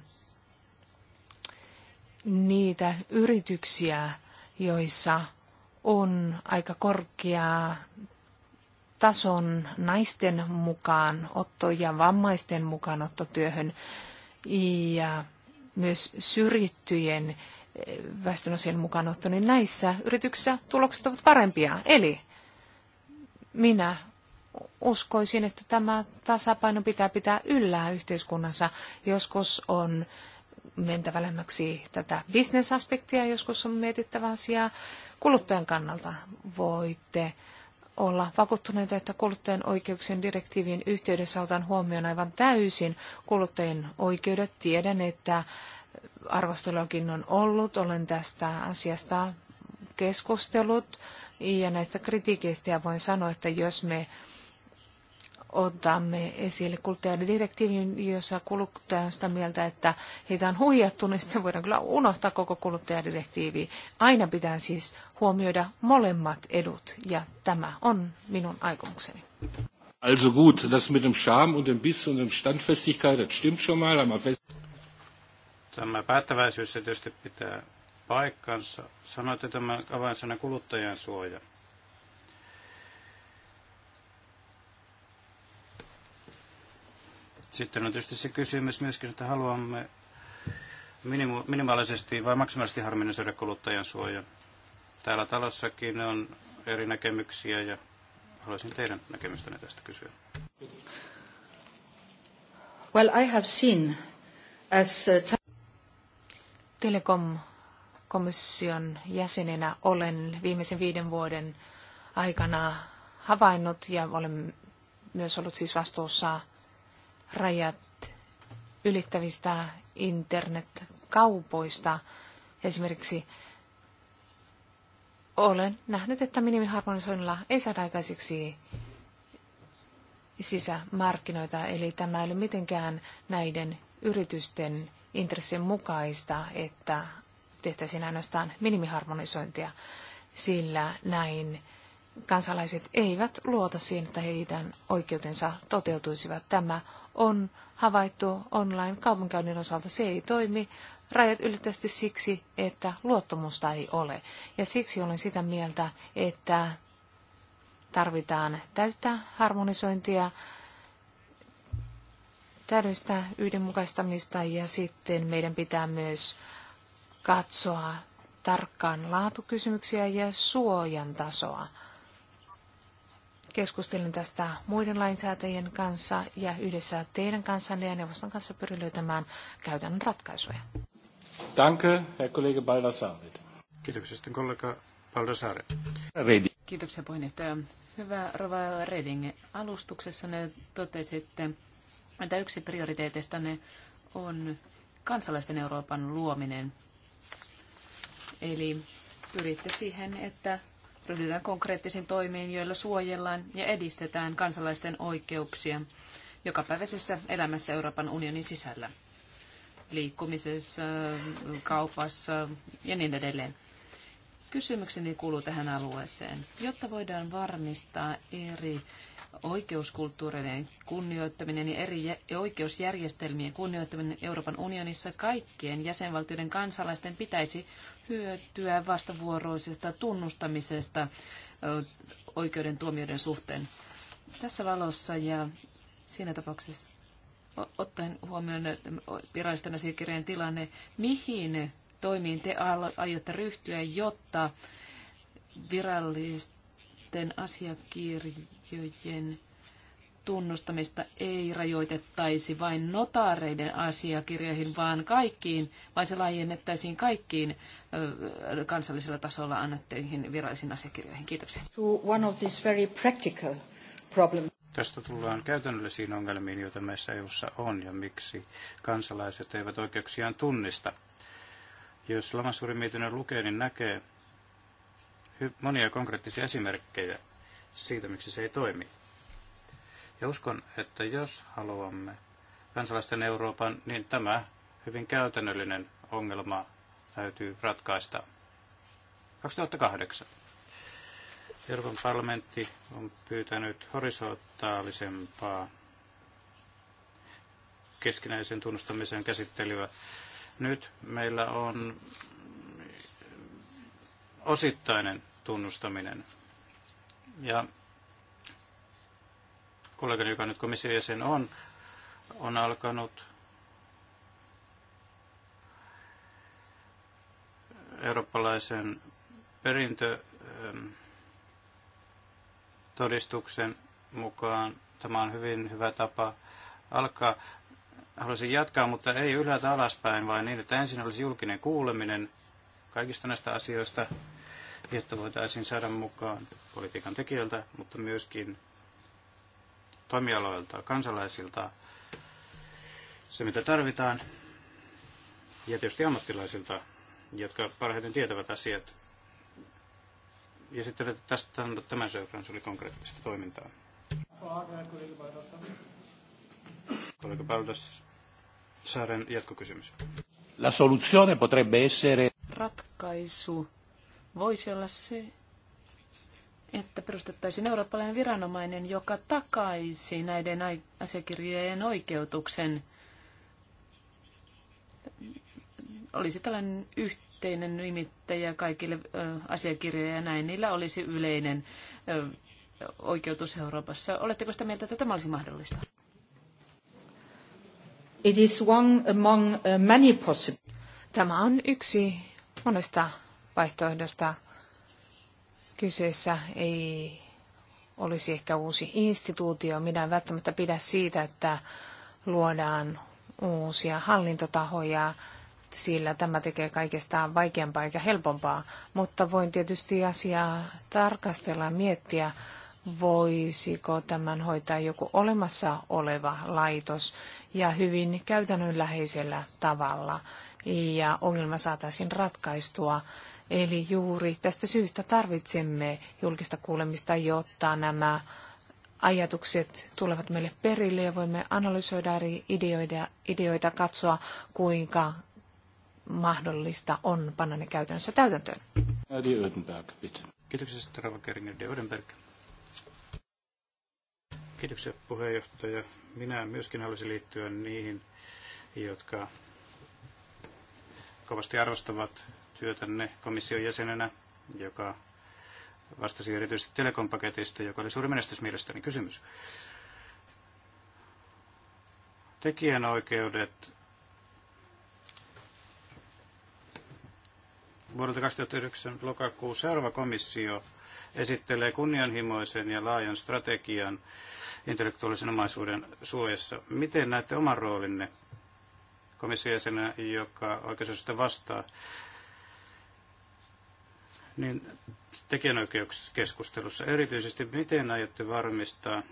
[SPEAKER 5] niitä yrityksiä, joissa on aika korkea tason naisten mukaan otto ja vammaisten työhön ja myös syrjittyjen eh, väestönosien otto, niin näissä yrityksissä tulokset ovat parempia. Eli minä uskoisin, että tämä tasapaino pitää pitää yllä yhteiskunnassa. Joskus on mentävä lähemmäksi tätä bisnesaspektia, joskus on mietittävä asiaa kuluttajan kannalta. Voitte olla vakuuttuneita, että kuluttajan oikeuksien direktiivin yhteydessä otan huomioon aivan täysin kuluttajien oikeudet. Tiedän, että arvosteluakin on ollut. Olen tästä asiasta keskustellut ja näistä kritiikeistä ja voin sanoa, että jos me otamme esille kuluttajadirektiivin, jossa kuluttaja on sitä mieltä, että heitä on huijattu, niin sitten voidaan kyllä unohtaa koko kuluttajadirektiivi. Aina pitää siis huomioida molemmat edut, ja tämä on minun aikomukseni.
[SPEAKER 2] Also gut, das mit dem Charme und dem Biss und dem Standfestigkeit, das stimmt schon mal. fest...
[SPEAKER 1] Tämä päättäväisyys se tietysti pitää paikkansa. Sanoitte tämä avainsana kuluttajan suoja. Sitten on tietysti se kysymys myöskin, että haluamme minimo- minimaalisesti vai maksimaalisesti harminisoida kuluttajan suoja. Täällä talossakin on eri näkemyksiä ja haluaisin teidän näkemystänne tästä kysyä.
[SPEAKER 5] Well, I have seen as uh, a... Telekom-komission jäsenenä olen viimeisen viiden vuoden aikana havainnut ja olen myös ollut siis vastuussa rajat ylittävistä internetkaupoista. Esimerkiksi olen nähnyt, että minimiharmonisoinnilla ei saada aikaiseksi sisämarkkinoita, eli tämä ei ole mitenkään näiden yritysten intressin mukaista, että tehtäisiin ainoastaan minimiharmonisointia, sillä näin kansalaiset eivät luota siihen, että heidän oikeutensa toteutuisivat. Tämä on havaittu online-kaupankäynnin osalta. Se ei toimi rajat ylittävästi siksi, että luottamusta ei ole. Ja siksi olen sitä mieltä, että tarvitaan täyttä harmonisointia, täydellistä yhdenmukaistamista ja sitten meidän pitää myös katsoa tarkkaan laatukysymyksiä ja suojan tasoa keskustelin tästä muiden lainsäätäjien kanssa ja yhdessä teidän kanssanne ja neuvoston kanssa pyrin löytämään käytännön
[SPEAKER 3] ratkaisuja.
[SPEAKER 2] Danke, Herr Kollege Baldassare. Kiitoksia sitten kollega
[SPEAKER 1] Baldassare.
[SPEAKER 3] Kiitoksia puheenjohtaja. Hyvä Rova Reding. Alustuksessa ne totesitte, että yksi ne on kansalaisten Euroopan luominen. Eli pyritte siihen, että ryhdytään konkreettisiin toimiin, joilla suojellaan ja edistetään kansalaisten oikeuksia jokapäiväisessä elämässä Euroopan unionin sisällä, liikkumisessa, kaupassa ja niin edelleen. Kysymykseni kuuluu tähän alueeseen. Jotta voidaan varmistaa eri oikeuskulttuureiden kunnioittaminen ja eri oikeusjärjestelmien kunnioittaminen Euroopan unionissa kaikkien jäsenvaltioiden kansalaisten pitäisi hyötyä vastavuoroisesta tunnustamisesta oikeuden tuomioiden suhteen. Tässä valossa ja siinä tapauksessa ottaen huomioon virallisten asiakirjojen tilanne, mihin toimiin te aiotte ryhtyä, jotta virallisten asiakirjojen kirjojen tunnustamista ei rajoitettaisi vain notaareiden asiakirjoihin, vaan kaikkiin, vai se laajennettaisiin kaikkiin kansallisella tasolla annettuihin virallisiin asiakirjoihin. Kiitoksia.
[SPEAKER 4] One of these very practical problem.
[SPEAKER 1] Tästä tullaan käytännöllisiin ongelmiin, joita meissä eu on ja miksi kansalaiset eivät oikeuksiaan tunnista. Jos lamansuurimietinnön lukee, niin näkee monia konkreettisia esimerkkejä siitä, miksi se ei toimi. Ja uskon, että jos haluamme kansalaisten Euroopan, niin tämä hyvin käytännöllinen ongelma täytyy ratkaista. 2008. Euroopan parlamentti on pyytänyt horisontaalisempaa keskinäisen tunnustamisen käsittelyä. Nyt meillä on osittainen tunnustaminen ja kollegani, joka nyt komission jäsen on, on alkanut eurooppalaisen perintötodistuksen mukaan. Tämä on hyvin hyvä tapa alkaa. Haluaisin jatkaa, mutta ei ylhäältä alaspäin, vaan niin, että ensin olisi julkinen kuuleminen kaikista näistä asioista jotta voitaisiin saada mukaan politiikan tekijöiltä, mutta myöskin toimialoilta, kansalaisilta se, mitä tarvitaan, ja tietysti ammattilaisilta, jotka parhaiten tietävät asiat. Ja sitten että tästä tämän seuran, se oli konkreettista toimintaa. Kollega Baldas, Saaren jatkokysymys. La soluzione potrebbe essere...
[SPEAKER 3] Ratkaisu voisi olla se, että perustettaisiin eurooppalainen viranomainen, joka takaisi näiden asiakirjojen oikeutuksen. Olisi tällainen yhteinen nimittäjä kaikille asiakirjoja ja näin. Niillä olisi yleinen oikeutus Euroopassa. Oletteko sitä mieltä, että tämä olisi mahdollista?
[SPEAKER 5] It is one among many possible. Tämä on yksi monesta vaihtoehdosta kyseessä ei olisi ehkä uusi instituutio. Minä en välttämättä pidä siitä, että luodaan uusia hallintotahoja, sillä tämä tekee kaikestaan vaikeampaa eikä helpompaa. Mutta voin tietysti asiaa tarkastella ja miettiä, voisiko tämän hoitaa joku olemassa oleva laitos ja hyvin käytännönläheisellä tavalla ja ongelma saataisiin ratkaistua Eli juuri tästä syystä tarvitsemme julkista kuulemista, jotta nämä ajatukset tulevat meille perille ja voimme analysoida eri ideoita, ideoita katsoa, kuinka mahdollista on panna ne käytännössä täytäntöön.
[SPEAKER 1] Kiitoksia, Rava Keringer de Kiitoksia, puheenjohtaja. Minä myöskin haluaisin liittyä niihin, jotka kovasti arvostavat työtänne komission jäsenenä, joka vastasi erityisesti telekompaketista, joka oli suuri menestys mielestäni kysymys. Tekijänoikeudet vuodelta 2009 lokakuun seuraava komissio esittelee kunnianhimoisen ja laajan strategian intellektuaalisen omaisuuden suojassa. Miten näette oman roolinne komission jäsenä, joka oikeastaan vastaa niin tekijänoikeuskeskustelussa erityisesti, miten aiotte varmistaa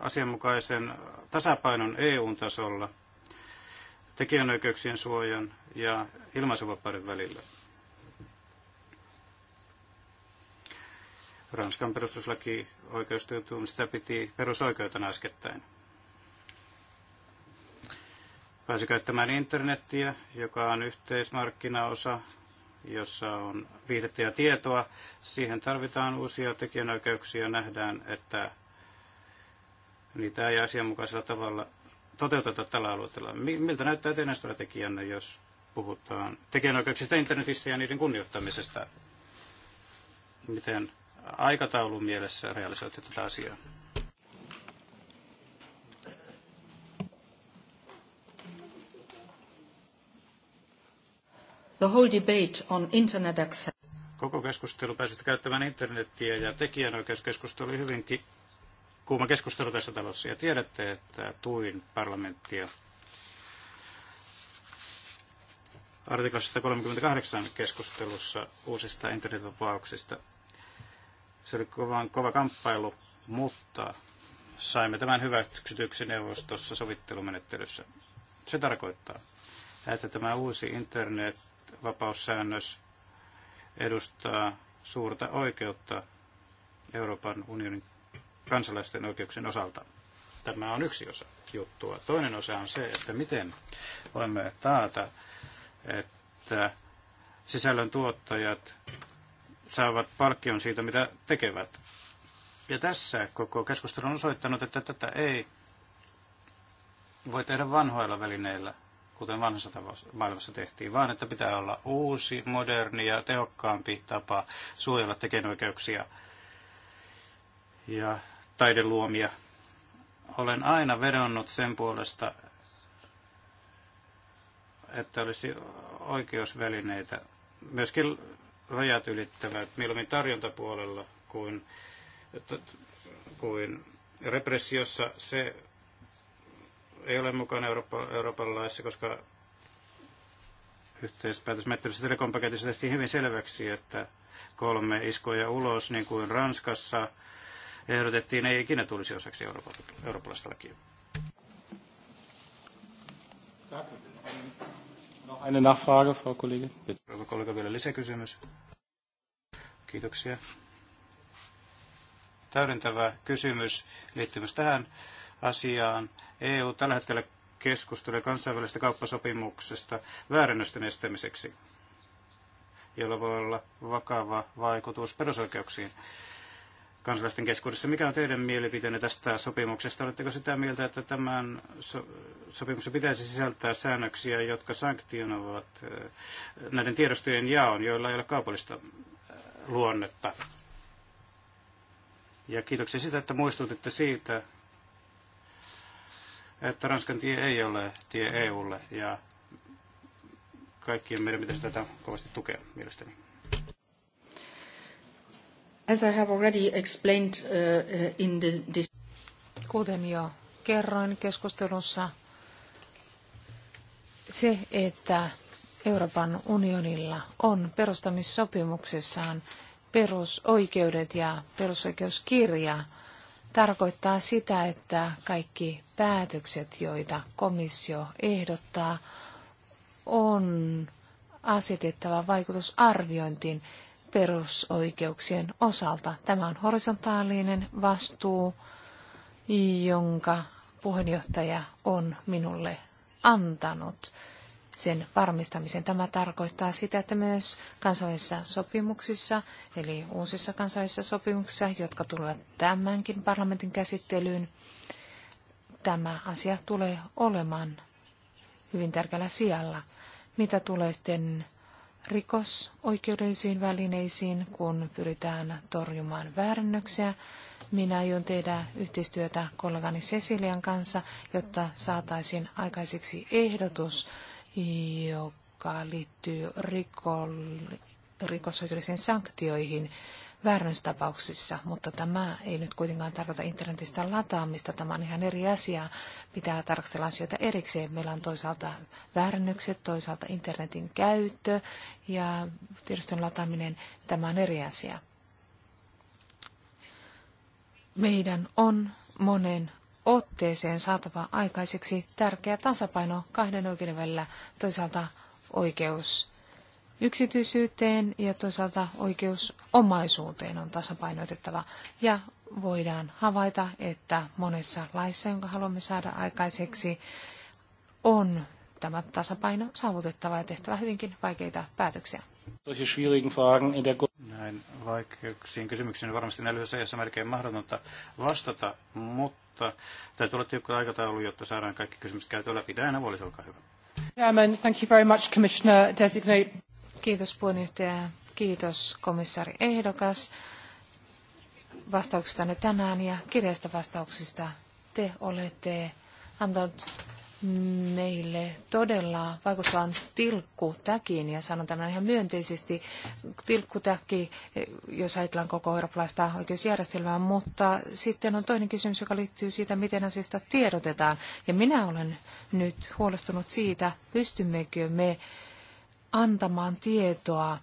[SPEAKER 1] asianmukaisen tasapainon EU-tasolla tekijänoikeuksien suojan ja ilmaisuvapauden välillä? Ranskan perustuslaki sitä piti perusoikeutena äskettäin. Pääsi käyttämään internettiä, joka on yhteismarkkinaosa jossa on viihdettä ja tietoa. Siihen tarvitaan uusia tekijänoikeuksia. Nähdään, että niitä ei asianmukaisella tavalla toteuteta tällä alueella. Miltä näyttää teidän strategianne, jos puhutaan tekijänoikeuksista internetissä ja niiden kunnioittamisesta? Miten aikataulun mielessä realisoitte tätä asiaa?
[SPEAKER 4] the whole debate on internet access.
[SPEAKER 1] Koko keskustelu pääsistä käyttämään internettiä ja tekijänoikeuskeskustelu oli hyvinkin kuuma keskustelu tässä talossa. Ja tiedätte, että tuin parlamenttia artiklassa 38 keskustelussa uusista internetvapauksista. Se oli kova, kova kamppailu, mutta saimme tämän hyväksytyksi neuvostossa sovittelumenettelyssä. Se tarkoittaa, että tämä uusi internet vapaussäännös edustaa suurta oikeutta Euroopan unionin kansalaisten oikeuksien osalta. Tämä on yksi osa juttua. Toinen osa on se, että miten voimme taata, että sisällön tuottajat saavat palkkion siitä, mitä tekevät. Ja tässä koko keskustelu on osoittanut, että tätä ei voi tehdä vanhoilla välineillä, kuten vanhassa maailmassa tehtiin, vaan että pitää olla uusi, moderni ja tehokkaampi tapa suojella tekijänoikeuksia ja taideluomia. Olen aina vedonnut sen puolesta, että olisi oikeusvälineitä, myöskin rajat ylittävät, mieluummin tarjontapuolella kuin, kuin repressiossa se ei ole mukana Eurooppa, Euroopan laissa, koska yhteispäätösmettelyssä telekompaketissa tehtiin hyvin selväksi, että kolme iskoja ulos, niin kuin Ranskassa ehdotettiin, ei ikinä tulisi osaksi Euroopan, eurooppalaista lakia. Eine Nachfrage, Frau Kollegin. Rouva kollega, vielä lisäkysymys. Kiitoksia. Täydentävä kysymys liittymys tähän asiaan. EU tällä hetkellä keskustelee kansainvälisestä kauppasopimuksesta väärennösten estämiseksi, jolla voi olla vakava vaikutus perusoikeuksiin kansalaisten keskuudessa. Mikä on teidän mielipiteenne tästä sopimuksesta? Oletteko sitä mieltä, että tämän so- sopimuksen pitäisi sisältää säännöksiä, jotka sanktionoivat eh, näiden tiedostojen jaon, joilla ei ole kaupallista eh, luonnetta? Ja kiitoksia sitä, että muistutitte siitä, että Ranskan tie ei ole tie EUlle ja kaikkien meidän pitäisi tätä kovasti tukea mielestäni.
[SPEAKER 4] As I have already explained uh, in the, this...
[SPEAKER 5] Kuten jo kerroin keskustelussa, se, että Euroopan unionilla on perustamissopimuksessaan perusoikeudet ja perusoikeuskirja – tarkoittaa sitä, että kaikki päätökset, joita komissio ehdottaa, on asetettava vaikutusarviointiin perusoikeuksien osalta. Tämä on horisontaalinen vastuu, jonka puheenjohtaja on minulle antanut sen varmistamisen. Tämä tarkoittaa sitä, että myös kansainvälisissä sopimuksissa, eli uusissa kansainvälisissä sopimuksissa, jotka tulevat tämänkin parlamentin käsittelyyn, tämä asia tulee olemaan hyvin tärkeällä sijalla. Mitä tulee sitten rikosoikeudellisiin välineisiin, kun pyritään torjumaan väärännöksiä, minä aion tehdä yhteistyötä kollegani Cecilian kanssa, jotta saataisiin aikaiseksi ehdotus joka liittyy rikosoikeudellisiin sanktioihin väärännystapauksissa, mutta tämä ei nyt kuitenkaan tarkoita internetistä lataamista. Tämä on ihan eri asia. Pitää tarkastella asioita erikseen. Meillä on toisaalta väärännykset, toisaalta internetin käyttö ja tiedoston lataaminen. Tämä on eri asia. Meidän on monen otteeseen saatava aikaiseksi tärkeä tasapaino kahden oikeuden välillä, toisaalta oikeus yksityisyyteen ja toisaalta oikeus omaisuuteen on tasapainotettava. Ja voidaan havaita, että monessa laissa, jonka haluamme saada aikaiseksi, on tämä tasapaino saavutettava ja tehtävä hyvinkin vaikeita päätöksiä.
[SPEAKER 1] Näin vaikeuksiin kysymyksiin varmasti näin lyhyessä ajassa melkein mahdotonta vastata, mutta mutta täytyy olla tiukka aikataulu, jotta saadaan kaikki kysymykset käytyä läpi. Diana Wallis, olkaa hyvä.
[SPEAKER 5] Chairman, thank you very much, Commissioner Designate. Kiitos puheenjohtaja, kiitos komissaari ehdokas vastauksistanne tänään ja kirjasta vastauksista. Te olette antaneet meille todella vaikuttavan tilkkutäkin, ja sanon tämän ihan myönteisesti, tilkkutäkki, jos ajatellaan koko eurooppalaista oikeusjärjestelmää, mutta sitten on toinen kysymys, joka liittyy siitä, miten asiasta tiedotetaan. Ja minä olen nyt huolestunut siitä, pystymmekö me antamaan tietoa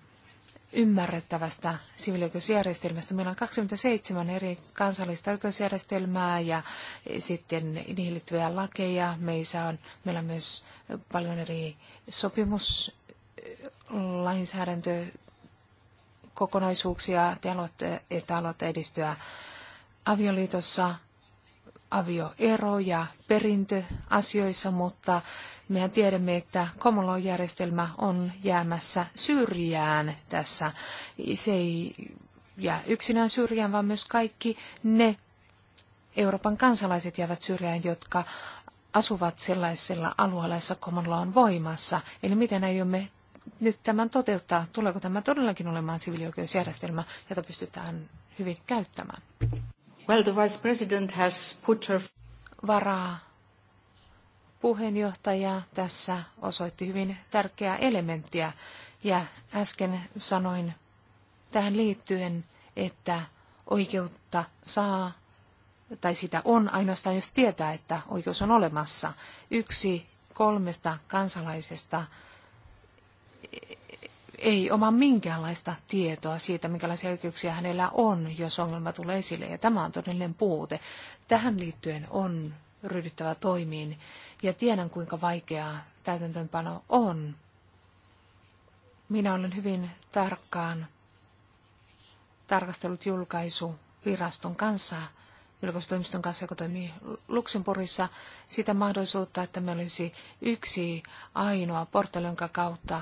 [SPEAKER 5] ymmärrettävästä siviilioikeusjärjestelmästä. Meillä on 27 eri kansallista oikeusjärjestelmää ja sitten niihin liittyviä lakeja. Meissä on, meillä on myös paljon eri sopimuslainsäädäntö kokonaisuuksia. että aloitte edistyä avioliitossa ja perintöasioissa, mutta mehän tiedämme, että komolojärjestelmä on jäämässä syrjään tässä. Se ei jää yksinään syrjään, vaan myös kaikki ne Euroopan kansalaiset jäävät syrjään, jotka asuvat sellaisella alueella, jossa komolla on voimassa. Eli miten aiomme nyt tämän toteuttaa? Tuleeko tämä todellakin olemaan siviilioikeusjärjestelmä, jota pystytään hyvin käyttämään? Well, the vice president has put her... Varaa puheenjohtaja tässä osoitti hyvin tärkeää elementtiä. Ja äsken sanoin tähän liittyen, että oikeutta saa, tai sitä on ainoastaan, jos tietää, että oikeus on olemassa. Yksi kolmesta kansalaisesta ei omaa minkäänlaista tietoa siitä, minkälaisia oikeuksia hänellä on, jos ongelma tulee esille. Ja tämä on todellinen puute. Tähän liittyen on ryhdyttävä toimiin. Ja tiedän, kuinka vaikeaa täytäntöönpano on. Minä olen hyvin tarkkaan tarkastellut julkaisu viraston kanssa yliopistotoimiston kanssa, joka toimii Luxemburgissa, sitä mahdollisuutta, että me olisi yksi ainoa portaali, jonka kautta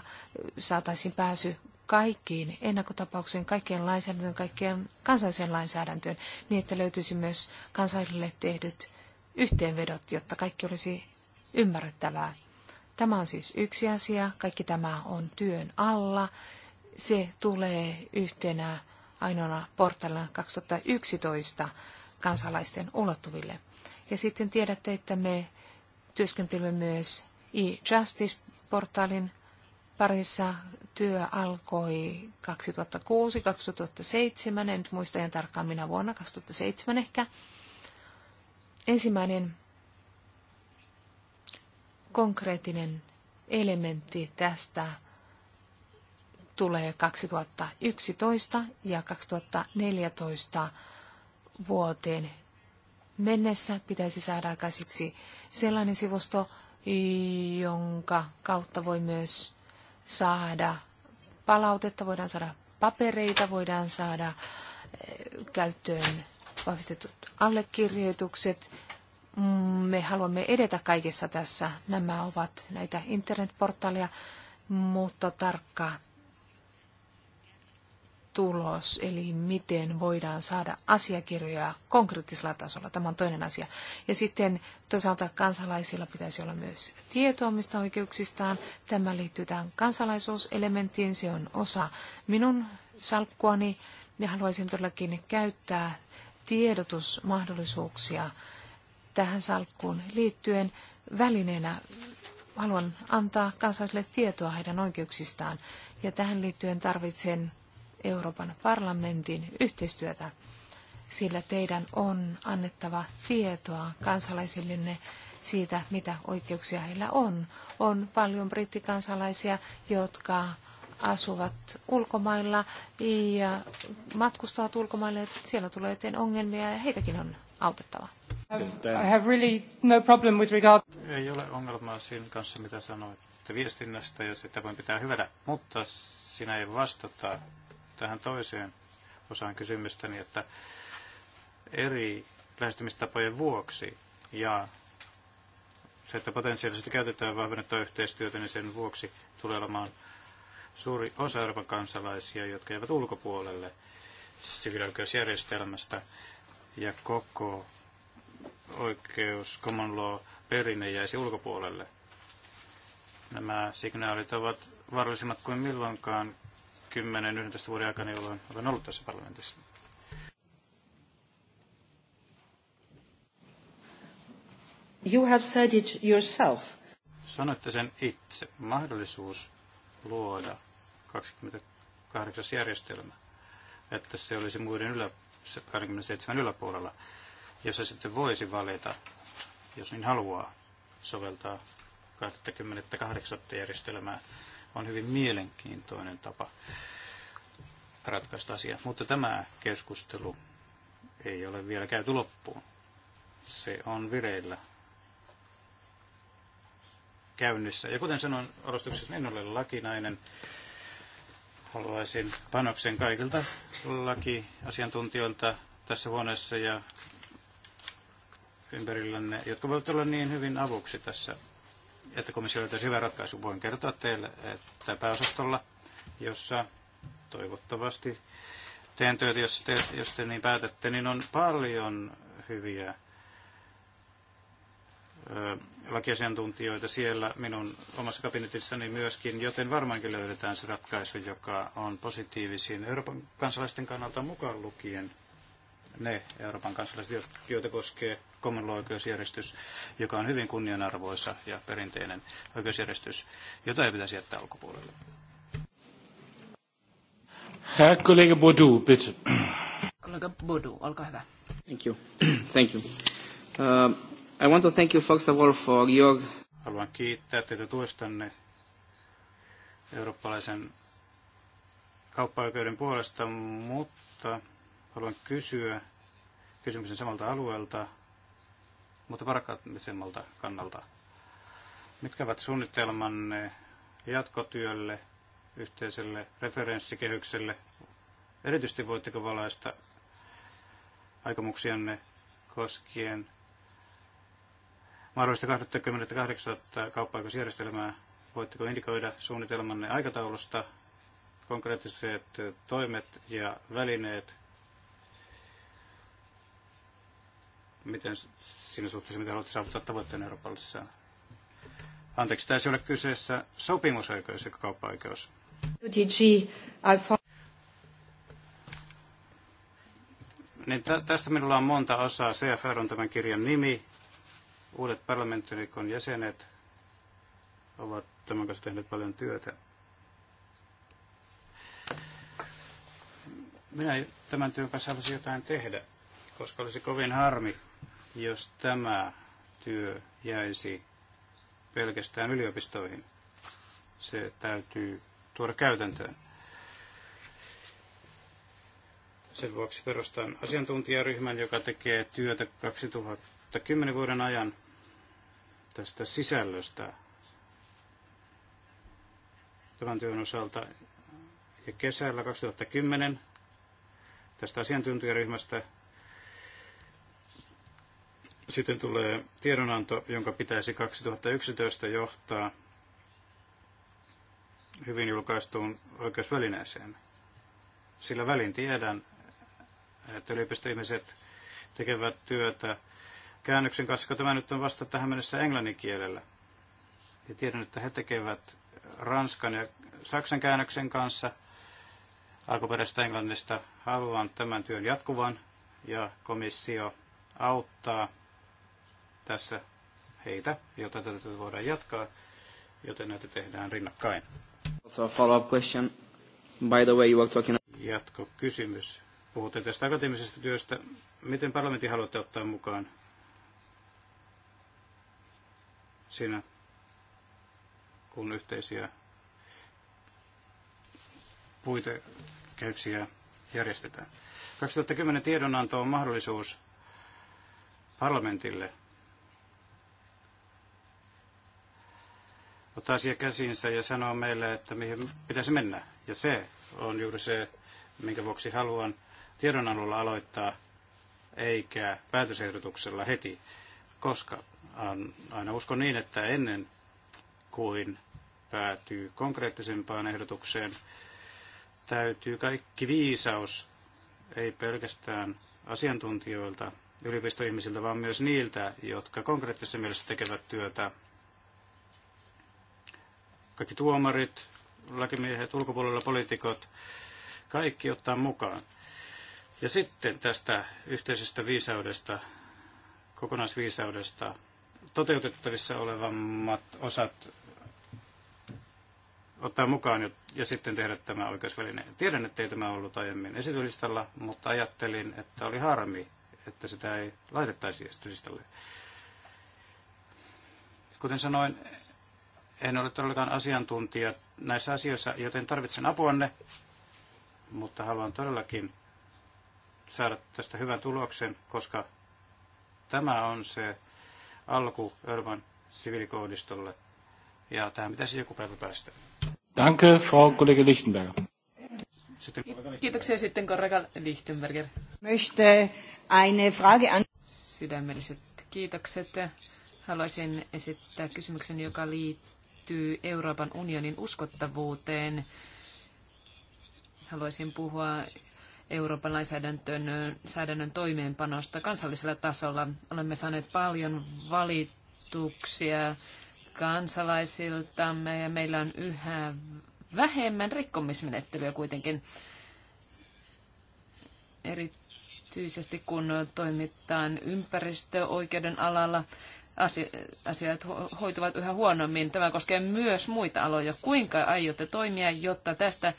[SPEAKER 5] saataisiin pääsy kaikkiin ennakkotapauksiin, kaikkien lainsäädäntöön, kaikkien kansalliseen lainsäädäntöön, niin että löytyisi myös kansallisille tehdyt yhteenvedot, jotta kaikki olisi ymmärrettävää. Tämä on siis yksi asia, kaikki tämä on työn alla. Se tulee yhtenä ainoana portailla 2011 kansalaisten ulottuville. Ja sitten tiedätte, että me työskentelemme myös e-justice-portaalin parissa. Työ alkoi 2006-2007, en muista ihan tarkkaan minä vuonna, 2007 ehkä. Ensimmäinen konkreettinen elementti tästä tulee 2011 ja 2014 vuoteen mennessä pitäisi saada käsiksi sellainen sivusto, jonka kautta voi myös saada palautetta, voidaan saada papereita, voidaan saada eh, käyttöön vahvistetut allekirjoitukset. Mm, me haluamme edetä kaikessa tässä. Nämä ovat näitä internetportaaleja, mutta tarkka tulos, eli miten voidaan saada asiakirjoja konkreettisella tasolla. Tämä on toinen asia. Ja sitten toisaalta kansalaisilla pitäisi olla myös tietoa omista oikeuksistaan. Tämä liittyy tähän kansalaisuuselementtiin. Se on osa minun salkkuani ja haluaisin todellakin käyttää tiedotusmahdollisuuksia tähän salkkuun liittyen välineenä. Haluan antaa kansalaisille tietoa heidän oikeuksistaan. Ja tähän liittyen tarvitsen Euroopan parlamentin yhteistyötä, sillä teidän on annettava tietoa kansalaisillenne siitä, mitä oikeuksia heillä on. On paljon brittikansalaisia, jotka asuvat ulkomailla ja matkustavat ulkomaille. Siellä tulee eteen ongelmia ja heitäkin on autettava. I have really no problem with regard...
[SPEAKER 1] Ei ole ongelmaa siinä kanssa, mitä sanoit viestinnästä ja sitä voin pitää hyvänä, mutta sinä ei vastata tähän toiseen osaan kysymystäni, että eri lähestymistapojen vuoksi ja se, että potentiaalisesti käytetään vahvennettua yhteistyötä, niin sen vuoksi tulee olemaan suuri osa Euroopan kansalaisia, jotka jäävät ulkopuolelle siviilioikeusjärjestelmästä ja koko oikeus common law perinne jäisi ulkopuolelle. Nämä signaalit ovat vaarallisemmat kuin milloinkaan 10-11 vuoden aikana, jolloin olen ollut tässä parlamentissa.
[SPEAKER 4] You have said it yourself.
[SPEAKER 1] Sanoitte sen itse. Mahdollisuus luoda 28 järjestelmä, että se olisi muiden ylä, 27 yläpuolella, jossa sitten voisi valita, jos niin haluaa, soveltaa 28 järjestelmää on hyvin mielenkiintoinen tapa ratkaista asia. Mutta tämä keskustelu ei ole vielä käyty loppuun. Se on vireillä käynnissä. Ja kuten sanoin alustuksessa, en ole lakinainen. Haluaisin panoksen kaikilta lakiasiantuntijoilta tässä huoneessa ja ympärillänne, jotka voivat olla niin hyvin avuksi tässä että komissio löytäisi hyvän ratkaisun. Voin kertoa teille, että pääosastolla, jossa toivottavasti teen työtä, jos te, jos te niin päätätte, niin on paljon hyviä lakiasiantuntijoita siellä minun omassa kabinetissani myöskin, joten varmaankin löydetään se ratkaisu, joka on positiivisin Euroopan kansalaisten kannalta mukaan lukien ne Euroopan kansalaiset, joita koskee common oikeusjärjestys, joka on hyvin kunnianarvoisa ja perinteinen oikeusjärjestys, jota ei pitäisi jättää ulkopuolelle.
[SPEAKER 2] Herr Kollege Bodu, bitte.
[SPEAKER 3] Kollega Bodu, olkaa hyvä.
[SPEAKER 1] Thank you. thank you. Uh, I want to thank you first of all for your... Haluan kiittää teitä tuestanne eurooppalaisen kauppaoikeuden puolesta, mutta haluan kysyä kysymyksen samalta alueelta mutta varkaisemmalta kannalta. Mitkä ovat suunnitelmanne jatkotyölle, yhteiselle referenssikehykselle? Erityisesti voitteko valaista aikomuksianne koskien mahdollista 28. kauppa-aikaisjärjestelmää? Voitteko indikoida suunnitelmanne aikataulusta, konkreettiset toimet ja välineet miten siinä suhteessa, miten haluatte saavuttaa tavoitteen Euroopallisessa? Anteeksi, taisi olla kyseessä sopimusoikeus ja kauppa-oikeus. Niin tästä minulla on monta osaa. CFR on tämän kirjan nimi. Uudet parlamenttiriikon jäsenet ovat tämän kanssa tehneet paljon työtä. Minä tämän työn kanssa haluaisin jotain tehdä koska olisi kovin harmi, jos tämä työ jäisi pelkästään yliopistoihin. Se täytyy tuoda käytäntöön. Sen vuoksi perustan asiantuntijaryhmän, joka tekee työtä 2010 vuoden ajan tästä sisällöstä tämän työn osalta. Ja kesällä 2010 tästä asiantuntijaryhmästä sitten tulee tiedonanto, jonka pitäisi 2011 johtaa hyvin julkaistuun oikeusvälineeseen. Sillä välin tiedän, että yliopistoihmiset tekevät työtä käännöksen kanssa, kun tämä nyt on vasta tähän mennessä englannin kielellä. Ja tiedän, että he tekevät ranskan ja saksan käännöksen kanssa alkuperäisestä englannista. Haluan tämän työn jatkuvan ja komissio auttaa tässä heitä, joten tätä voidaan jatkaa, joten näitä tehdään rinnakkain. Also follow-up question. By the way, you were talking... Jatko kysymys. Puhutte tästä akateemisesta työstä. Miten parlamentti haluatte ottaa mukaan siinä, kun yhteisiä puitekehyksiä järjestetään? 2010 tiedonanto on mahdollisuus parlamentille ottaa asia käsiinsä ja sanoa meille, että mihin pitäisi mennä. Ja se on juuri se, minkä vuoksi haluan alulla aloittaa, eikä päätösehdotuksella heti, koska aina uskon niin, että ennen kuin päätyy konkreettisempaan ehdotukseen, täytyy kaikki viisaus, ei pelkästään asiantuntijoilta, yliopistoihmisiltä, vaan myös niiltä, jotka konkreettisessa mielessä tekevät työtä kaikki tuomarit, lakimiehet, ulkopuolella poliitikot, kaikki ottaa mukaan. Ja sitten tästä yhteisestä viisaudesta, kokonaisviisaudesta, toteutettavissa olevammat osat ottaa mukaan ja sitten tehdä tämä oikeusväline. Tiedän, että ei tämä ollut aiemmin esitylistalla, mutta ajattelin, että oli harmi, että sitä ei laitettaisi esitylistalle. Kuten sanoin, en ole todellakaan asiantuntija näissä asioissa, joten tarvitsen apuanne, mutta haluan todellakin saada tästä hyvän tuloksen, koska tämä on se alku Euroopan sivilikoodistolle. Ja tähän pitäisi joku päivä päästä.
[SPEAKER 2] Danke, Frau Kollege Lichtenberger.
[SPEAKER 3] Sitten Kiitoksia sitten kollega Lichtenberger. Möchte eine Frage an... Sydämelliset kiitokset. Haluaisin esittää kysymyksen, joka liittyy liittyy Euroopan unionin uskottavuuteen. Haluaisin puhua Euroopan lainsäädännön toimeenpanosta kansallisella tasolla. Olemme saaneet paljon valituksia kansalaisiltamme ja meillä on yhä vähemmän rikkomismenettelyä kuitenkin. Erityisesti kun toimitaan ympäristöoikeuden alalla asiat hoituvat yhä huonommin. Tämä koskee myös muita aloja. Kuinka aiotte toimia, jotta tästä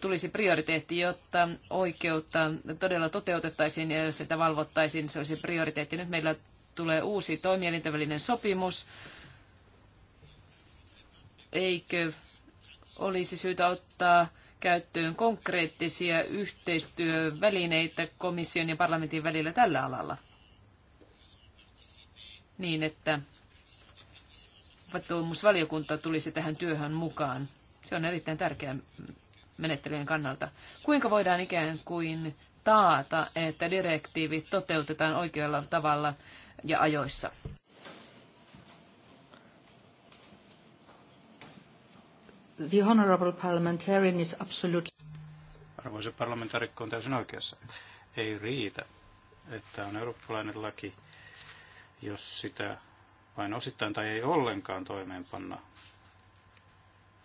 [SPEAKER 3] tulisi prioriteetti, jotta oikeutta todella toteutettaisiin ja sitä valvottaisiin, se olisi prioriteetti. Nyt meillä tulee uusi toimielintävälinen sopimus. Eikö olisi syytä ottaa käyttöön konkreettisia yhteistyövälineitä komission ja parlamentin välillä tällä alalla? niin, että valiokunta tulisi tähän työhön mukaan. Se on erittäin tärkeä menettelyjen kannalta. Kuinka voidaan ikään kuin taata, että direktiivit toteutetaan oikealla tavalla ja ajoissa?
[SPEAKER 4] The honorable parliamentarian is absolutely...
[SPEAKER 1] Arvoisa parlamentaarikko on täysin oikeassa. Ei riitä, että on eurooppalainen laki, jos sitä vain osittain tai ei ollenkaan toimeenpanna.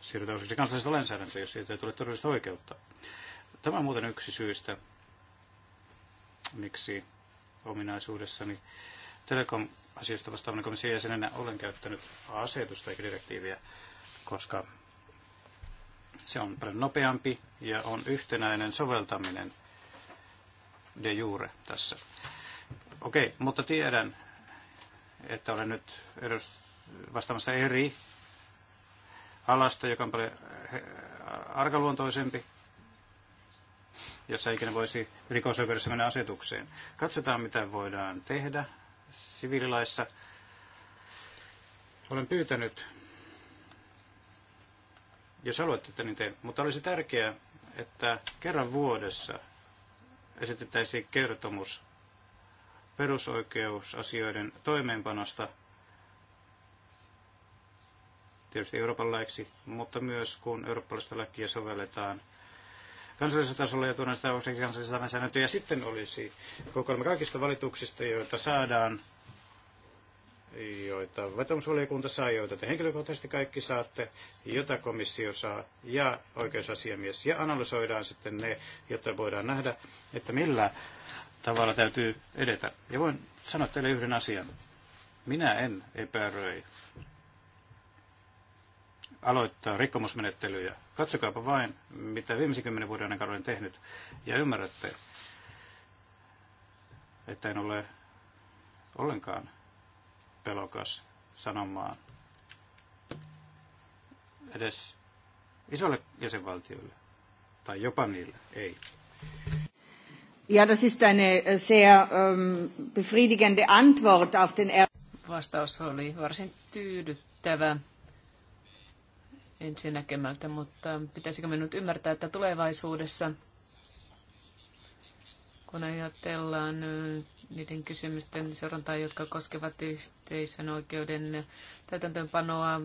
[SPEAKER 1] Siirrytään osaksi kansallista lainsäädäntöä, jos siitä ei tule todellista oikeutta. Tämä on muuten yksi syistä, miksi ominaisuudessani telekom-asioista vastaavana komission jäsenenä olen käyttänyt asetusta eikä direktiiviä, koska se on paljon nopeampi ja on yhtenäinen soveltaminen de jure tässä. Okei, mutta tiedän, että olen nyt vastaamassa eri alasta, joka on paljon arkaluontoisempi, jossa ikinä voisi rikosoikeudessa mennä asetukseen. Katsotaan, mitä voidaan tehdä siviililaissa. Olen pyytänyt, jos haluatte, että niin teen, mutta olisi tärkeää, että kerran vuodessa esitettäisiin kertomus perusoikeusasioiden toimeenpanosta, tietysti Euroopan laiksi, mutta myös kun eurooppalaista lakia sovelletaan kansallisella tasolla ja tuodaan sitä osaksi kansallisella lainsäädäntöä. Ja sitten olisi kokoelma kaikista valituksista, joita saadaan, joita vetomusvaliokunta saa, joita te henkilökohtaisesti kaikki saatte, jota komissio saa ja oikeusasiamies. Ja analysoidaan sitten ne, jotta voidaan nähdä, että millä tavalla täytyy edetä. Ja voin sanoa teille yhden asian. Minä en epäröi aloittaa rikkomusmenettelyjä. Katsokaapa vain, mitä viimeisen kymmenen vuoden aikana olen tehnyt. Ja ymmärrätte, että en ole ollenkaan pelokas sanomaan edes isolle jäsenvaltiolle tai jopa niille, ei.
[SPEAKER 4] Ja, das ist eine äh, sehr ähm, befriedigende Antwort auf den
[SPEAKER 3] er- Vastaus oli varsin tyydyttävä ensinäkemältä, mutta pitäisikö me nyt ymmärtää, että tulevaisuudessa, kun ajatellaan niiden kysymysten seurantaa, jotka koskevat yhteisön oikeuden täytäntöönpanoa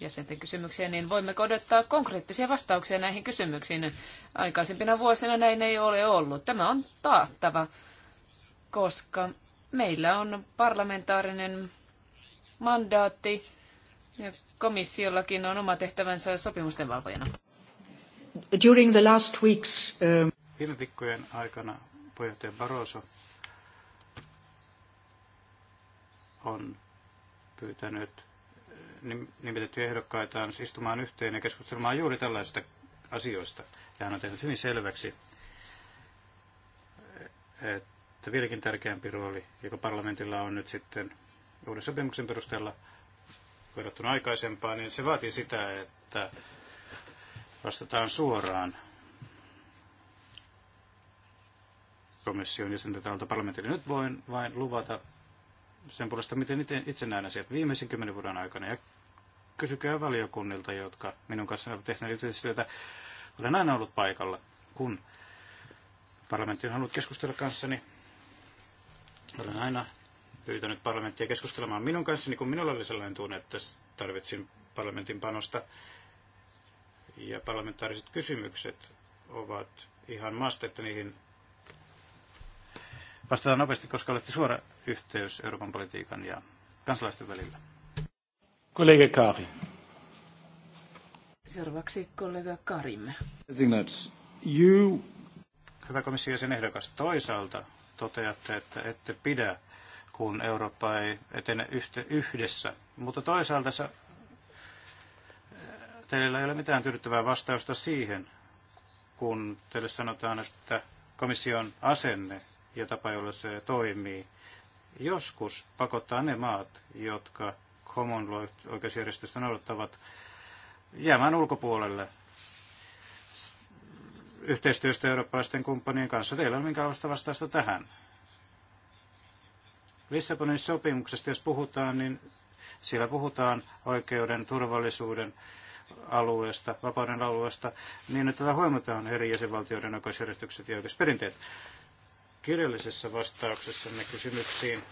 [SPEAKER 3] jäsenten kysymyksiä, niin voimme odottaa konkreettisia vastauksia näihin kysymyksiin. Aikaisempina vuosina näin ei ole ollut. Tämä on taattava, koska meillä on parlamentaarinen mandaatti ja komissiollakin on oma tehtävänsä sopimusten valvojana.
[SPEAKER 4] During the last weeks, um...
[SPEAKER 1] Viime viikkojen aikana puheenjohtaja Barroso on pyytänyt nimitettyjä ehdokkaitaan siis istumaan yhteen ja keskustelemaan juuri tällaisista asioista. Ja hän on tehnyt hyvin selväksi, että vieläkin tärkeämpi rooli, joka parlamentilla on nyt sitten uuden sopimuksen perusteella verrattuna aikaisempaan, niin se vaatii sitä, että vastataan suoraan komission jäsentä täältä parlamentille. Nyt voin vain luvata sen puolesta, miten itse näen asiat viimeisen kymmenen vuoden aikana. Ja kysykää valiokunnilta, jotka minun kanssa ovat tehneet yhteistyötä. Olen aina ollut paikalla, kun parlamentti on halunnut keskustella kanssani. Olen aina pyytänyt parlamenttia keskustelemaan minun kanssani, kun minulla oli sellainen tunne, että tarvitsin parlamentin panosta. Ja parlamentaariset kysymykset ovat ihan maasta, että niihin Vastataan nopeasti, koska olette suora yhteys Euroopan politiikan ja kansalaisten välillä. Kollega Kaari.
[SPEAKER 3] Seuraavaksi kollega Karimme.
[SPEAKER 1] You... Hyvä komission sen ehdokas. Toisaalta toteatte, että ette pidä, kun Eurooppa ei etene yhdessä. Mutta toisaalta eh, teillä ei ole mitään tyydyttävää vastausta siihen, kun teille sanotaan, että komission asenne ja tapa, jolla se toimii, joskus pakottaa ne maat, jotka common law oikeusjärjestöstä noudattavat, jäämään ulkopuolelle yhteistyöstä eurooppalaisten kumppanien kanssa. Teillä on minkälaista vastausta tähän? Lissabonin sopimuksesta, jos puhutaan, niin siellä puhutaan oikeuden, turvallisuuden alueesta, vapauden alueesta, niin että huomataan eri jäsenvaltioiden oikeusjärjestykset ja oikeusperinteet kirjallisessa vastauksessanne kysymyksiin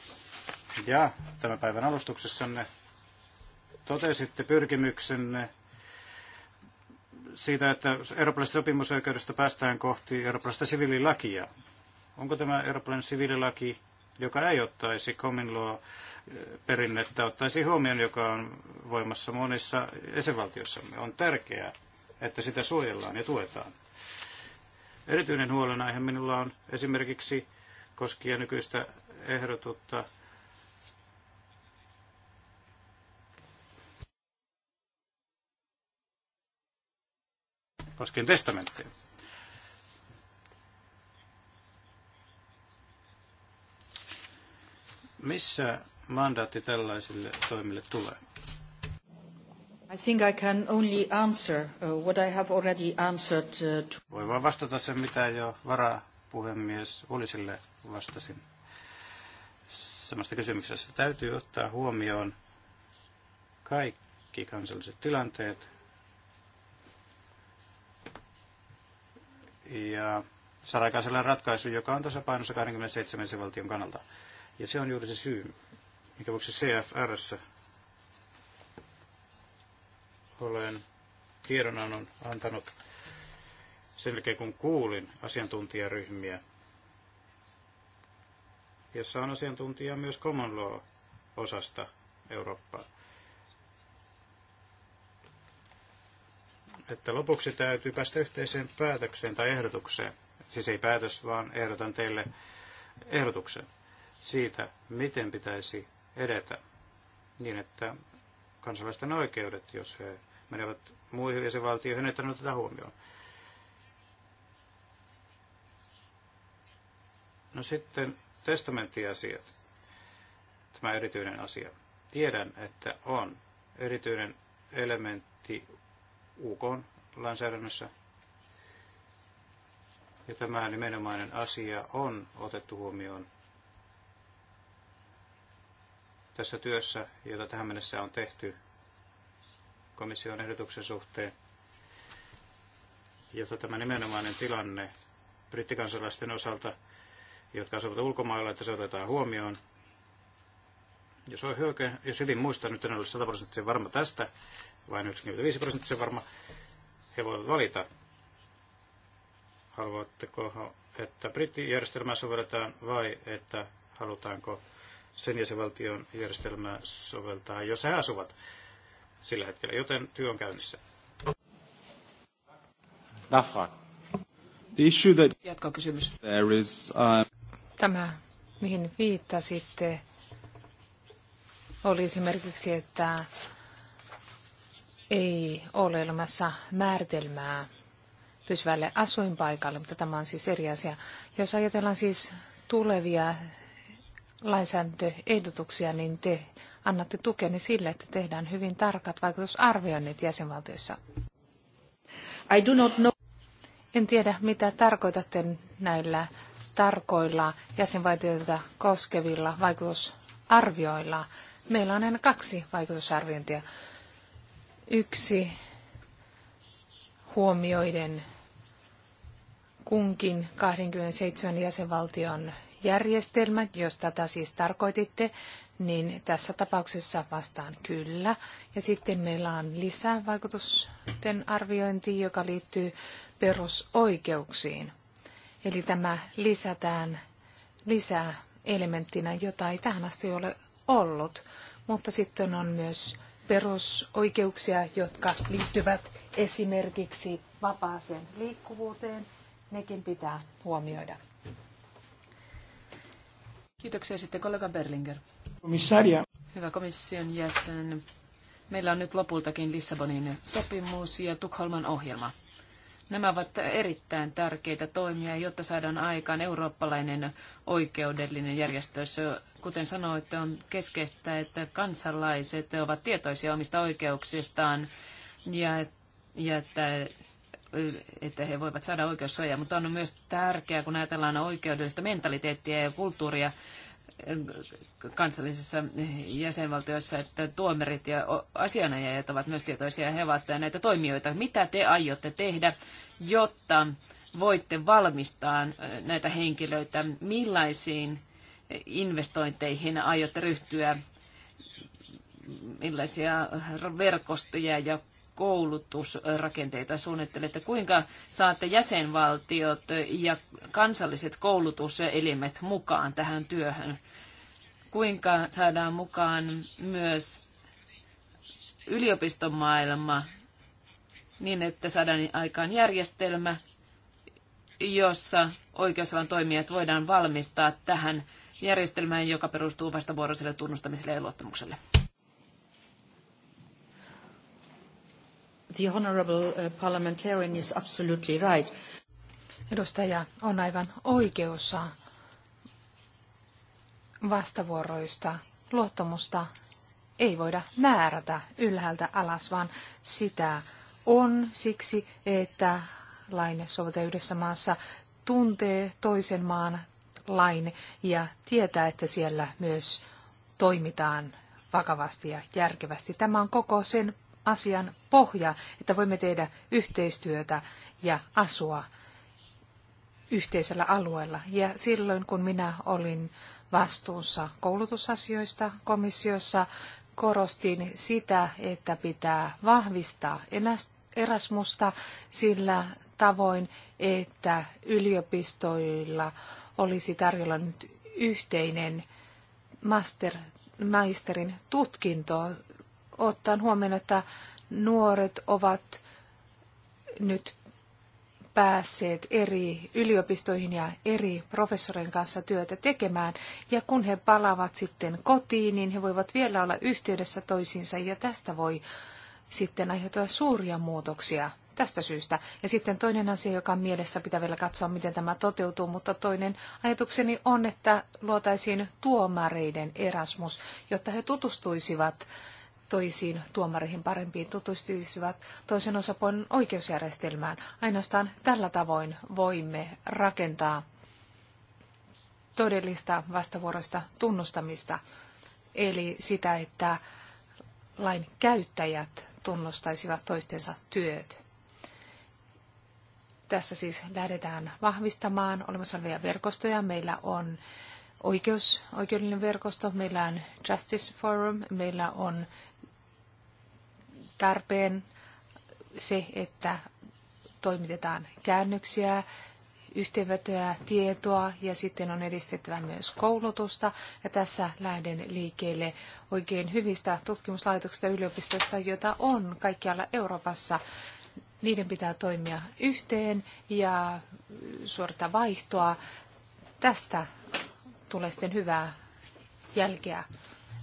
[SPEAKER 1] ja tämän päivän alustuksessanne totesitte pyrkimyksenne siitä, että eurooppalaisesta sopimusoikeudesta päästään kohti eurooppalaista siviililakia. Onko tämä eurooppalainen siviililaki, joka ei ottaisi common law eh, perinnettä, ottaisi huomioon, joka on voimassa monissa esivaltiossamme On tärkeää, että sitä suojellaan ja tuetaan. Erityinen huolenaihe minulla on esimerkiksi koskien nykyistä ehdotutta koskien testamentteja. Missä mandaatti tällaisille toimille tulee?
[SPEAKER 4] I think I can only answer uh, what I have already answered. Uh, to...
[SPEAKER 1] Voin vain vastata sen, mitä jo varapuhemies Ulisille vastasin. Samasta kysymyksestä täytyy ottaa huomioon kaikki kansalliset tilanteet. Ja saada sellainen ratkaisu, joka on tasapainossa 27 valtion kannalta. Ja se on juuri se syy, mikä vuoksi CFRssä olen tiedonannon antanut sen jälkeen, kun kuulin asiantuntijaryhmiä, jossa on asiantuntija myös common law-osasta Eurooppaa. Että lopuksi täytyy päästä yhteiseen päätökseen tai ehdotukseen. Siis ei päätös, vaan ehdotan teille
[SPEAKER 3] ehdotuksen
[SPEAKER 1] siitä, miten pitäisi edetä niin, että kansalaisten oikeudet, jos he menevät muihin jäsenvaltioihin, että ne otetaan huomioon. No sitten testamenttiasiat, tämä erityinen asia. Tiedän, että on erityinen elementti UK-lainsäädännössä, ja tämä nimenomainen asia on otettu huomioon tässä työssä, jota tähän mennessä on tehty komission ehdotuksen suhteen, Ja tota, tämä nimenomainen tilanne brittikansalaisten osalta, jotka asuvat ulkomailla, että se otetaan huomioon. Jos, on oikein, jos hyvin muistan, nyt en ole 100 prosenttia varma tästä, vain 95 prosenttia varma, he voivat valita, haluatteko, että brittijärjestelmää sovelletaan vai että halutaanko sen jäsenvaltion järjestelmää soveltaa, jos he asuvat sillä hetkellä, joten työ on käynnissä.
[SPEAKER 2] The issue that
[SPEAKER 3] There is, uh,
[SPEAKER 5] Tämä, mihin viittasitte, oli esimerkiksi, että ei ole olemassa määritelmää pysyvälle asuinpaikalle, mutta tämä on siis eri asia. Jos ajatellaan siis tulevia lainsäädäntöehdotuksia, niin te annatte tukeni sille, että tehdään hyvin tarkat vaikutusarvioinnit jäsenvaltioissa. I do not know. En tiedä, mitä tarkoitatte näillä tarkoilla jäsenvaltioita koskevilla vaikutusarvioilla. Meillä on aina kaksi vaikutusarviointia. Yksi huomioiden kunkin 27 jäsenvaltion järjestelmä, jos tätä siis tarkoititte, niin tässä tapauksessa vastaan kyllä. Ja sitten meillä on lisävaikutusten arviointi, joka liittyy perusoikeuksiin. Eli tämä lisätään lisää elementtinä, jota ei tähän asti ole ollut. Mutta sitten on myös perusoikeuksia, jotka liittyvät esimerkiksi vapaaseen liikkuvuuteen. Nekin pitää
[SPEAKER 3] huomioida. Kiitoksia sitten kollega Berlinger. Komissaria. Hyvä komission jäsen. Meillä on nyt lopultakin Lissabonin sopimus ja Tukholman ohjelma. Nämä ovat erittäin tärkeitä toimia, jotta saadaan aikaan eurooppalainen oikeudellinen järjestö. Kuten sanoitte, on keskeistä, että kansalaiset ovat tietoisia omista oikeuksistaan ja, ja että että he voivat saada oikeussuojaa, mutta on myös tärkeää, kun ajatellaan oikeudellista mentaliteettia ja kulttuuria eh, kansallisissa jäsenvaltioissa, että tuomerit ja asianajajat ovat myös tietoisia ja he ovat näitä toimijoita. Mitä te aiotte tehdä, jotta voitte valmistaa eh, näitä henkilöitä, millaisiin investointeihin aiotte ryhtyä, millaisia verkostoja ja koulutusrakenteita suunnittelette? Kuinka saatte jäsenvaltiot ja kansalliset koulutuselimet mukaan tähän työhön? Kuinka saadaan mukaan myös yliopistomaailma niin, että saadaan aikaan järjestelmä, jossa oikeusalan toimijat voidaan valmistaa tähän järjestelmään, joka perustuu vastavuoroiselle tunnustamiselle ja luottamukselle.
[SPEAKER 5] The honorable uh, parliamentarian is absolutely right. Edustaja on aivan oikeussa vastavuoroista luottamusta ei voida määrätä ylhäältä alas, vaan sitä on siksi, että lain sovitaan yhdessä maassa tuntee toisen maan lain ja tietää, että siellä myös toimitaan vakavasti ja järkevästi. Tämä on koko sen asian pohja, että voimme tehdä yhteistyötä ja asua yhteisellä alueella. Ja silloin, kun minä olin vastuussa koulutusasioista komissiossa, korostin sitä, että pitää vahvistaa Erasmusta sillä tavoin, että yliopistoilla olisi tarjolla nyt yhteinen master, maisterin tutkinto ottaen huomioon, että nuoret ovat nyt päässeet eri yliopistoihin ja eri professorien kanssa työtä tekemään. Ja kun he palaavat sitten kotiin, niin he voivat vielä olla yhteydessä toisiinsa ja tästä voi sitten aiheutua suuria muutoksia tästä syystä. Ja sitten toinen asia, joka on mielessä, pitää vielä katsoa, miten tämä toteutuu, mutta toinen ajatukseni on, että luotaisiin tuomareiden Erasmus, jotta he tutustuisivat toisiin tuomareihin parempiin, tutustuisivat toisen osapuolen oikeusjärjestelmään. Ainoastaan tällä tavoin voimme rakentaa todellista vastavuoroista tunnustamista, eli sitä, että lain käyttäjät tunnustaisivat toistensa työt. Tässä siis lähdetään vahvistamaan olemassa olevia verkostoja. Meillä on oikeus, oikeudellinen verkosto, meillä on Justice Forum, meillä on tarpeen se, että toimitetaan käännöksiä, yhteenvetoja, tietoa ja sitten on edistettävä myös koulutusta. Ja tässä lähden liikkeelle oikein hyvistä tutkimuslaitoksista ja yliopistoista, joita on kaikkialla Euroopassa. Niiden pitää toimia yhteen ja suorittaa vaihtoa. Tästä tulee sitten hyvää jälkeä.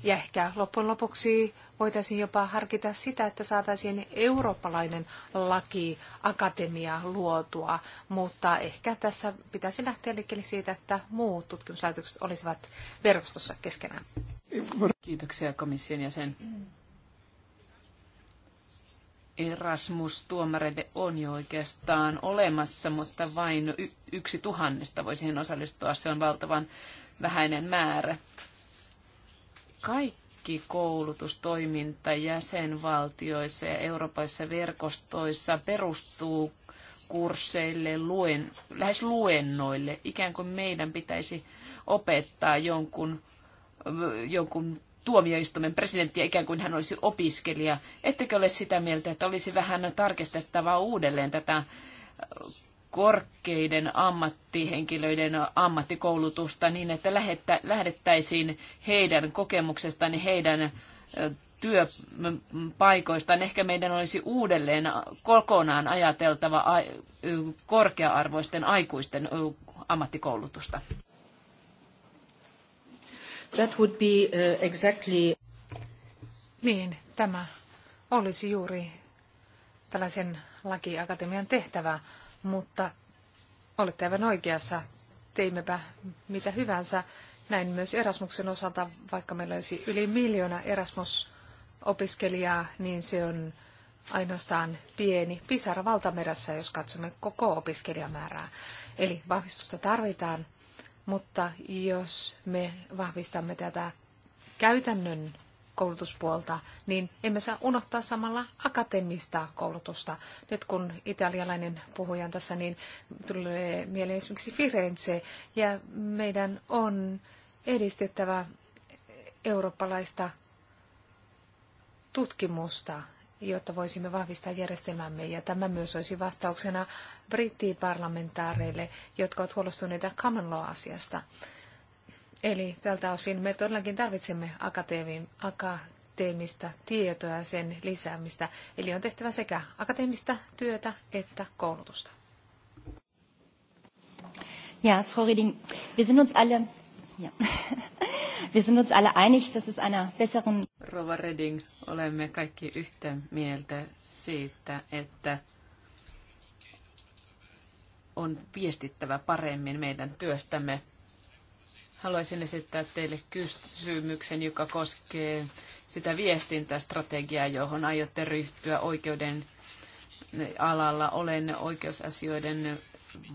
[SPEAKER 5] Ja ehkä loppujen lopuksi voitaisiin jopa harkita sitä, että saataisiin eurooppalainen laki akatemia luotua, mutta ehkä tässä pitäisi lähteä liikkeelle siitä, että muut tutkimuslaitokset olisivat verkostossa keskenään.
[SPEAKER 3] Kiitoksia komission jäsen. Erasmus-tuomareille on jo oikeastaan olemassa, mutta vain yksi tuhannesta voi siihen osallistua. Se on valtavan vähäinen määrä. Kaikki kaikki koulutustoiminta jäsenvaltioissa ja Euroopassa verkostoissa perustuu kursseille, luen, lähes luennoille. Ikään kuin meidän pitäisi opettaa jonkun, jonkun tuomioistuimen presidenttiä ikään kuin hän olisi opiskelija. Ettekö ole sitä mieltä, että olisi vähän tarkistettava uudelleen tätä korkeiden ammattihenkilöiden ammattikoulutusta niin, että lähettä, lähdettäisiin heidän kokemuksestaan niin heidän työpaikoistaan. Ehkä meidän olisi uudelleen kokonaan ajateltava korkea-arvoisten aikuisten ammattikoulutusta.
[SPEAKER 4] That would be exactly...
[SPEAKER 5] Niin, tämä olisi juuri tällaisen lakiakatemian tehtävä, mutta olette aivan oikeassa. Teimmepä mitä hyvänsä. Näin myös Erasmuksen osalta, vaikka meillä olisi yli miljoona Erasmus-opiskelijaa, niin se on ainoastaan pieni pisara valtameressä, jos katsomme koko opiskelijamäärää. Eli vahvistusta tarvitaan, mutta jos me vahvistamme tätä käytännön koulutuspuolta, niin emme saa unohtaa samalla akateemista koulutusta. Nyt kun italialainen puhuja on tässä, niin tulee mieleen esimerkiksi Firenze, ja meidän on edistettävä eurooppalaista tutkimusta, jotta voisimme vahvistaa järjestelmämme. Ja tämä myös olisi vastauksena brittiparlamentaareille, jotka ovat huolestuneita common law-asiasta. Eli tältä osin me todellakin tarvitsemme akateemista tietoa ja sen lisäämistä. Eli on tehtävä sekä akateemista työtä että koulutusta.
[SPEAKER 4] Ja, Frau Reding, wir sind uns alle, ja. wir sind uns alle einig, dass es
[SPEAKER 2] einer besseren...
[SPEAKER 3] Rova Reding, olemme kaikki yhtä mieltä siitä, että on viestittävä paremmin meidän työstämme Haluaisin esittää teille kysymyksen, joka koskee sitä viestintästrategiaa, johon aiotte ryhtyä oikeuden alalla. Olen oikeusasioiden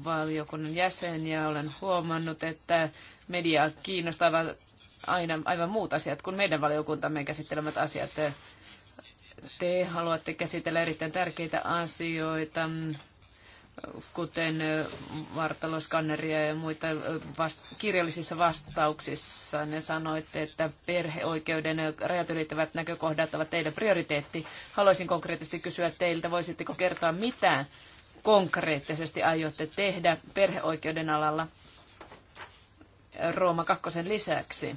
[SPEAKER 3] valiokunnan jäsen ja olen huomannut, että media kiinnostavat aina aivan muut asiat kuin meidän valiokuntamme käsittelemät asiat. Te haluatte käsitellä erittäin tärkeitä asioita kuten vartaloskanneria ja muita vast- kirjallisissa vastauksissa. Ne sanoitte, että perheoikeuden rajat ylittävät näkökohdat ovat teidän prioriteetti. Haluaisin konkreettisesti kysyä teiltä, voisitteko kertoa mitä konkreettisesti aiotte tehdä perheoikeuden alalla Rooma kakkosen lisäksi?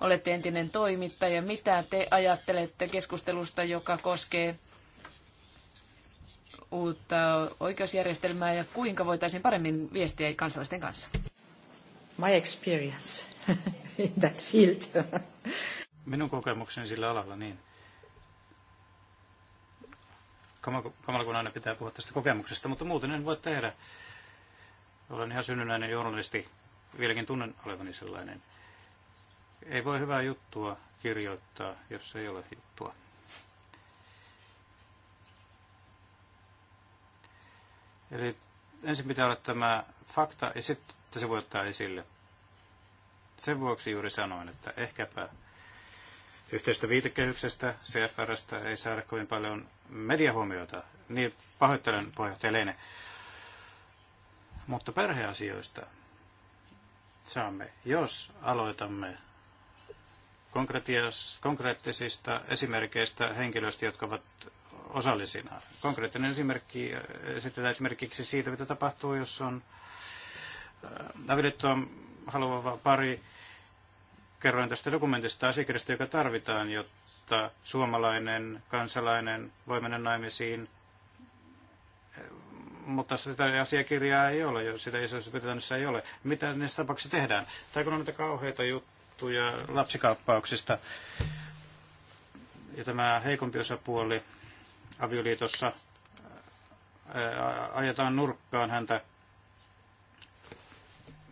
[SPEAKER 3] Olette entinen toimittaja. Mitä te ajattelette keskustelusta, joka koskee uutta oikeusjärjestelmää ja kuinka voitaisiin paremmin viestiä kansalaisten kanssa?
[SPEAKER 4] My experience in that field.
[SPEAKER 1] Minun kokemukseni sillä alalla, niin kamala kun aina pitää puhua tästä kokemuksesta, mutta muuten en voi tehdä. Olen ihan synnynnäinen journalisti, vieläkin tunnen olevani sellainen. Ei voi hyvää juttua kirjoittaa, jos ei ole juttua. Eli ensin pitää olla tämä fakta ja sitten se voi ottaa esille. Sen vuoksi juuri sanoin, että ehkäpä yhteistä viitekehyksestä, CFRstä ei saada kovin paljon mediahuomiota. Niin pahoittelen puheenjohtaja Leine. Mutta perheasioista saamme, jos aloitamme konkreettisista esimerkkeistä henkilöistä, jotka ovat osallisina. Konkreettinen esimerkki esitetään esimerkiksi siitä, mitä tapahtuu, jos on äh, avioliittoa haluava pari. Kerroin tästä dokumentista asiakirjasta, joka tarvitaan, jotta suomalainen kansalainen voi mennä naimisiin mutta sitä asiakirjaa ei ole, jos sitä isossa Britanniassa ei ole. Mitä niissä tapauksissa tehdään? Tai kun on näitä kauheita juttuja lapsikaappauksista, ja tämä heikompi osapuoli avioliitossa äh, ajetaan nurkkaan häntä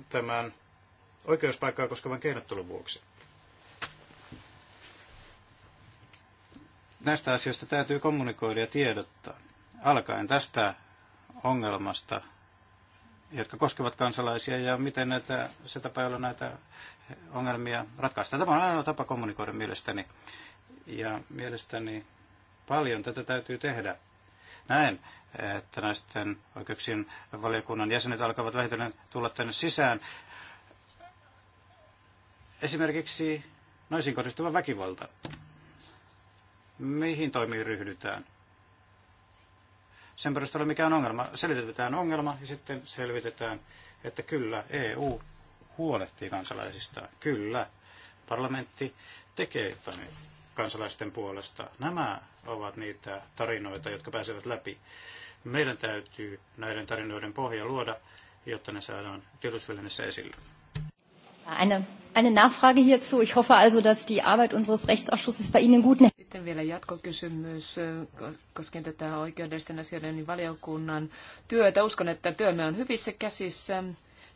[SPEAKER 1] tämän oikeuspaikkaa koskevan keinottelun vuoksi. Näistä asioista täytyy kommunikoida ja tiedottaa, alkaen tästä ongelmasta, jotka koskevat kansalaisia ja miten näitä, se tapa, jolla näitä ongelmia ratkaistaan. Tämä on ainoa tapa kommunikoida mielestäni. Ja mielestäni Paljon tätä täytyy tehdä. Näin, että naisten oikeuksien valiokunnan jäsenet alkavat vähitellen tulla tänne sisään. Esimerkiksi naisiin kohdistuva väkivalta. Mihin toimiin ryhdytään? Sen perusteella mikä on ongelma. Selitetään ongelma ja sitten selvitetään, että kyllä EU huolehtii kansalaisistaan. Kyllä, parlamentti tekee jotain kansalaisten puolesta. Nämä ovat niitä tarinoita, jotka pääsevät läpi. Meidän täytyy näiden tarinoiden pohja luoda, jotta ne saadaan tiedotusvälineissä esille.
[SPEAKER 4] Eine, eine Nachfrage hierzu. Ich hoffe also, dass die Arbeit
[SPEAKER 1] unseres Rechtsausschusses bei Ihnen gut
[SPEAKER 3] Sitten vielä jatkokysymys äh, koskien tätä oikeudellisten asioiden niin valiokunnan työtä. Uskon, että työmme on hyvissä käsissä,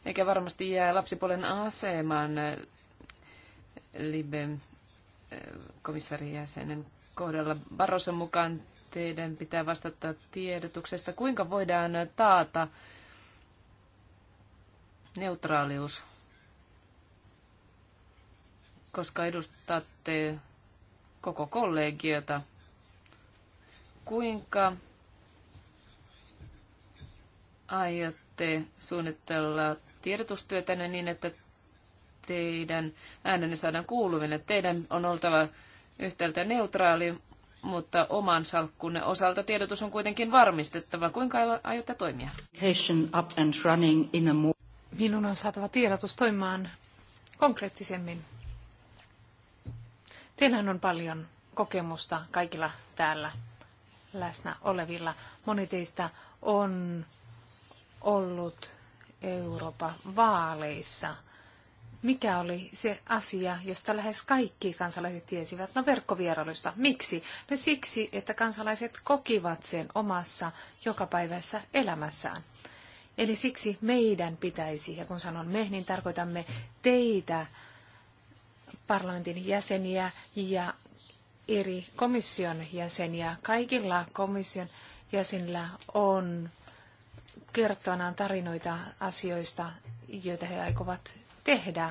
[SPEAKER 3] eikä varmasti jää lapsipuolen asemaan äh, Liebe komissarin jäsenen kohdalla. Barroson mukaan teidän pitää vastata tiedotuksesta. Kuinka voidaan taata neutraalius, koska edustatte koko kollegiota? Kuinka aiotte suunnitella tiedotustyötänne niin, että teidän äänenne saadaan kuuluville. Teidän on oltava yhtäältä neutraali, mutta oman salkkunne osalta tiedotus on kuitenkin varmistettava. Kuinka aiotte toimia?
[SPEAKER 5] Minun on saatava tiedotus toimimaan
[SPEAKER 3] konkreettisemmin.
[SPEAKER 5] Teillähän on paljon kokemusta kaikilla täällä läsnä olevilla. Moni teistä on ollut Euroopan vaaleissa – mikä oli se asia, josta lähes kaikki kansalaiset tiesivät? No verkkovierailusta. Miksi? No siksi, että kansalaiset kokivat sen omassa jokapäiväisessä elämässään. Eli siksi meidän pitäisi, ja kun sanon me, niin tarkoitamme teitä, parlamentin jäseniä ja eri komission jäseniä. Kaikilla komission jäsenillä on kertonaan tarinoita asioista, joita he aikovat tehdä.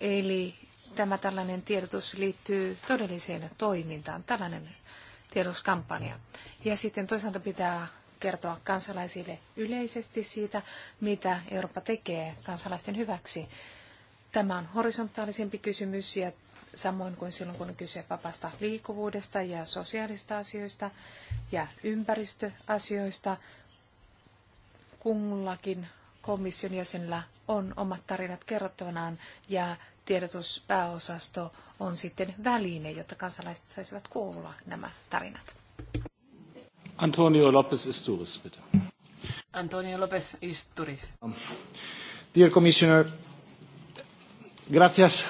[SPEAKER 5] Eli tämä tällainen tiedotus liittyy todelliseen toimintaan, tällainen tiedotuskampanja. Ja sitten toisaalta pitää kertoa kansalaisille yleisesti siitä, mitä Eurooppa tekee kansalaisten hyväksi. Tämä on horisontaalisempi kysymys ja samoin kuin silloin, kun on kyse vapaasta liikkuvuudesta ja sosiaalista asioista ja ympäristöasioista. Kummallakin komission jäsenillä on omat tarinat kerrottavanaan ja tiedotuspääosasto on sitten väline, jotta kansalaiset saisivat kuulla nämä tarinat.
[SPEAKER 2] Antonio Lopez Isturis, bitte.
[SPEAKER 3] Antonio Lopez Isturis. Um,
[SPEAKER 2] dear Commissioner, gracias.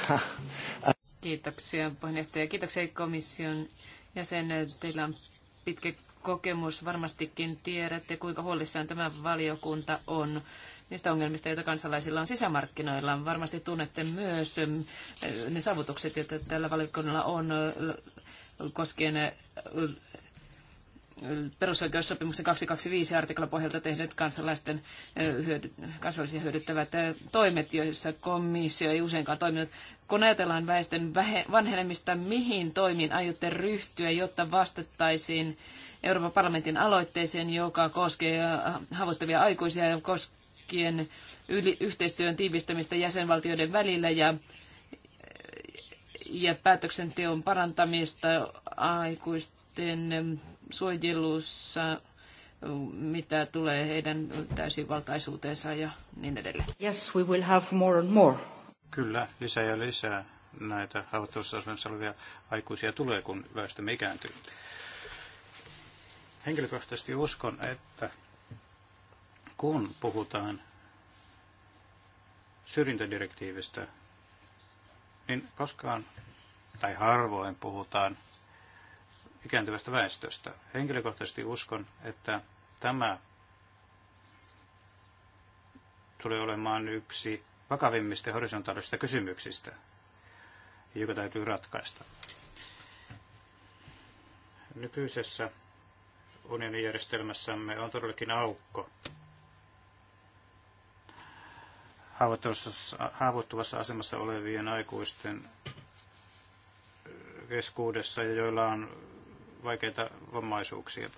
[SPEAKER 3] Kiitoksia puheenjohtaja. Kiitoksia komission jäsen. Teillä on pitkä kokemus. Varmastikin tiedätte, kuinka huolissaan tämä valiokunta on niistä ongelmista, joita kansalaisilla on sisämarkkinoilla. Varmasti tunnette myös ähm, ne saavutukset, joita tällä valiokunnalla on äh, koskien äh, perusoikeussopimuksen 225 artiklan pohjalta tehneet kansalaisten äh, hyödy, kansalaisia hyödyttävät toimet, joissa komissio ei useinkaan toiminut. Kun ajatellaan väestön vanhenemista, mihin toimiin aiotte ryhtyä, jotta vastattaisiin Euroopan parlamentin aloitteeseen, joka koskee haavoittavia aikuisia ja koskee koskien yhteistyön tiivistämistä jäsenvaltioiden välillä ja, ja päätöksenteon parantamista aikuisten suojelussa, mitä tulee heidän täysivaltaisuuteensa ja niin edelleen. Yes, we
[SPEAKER 4] will have more and
[SPEAKER 3] more.
[SPEAKER 1] Kyllä, lisää ja lisää näitä haavoittuvassa asemassa olevia aikuisia tulee, kun väestömme ikääntyy. Henkilökohtaisesti uskon, että kun puhutaan syrjintädirektiivistä, niin koskaan tai harvoin puhutaan ikääntyvästä väestöstä. Henkilökohtaisesti uskon, että tämä tulee olemaan yksi vakavimmista horisontaalisista kysymyksistä, joka täytyy ratkaista. Nykyisessä järjestelmässämme on todellakin aukko haavoittuvassa asemassa olevien aikuisten keskuudessa ja joilla on vaikeita vammaisuuksia.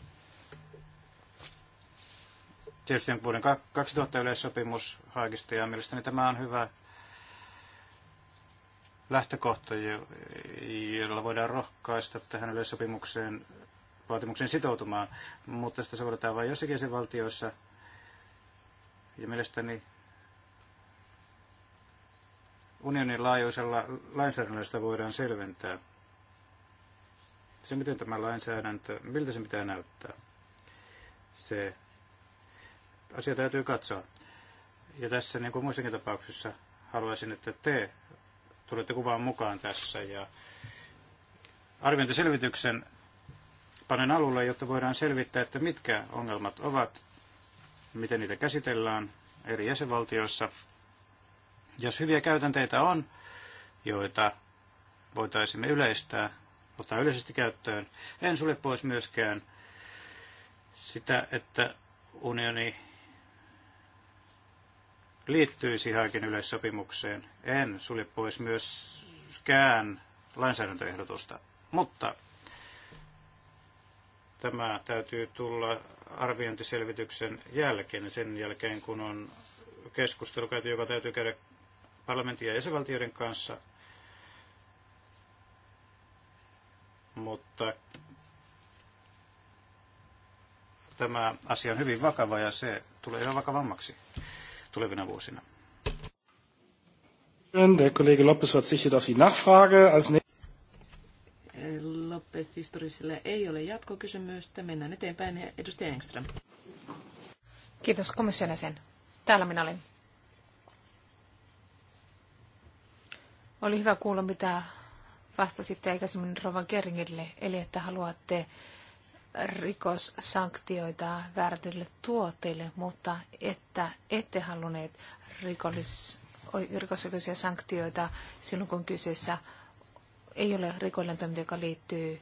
[SPEAKER 1] Tietysti on vuoden 2000 yleissopimus Haagista ja mielestäni tämä on hyvä lähtökohta, jolla voidaan rohkaista tähän yleissopimukseen vaatimuksen sitoutumaan, mutta sitä sovelletaan vain jossakin valtioissa. Ja mielestäni unionin laajuisella lainsäädännöstä voidaan selventää. Se, miten tämä lainsäädäntö, miltä se pitää näyttää. Se asia täytyy katsoa. Ja tässä, niin kuin muissakin tapauksissa, haluaisin, että te tulette kuvaan mukaan tässä ja arviointiselvityksen panen alulle, jotta voidaan selvittää, että mitkä ongelmat ovat, miten niitä käsitellään eri jäsenvaltioissa jos hyviä käytänteitä on, joita voitaisimme yleistää, ottaa yleisesti käyttöön, en sulle pois myöskään sitä, että unioni liittyisi Haakin yleissopimukseen. En sulje pois myöskään lainsäädäntöehdotusta. Mutta tämä täytyy tulla arviointiselvityksen jälkeen, sen jälkeen kun on keskustelu käyty, joka täytyy käydä parlamentin ja jäsenvaltioiden kanssa, mutta tämä asia on hyvin vakava ja se tulee yhä vakavammaksi tulevina vuosina.
[SPEAKER 2] Der Kollege Lopes verzichtet auf die Nachfrage. Als
[SPEAKER 3] historisille ei ole jatkokysymystä. Mennään eteenpäin. Edustaja Engström.
[SPEAKER 5] Kiitos komission jäsen. Täällä minä olen. Oli hyvä kuulla, mitä vastasitte aikaisemmin Rovan Keringille, eli että haluatte rikossanktioita väärätyille tuotteille, mutta että ette halunneet rikollis, rikosoikeudellisia sanktioita silloin, kun kyseessä ei ole rikollinen toiminta, joka liittyy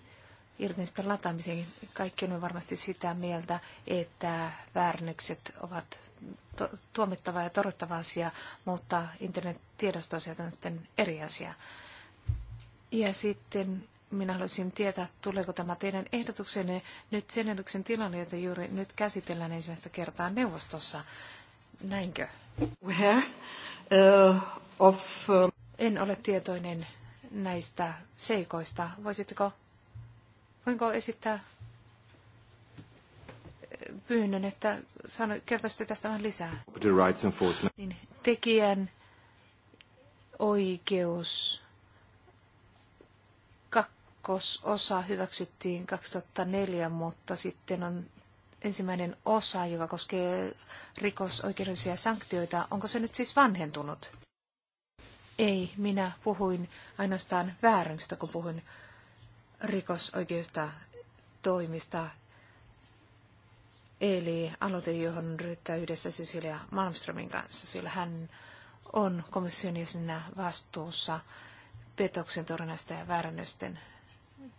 [SPEAKER 5] internetin lataamiseen. Kaikki on varmasti sitä mieltä, että väärennykset ovat to- tuomittava ja torjuttava asia, mutta internet-tiedostoasiat on sitten eri asia. Ja sitten minä haluaisin tietää, tuleeko tämä teidän ehdotuksenne nyt sen eduksen tilanne, jota juuri nyt käsitellään ensimmäistä kertaa neuvostossa. Näinkö? Where? Uh, of, uh, En ole tietoinen näistä seikoista. Voisitteko Voinko esittää pyynnön, että kertoisitte tästä vähän lisää? Niin, tekijän oikeus kakkososa hyväksyttiin 2004, mutta sitten on ensimmäinen osa, joka koskee rikosoikeudellisia sanktioita. Onko se nyt siis vanhentunut? Ei, minä puhuin ainoastaan väärystä, kun puhuin rikosoikeusta toimista. Eli aloite, johon ryhtyy yhdessä Cecilia Malmströmin kanssa, sillä hän on komission jäsenä vastuussa petoksen torjunnasta ja väärännösten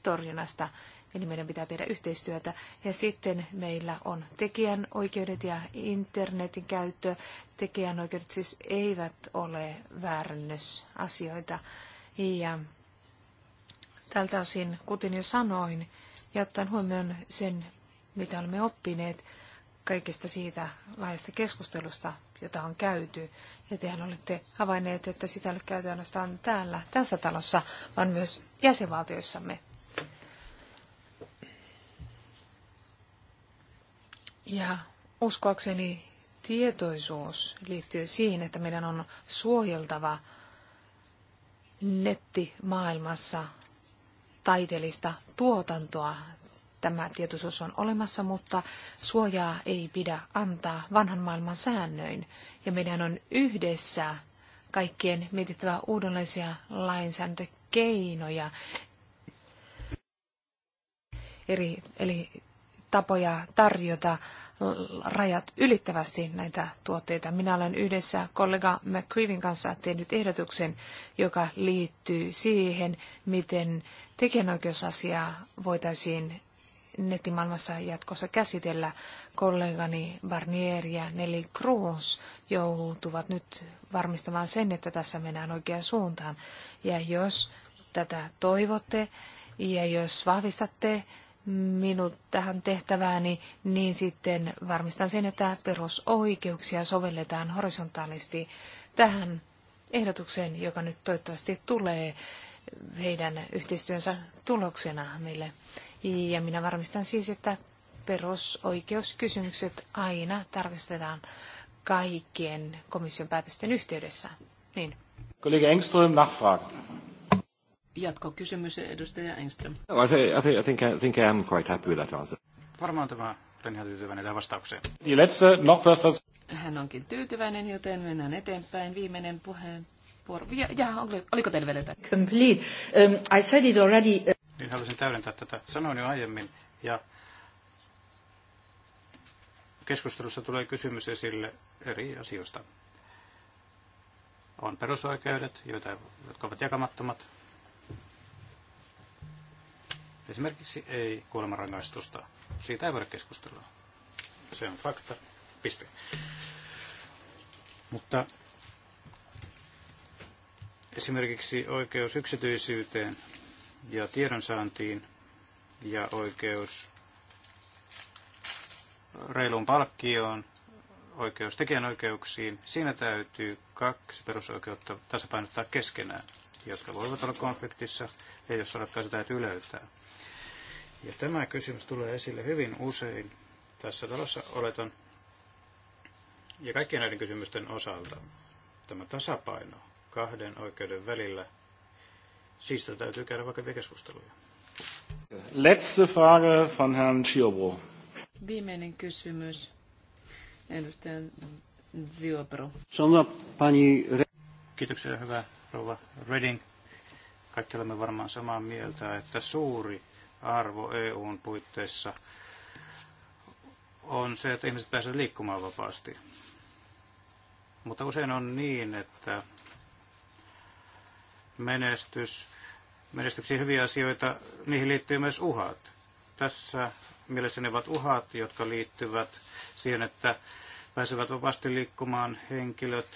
[SPEAKER 5] torjunnasta. Eli meidän pitää tehdä yhteistyötä. Ja sitten meillä on tekijänoikeudet ja internetin käyttö. Tekijänoikeudet siis eivät ole väärännösasioita. Ja tältä osin, kuten jo sanoin, ja ottaen huomioon sen, mitä olemme oppineet kaikesta siitä laajasta keskustelusta, jota on käyty. Ja tehän olette havainneet, että sitä ei ole käyty ainoastaan täällä, tässä talossa, vaan myös jäsenvaltioissamme. Ja uskoakseni tietoisuus liittyy siihen, että meidän on suojeltava nettimaailmassa taiteellista tuotantoa. Tämä tietoisuus on olemassa, mutta suojaa ei pidä antaa vanhan maailman säännöin. Ja meidän on yhdessä kaikkien mietittävä uudenlaisia lainsäädäntökeinoja, eri, eli tapoja tarjota rajat ylittävästi näitä tuotteita. Minä olen yhdessä kollega McCreevin kanssa tehnyt ehdotuksen, joka liittyy siihen, miten tekijänoikeusasiaa voitaisiin nettimaailmassa jatkossa käsitellä. Kollegani Barnier ja Nelly Cruz joutuvat nyt varmistamaan sen, että tässä mennään oikeaan suuntaan. Ja jos tätä toivotte ja jos vahvistatte minut tähän tehtävääni, niin sitten varmistan sen, että perusoikeuksia sovelletaan horisontaalisti tähän ehdotukseen, joka nyt toivottavasti tulee heidän yhteistyönsä tuloksena meille. Ja minä varmistan siis, että perusoikeuskysymykset aina tarkistetaan kaikkien komission päätösten yhteydessä.
[SPEAKER 3] Niin.
[SPEAKER 2] Kollega Engström, nachfragen.
[SPEAKER 3] Jatkokysymys edustaja Engström. No, I, think,
[SPEAKER 2] I, think, I think I am quite happy with that answer.
[SPEAKER 1] Varmaan tämä olen ihan tyytyväinen tähän vastaukseen. Uh, not first. was
[SPEAKER 3] Hän onkin tyytyväinen, joten mennään eteenpäin. Viimeinen puheen. Ja, ja oliko teillä vielä jotain? Complete. Um, I said it already.
[SPEAKER 4] Uh,
[SPEAKER 1] niin halusin täydentää tätä. Sanoin jo aiemmin ja keskustelussa tulee kysymys esille eri asioista. On perusoikeudet, joita, jotka ovat jakamattomat, Esimerkiksi ei kuolemanrangaistusta. Siitä ei voida keskustella. Se on fakta. Piste. Mutta esimerkiksi oikeus yksityisyyteen ja tiedonsaantiin ja oikeus reiluun palkkioon, oikeus tekijänoikeuksiin, siinä täytyy kaksi perusoikeutta tasapainottaa keskenään, jotka voivat olla konfliktissa ja jos ratkaisu täytyy löytää. Ja tämä kysymys tulee esille hyvin usein tässä talossa, oletan, ja kaikkien näiden kysymysten osalta. Tämä tasapaino kahden oikeuden välillä, Siis täytyy käydä vaikka keskusteluja.
[SPEAKER 2] Letzte Frage von Herrn Schiobro.
[SPEAKER 3] Viimeinen kysymys. Edustaja Ziobro.
[SPEAKER 1] Sanna pani... Kiitoksia, hyvä rouva Reding. Kaikki olemme varmaan samaa mieltä, että suuri arvo EUn puitteissa on se, että ihmiset pääsevät liikkumaan vapaasti. Mutta usein on niin, että menestys, menestyksiin hyviä asioita, niihin liittyy myös uhat. Tässä mielessä ne ovat uhat, jotka liittyvät siihen, että pääsevät vapaasti liikkumaan henkilöt,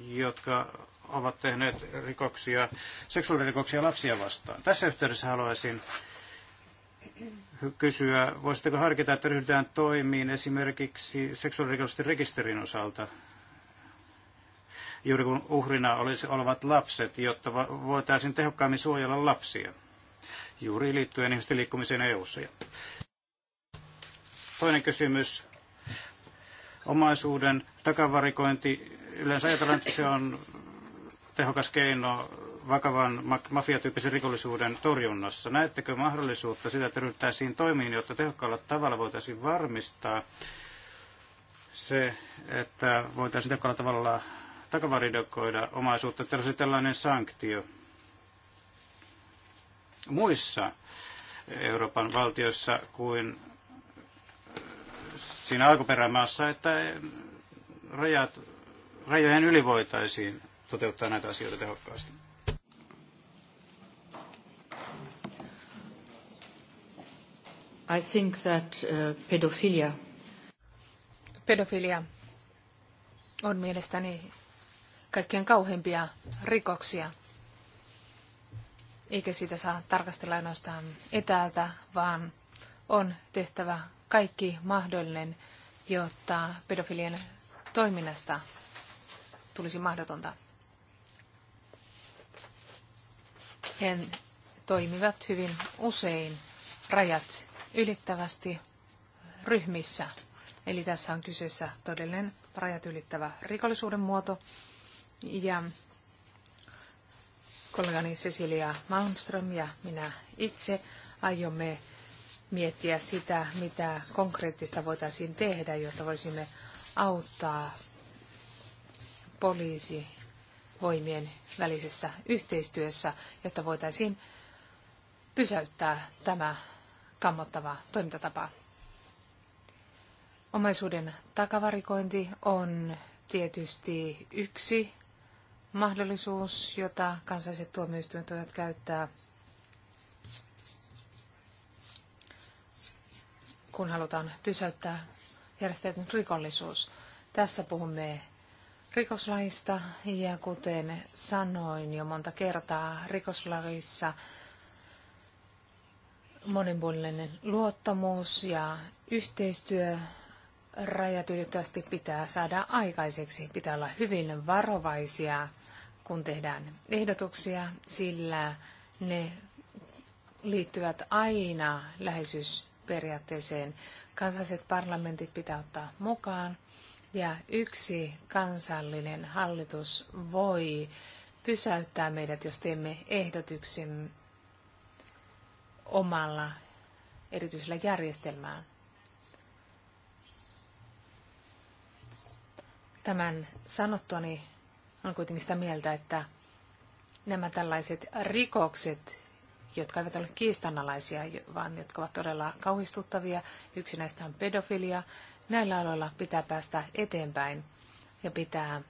[SPEAKER 1] jotka ovat tehneet rikoksia, seksuaalirikoksia lapsia vastaan. Tässä yhteydessä haluaisin kysyä, voisitteko harkita, että ryhdytään toimiin esimerkiksi seksuaalirikollisten rekisterin osalta, juuri kun uhrina olisi olevat lapset, jotta voitaisiin tehokkaammin suojella lapsia, juuri liittyen ihmisten liikkumiseen eu Toinen kysymys, omaisuuden takavarikointi. Yleensä ajatellaan, että se on tehokas keino vakavan mafiatyyppisen rikollisuuden torjunnassa. Näettekö mahdollisuutta sitä, että ryhdyttäisiin toimiin, jotta tehokkaalla tavalla voitaisiin varmistaa se, että voitaisiin tehokkaalla tavalla takavaridokoida omaisuutta, että olisi tällainen sanktio muissa Euroopan valtioissa kuin siinä alkuperämaassa, että rajat, rajojen yli voitaisiin toteuttaa näitä asioita tehokkaasti.
[SPEAKER 4] I think that uh, pedophilia.
[SPEAKER 5] Pedofilia on mielestäni kaikkein kauheimpia rikoksia. Eikä sitä saa tarkastella ainoastaan etäältä, vaan on tehtävä kaikki mahdollinen, jotta pedofilien toiminnasta tulisi mahdotonta. He toimivat hyvin usein rajat ylittävästi ryhmissä. Eli tässä on kyseessä todellinen rajat ylittävä rikollisuuden muoto. Ja kollegani Cecilia Malmström ja minä itse aiomme miettiä sitä, mitä konkreettista voitaisiin tehdä, jotta voisimme auttaa poliisivoimien välisessä yhteistyössä, jotta voitaisiin pysäyttää tämä kammottava toimintatapa. Omaisuuden takavarikointi on tietysti yksi mahdollisuus, jota kansalliset tuomioistuimet voivat käyttää, kun halutaan pysäyttää järjestäytynyt rikollisuus. Tässä puhumme rikoslaista ja kuten sanoin jo monta kertaa, rikoslaissa monipuolinen luottamus ja yhteistyö rajat ylittävästi pitää saada aikaiseksi. Pitää olla hyvin varovaisia, kun tehdään ehdotuksia, sillä ne liittyvät aina läheisyysperiaatteeseen. Kansalliset parlamentit pitää ottaa mukaan ja yksi kansallinen hallitus voi pysäyttää meidät, jos teemme ehdotuksen, omalla erityisellä järjestelmään. Tämän sanottuani on kuitenkin sitä mieltä, että nämä tällaiset rikokset, jotka eivät ole kiistanalaisia, vaan jotka ovat todella kauhistuttavia, yksi näistä on pedofilia, näillä aloilla pitää päästä eteenpäin ja pitää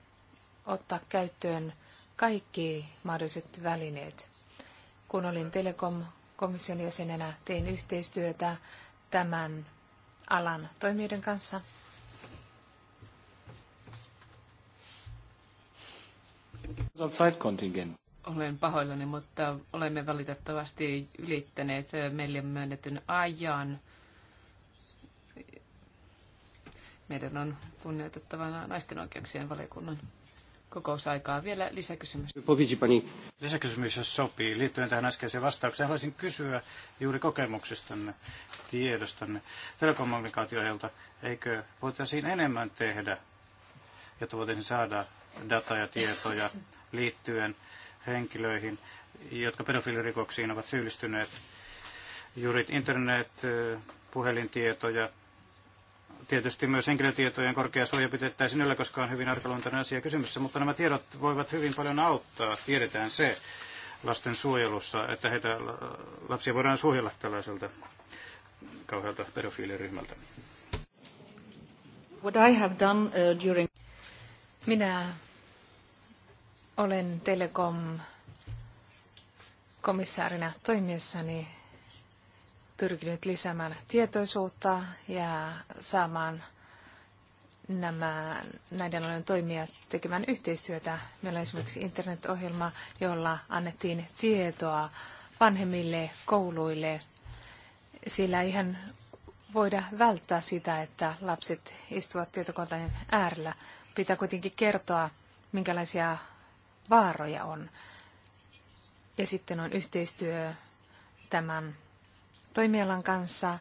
[SPEAKER 5] ottaa käyttöön kaikki mahdolliset välineet. Kun olin telekom komission jäsenenä tein yhteistyötä tämän alan toimijoiden
[SPEAKER 3] kanssa. Olen pahoillani, mutta olemme valitettavasti ylittäneet meille myönnetyn ajan. Meidän on kunnioitettava naisten oikeuksien valiokunnan kokousaikaa. Vielä lisäkysymys.
[SPEAKER 1] Lisäkysymys, jos sopii. Liittyen tähän äskeiseen vastaukseen, haluaisin kysyä juuri kokemuksestanne, tiedostanne telekommunikaatioajalta. Eikö voitaisiin enemmän tehdä, jotta voitaisiin saada dataa ja tietoja liittyen henkilöihin, jotka pedofiilirikoksiin ovat syyllistyneet? Juuri internet, eh, puhelintietoja, tietysti myös henkilötietojen korkea suoja pitettäisiin yllä, koska on hyvin arkaluontainen asia kysymyksessä, mutta nämä tiedot voivat hyvin paljon auttaa, tiedetään se lasten suojelussa, että heitä, lapsia voidaan suojella tällaiselta kauhealta pedofiiliryhmältä.
[SPEAKER 5] What I have done, uh, during... Minä olen telekom komissaarina toimiessani pyrkinyt lisäämään tietoisuutta ja saamaan nämä, näiden alojen toimijat tekemään yhteistyötä. Meillä on esimerkiksi internetohjelma, jolla annettiin tietoa vanhemmille kouluille. Sillä ihan voida välttää sitä, että lapset istuvat tietokoneen äärellä. Pitää kuitenkin kertoa, minkälaisia vaaroja on. Ja sitten on yhteistyö tämän toimialan kanssa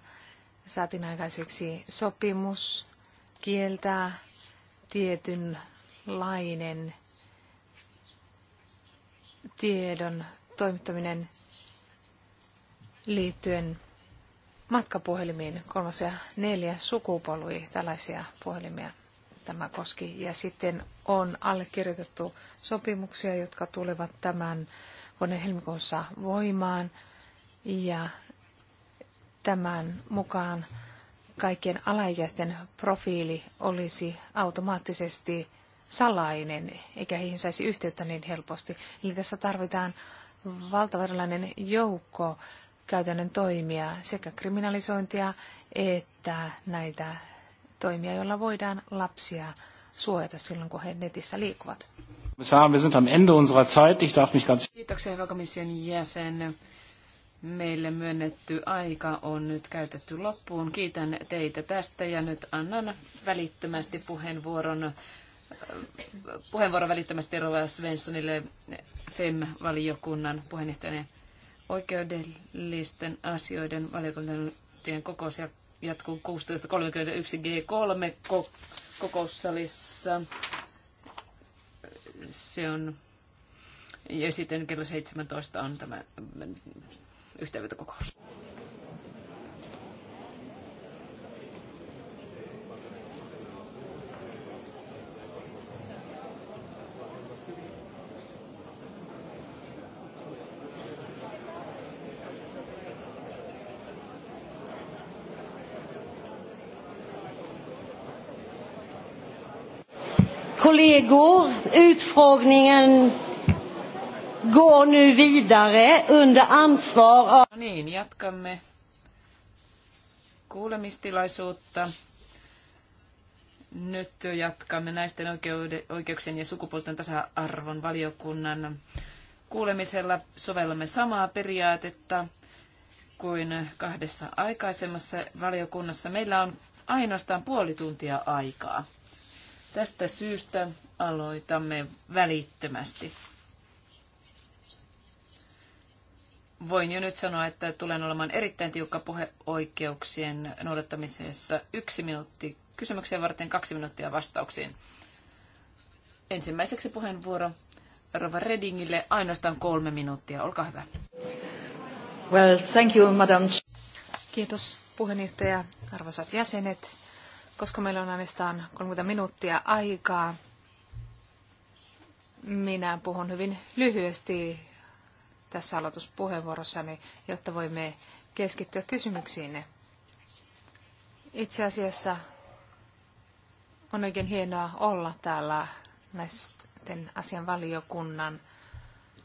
[SPEAKER 5] saatiin aikaiseksi sopimus kieltää tietynlainen tiedon toimittaminen liittyen matkapuhelimiin kolmas ja neljäs sukupolvi tällaisia puhelimia tämä koski. Ja sitten on allekirjoitettu sopimuksia, jotka tulevat tämän vuoden helmikuussa voimaan. Ja Tämän mukaan kaikkien alaikäisten profiili olisi automaattisesti salainen, eikä heihin saisi yhteyttä niin helposti. Eli tässä tarvitaan valtavarallinen joukko käytännön toimia, sekä kriminalisointia että näitä toimia, joilla voidaan lapsia suojata silloin, kun he netissä liikkuvat.
[SPEAKER 3] Kiitoksia, hyvä komission jäsen meille myönnetty aika on nyt käytetty loppuun. Kiitän teitä tästä ja nyt annan välittömästi puheenvuoron, puheenvuoron välittömästi Rova Svenssonille FEM-valiokunnan puheenjohtajan oikeudellisten asioiden valiokuntien kokous jatkuu 16.31 G3 kokoussalissa. Se on ja sitten kello 17 on tämä yhteenvetokokous.
[SPEAKER 4] kollegor, utfrågningen går nu vidare under ansvar av...
[SPEAKER 3] No niin, jatkamme kuulemistilaisuutta. Nyt jatkamme naisten oikeuksien ja sukupuolten tasa-arvon valiokunnan kuulemisella. Sovellamme samaa periaatetta kuin kahdessa aikaisemmassa valiokunnassa. Meillä on ainoastaan puoli tuntia aikaa. Tästä syystä aloitamme välittömästi. voin jo nyt sanoa, että tulen olemaan erittäin tiukka puheoikeuksien noudattamisessa. Yksi minuutti kysymyksiä varten, kaksi minuuttia vastauksiin. Ensimmäiseksi puheenvuoro Rova Redingille ainoastaan kolme minuuttia. Olkaa hyvä.
[SPEAKER 5] Well, thank you, madam. Kiitos puheenjohtaja, arvoisat jäsenet. Koska meillä on ainoastaan 30 minuuttia aikaa, minä puhun hyvin lyhyesti tässä aloituspuheenvuorossani, jotta voimme keskittyä kysymyksiinne. Itse asiassa on oikein hienoa olla täällä näisten asianvaliokunnan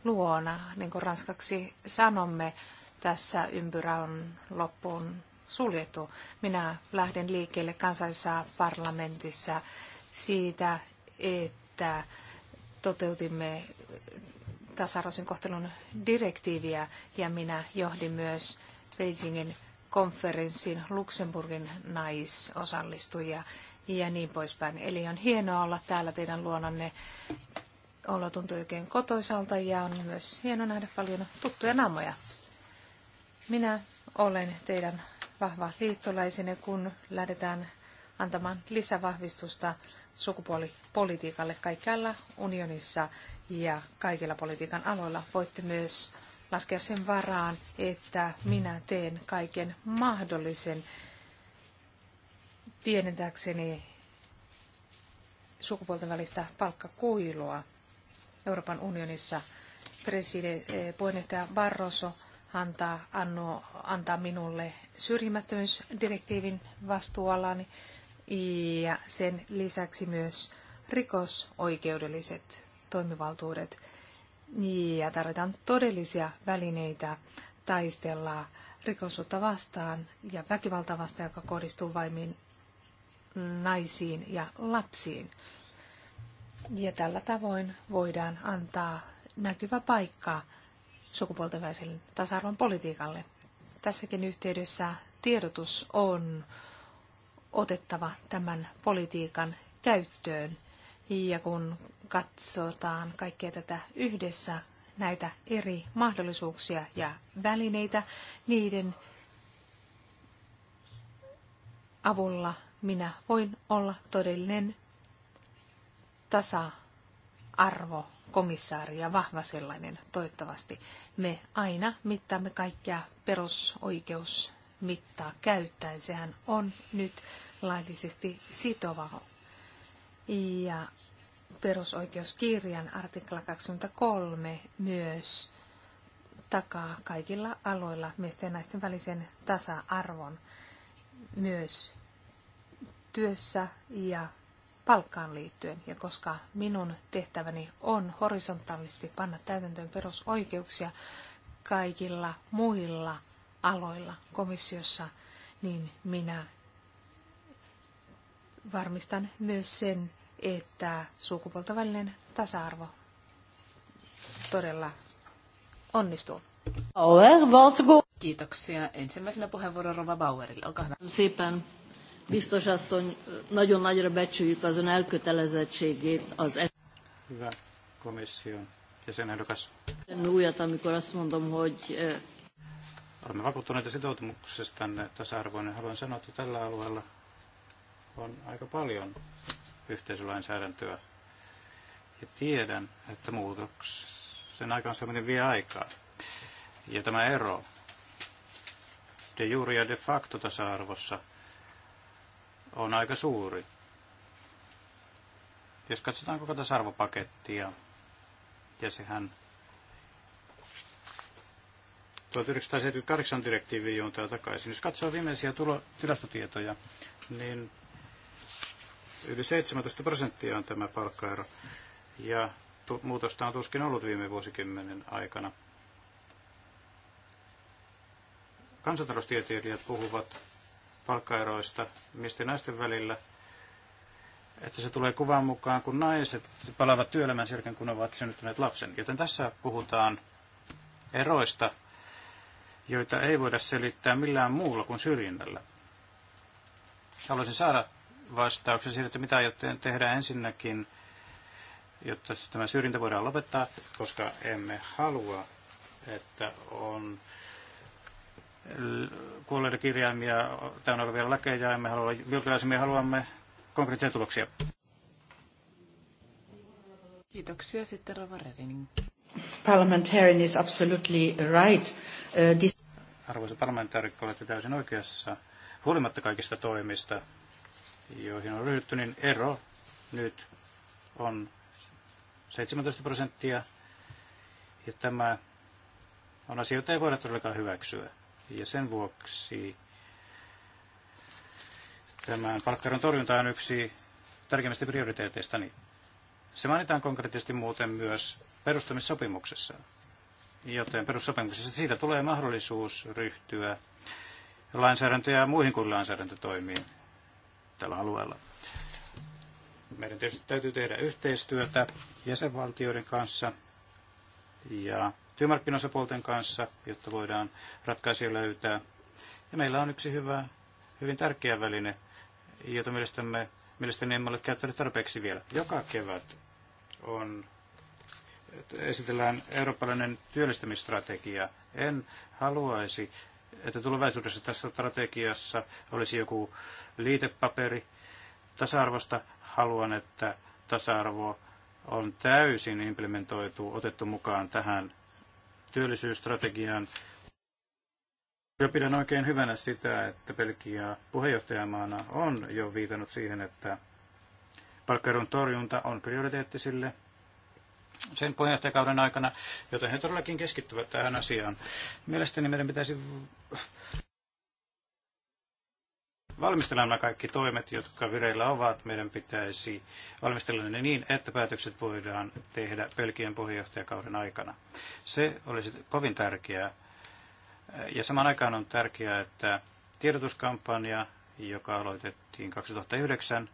[SPEAKER 5] luona. Niin kuin ranskaksi sanomme, tässä ympyrä on loppuun suljettu. Minä lähden liikkeelle kansallisessa parlamentissa siitä, että toteutimme tasa-arvoisen kohtelun direktiiviä ja minä johdin myös Beijingin konferenssin Luxemburgin naisosallistujia ja niin poispäin. Eli on hienoa olla täällä teidän luonanne. Olo tuntuu oikein kotoisalta ja on myös hienoa nähdä paljon tuttuja naamoja. Minä olen teidän vahva liittolaisenne, kun lähdetään antamaan lisävahvistusta sukupuolipolitiikalle kaikkialla unionissa ja kaikilla politiikan aloilla voitte myös laskea sen varaan, että minä teen kaiken mahdollisen pienentääkseni sukupuolten välistä palkkakuilua Euroopan unionissa. Eh, puheenjohtaja Barroso antaa, anno, antaa minulle syrjimättömyysdirektiivin vastuualani ja sen lisäksi myös rikosoikeudelliset toimivaltuudet. Ja tarvitaan todellisia välineitä taistella rikosuutta vastaan ja väkivaltaa vastaan, joka kohdistuu vaimmin naisiin ja lapsiin. Ja tällä tavoin voidaan antaa näkyvä paikka sukupuolten väiselle tasa-arvon politiikalle. Tässäkin yhteydessä tiedotus on otettava tämän politiikan käyttöön ja kun katsotaan kaikkea tätä yhdessä, näitä eri mahdollisuuksia ja välineitä, niiden avulla minä voin olla todellinen tasa-arvo komissaari ja vahva sellainen toivottavasti. Me aina mittaamme kaikkia perusoikeus käyttäen. Sehän on nyt laillisesti sitova ja perusoikeuskirjan artikla 23 myös takaa kaikilla aloilla miesten ja naisten välisen tasa-arvon myös työssä ja palkkaan liittyen. Ja koska minun tehtäväni on horisontaalisesti panna täytäntöön perusoikeuksia kaikilla muilla aloilla komissiossa, niin minä varmistan myös sen, että sukupuolten välinen tasa-arvo
[SPEAKER 3] todella onnistuu. Kiitoksia. Ensimmäisenä puheenvuoron Rova Bauerille. Olkaa hyvä. Szépen. Biztos asszony, nagyon nagyra becsüljük azon elkötelezettségét az...
[SPEAKER 1] Hyvä komission jäsenehdokas.
[SPEAKER 3] Újat, amikor azt mondom, hogy...
[SPEAKER 1] Olemme vakuuttuneita sitoutumuksesta tasa-arvoinen. Haluan sanoa, että tällä alueella on aika paljon yhteisölainsäädäntöä. Ja tiedän, että muutoksen on miten vie aikaa. Ja tämä ero de juuri ja de facto tasa-arvossa on aika suuri. Jos katsotaan koko tasa-arvopakettia, ja sehän 1978 direktiivi juontaa takaisin. Jos katsoo viimeisiä tulo, tilastotietoja, niin Yli 17 prosenttia on tämä palkkaero ja muutosta on tuskin ollut viime vuosikymmenen aikana. Kansantaloustieteilijät puhuvat palkkaeroista miesten ja naisten välillä, että se tulee kuvan mukaan, kun naiset palaavat työelämän jälkeen, kun ovat synnyttäneet lapsen. Joten tässä puhutaan eroista, joita ei voida selittää millään muulla kuin syrjinnällä. Haluaisin saada vastauksen siitä, että mitä aiotte tehdä ensinnäkin, jotta tämä syrjintä voidaan lopettaa, koska emme halua, että on kuolleita kirjaimia, täynnä olevia lakeja, emme halua julkilaisemme haluamme konkreettisia tuloksia.
[SPEAKER 3] Kiitoksia. Sitten Rova Reding.
[SPEAKER 4] Parliamentarian is absolutely right. Uh, this...
[SPEAKER 1] Arvoisa parlamentaarikko, olette täysin oikeassa. Huolimatta kaikista toimista, joihin on ryhdytty, niin ero nyt on 17 prosenttia. Ja tämä on asia, jota ei voida todellakaan hyväksyä. Ja sen vuoksi tämän palkkaron torjunta on yksi tärkeimmistä niin. Se mainitaan konkreettisesti muuten myös perustamissopimuksessa, joten perussopimuksessa siitä tulee mahdollisuus ryhtyä lainsäädäntöä ja muihin kuin lainsäädäntötoimiin tällä alueella. Meidän tietysti täytyy tehdä yhteistyötä jäsenvaltioiden kanssa ja työmarkkinosapuolten kanssa, jotta voidaan ratkaisuja löytää. Ja meillä on yksi hyvä, hyvin tärkeä väline, jota mielestämme, mielestäni emme ole käyttäneet tarpeeksi vielä. Joka kevät on esitellään eurooppalainen työllistämistrategia. En haluaisi että tulevaisuudessa tässä strategiassa olisi joku liitepaperi tasa-arvosta. Haluan, että tasa-arvo on täysin implementoitu, otettu mukaan tähän työllisyysstrategiaan. Ja pidän oikein hyvänä sitä, että Belgia puheenjohtajamaana on jo viitannut siihen, että palkkaerun torjunta on prioriteetti sille sen puheenjohtajakauden aikana, joten he todellakin keskittyvät tähän asiaan. Mielestäni meidän pitäisi valmistella nämä kaikki toimet, jotka vireillä ovat. Meidän pitäisi valmistella ne niin, että päätökset voidaan tehdä pelkien puheenjohtajakauden aikana. Se olisi kovin tärkeää. Ja samaan aikaan on tärkeää, että tiedotuskampanja, joka aloitettiin 2009,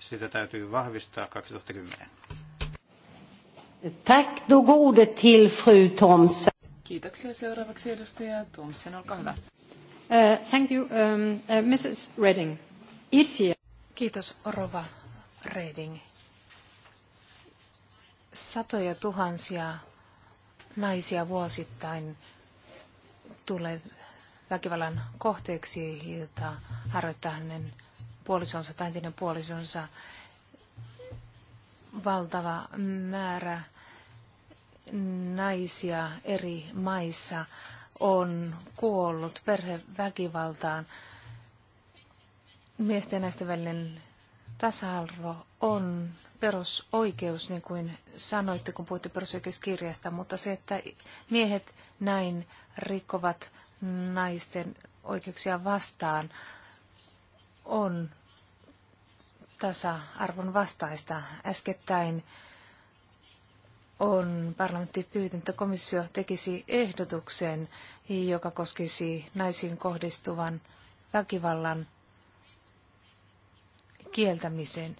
[SPEAKER 1] sitä täytyy vahvistaa 2010.
[SPEAKER 4] Tack, då går det till fru Thomsen.
[SPEAKER 3] Kiitoksia. Seuraavaksi edustaja Thomsen, olkaa hyvä. Uh, thank you, um, uh, Mrs. Reding. Itse. Kiitos,
[SPEAKER 5] Rova Reding. Satoja tuhansia naisia vuosittain tulee väkivallan kohteeksi, jota harjoittaa hänen puolisonsa tai entinen puolisonsa valtava määrä naisia eri maissa on kuollut perheväkivaltaan. Miesten ja naisten välinen tasa-arvo on perusoikeus, niin kuin sanoitte, kun puhutte perusoikeuskirjasta, mutta se, että miehet näin rikkovat naisten oikeuksia vastaan, on tasa-arvon vastaista. Äskettäin on parlamentti pyytänyt, että komissio tekisi ehdotuksen, joka koskisi naisiin kohdistuvan väkivallan kieltämisen.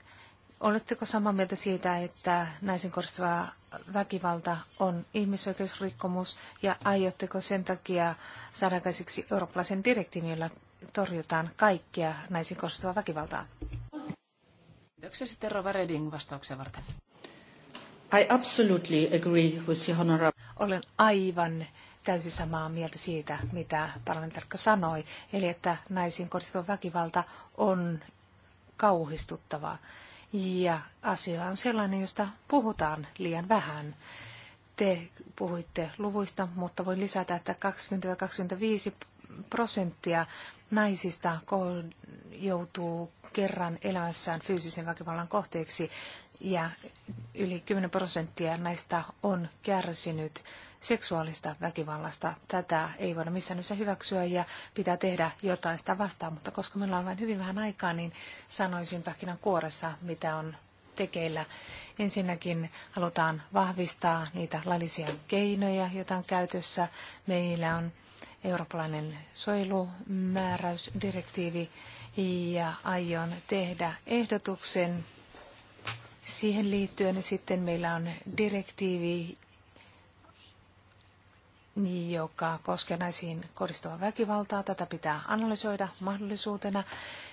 [SPEAKER 5] Oletteko samaa mieltä siitä, että naisen kohdistuva väkivalta on ihmisoikeusrikkomus ja aiotteko sen takia saada käsiksi eurooppalaisen direktiivin, jolla torjutaan kaikkea naisiin kohdistuvaa väkivaltaa?
[SPEAKER 3] Kiitoksia sitten Rova Reding vastauksen varten.
[SPEAKER 5] I absolutely agree with the honorable. Olen aivan täysin samaa mieltä siitä, mitä parlamentarikko sanoi, eli että naisiin kohdistuva väkivalta on kauhistuttavaa. Ja asia on sellainen, josta puhutaan liian vähän. Te puhuitte luvuista, mutta voin lisätä, että 20-25 prosenttia naisista joutuu kerran elämässään fyysisen väkivallan kohteeksi ja yli 10 prosenttia näistä on kärsinyt seksuaalista väkivallasta. Tätä ei voida missään nimessä hyväksyä ja pitää tehdä jotain sitä vastaan, mutta koska meillä on vain hyvin vähän aikaa, niin sanoisin pähkinän kuoressa, mitä on tekeillä. Ensinnäkin halutaan vahvistaa niitä laillisia keinoja, joita on käytössä. Meillä on eurooppalainen suojelumääräysdirektiivi ja aion tehdä ehdotuksen siihen liittyen. Sitten meillä on direktiivi, joka koskee naisiin kohdistuvaa väkivaltaa. Tätä pitää analysoida mahdollisuutena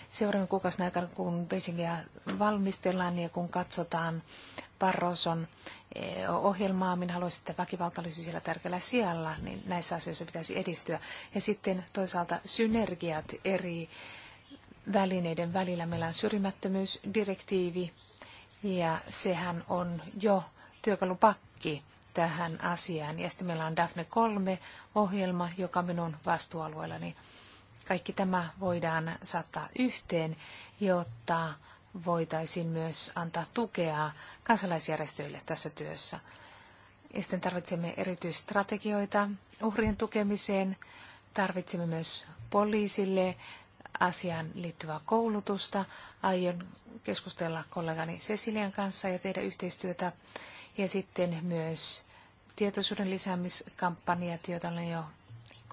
[SPEAKER 5] seuraavan kuukausien aikana, kun Pekingiä valmistellaan ja kun katsotaan Barroson eh, ohjelmaa, minä haluaisin, että väkivalta olisi siellä tärkeällä sijalla, niin näissä asioissa pitäisi edistyä. Ja sitten toisaalta synergiat eri välineiden välillä. Meillä on syrjimättömyysdirektiivi ja sehän on jo työkalupakki tähän asiaan. Ja sitten meillä on Daphne 3 ohjelma, joka minun vastuualueellani kaikki tämä voidaan saattaa yhteen, jotta voitaisiin myös antaa tukea kansalaisjärjestöille tässä työssä. Ja sitten tarvitsemme erityistrategioita uhrien tukemiseen. Tarvitsemme myös poliisille asiaan liittyvää koulutusta. Aion keskustella kollegani Cecilian kanssa ja tehdä yhteistyötä. Ja sitten myös tietoisuuden lisäämiskampanjat, joita olen jo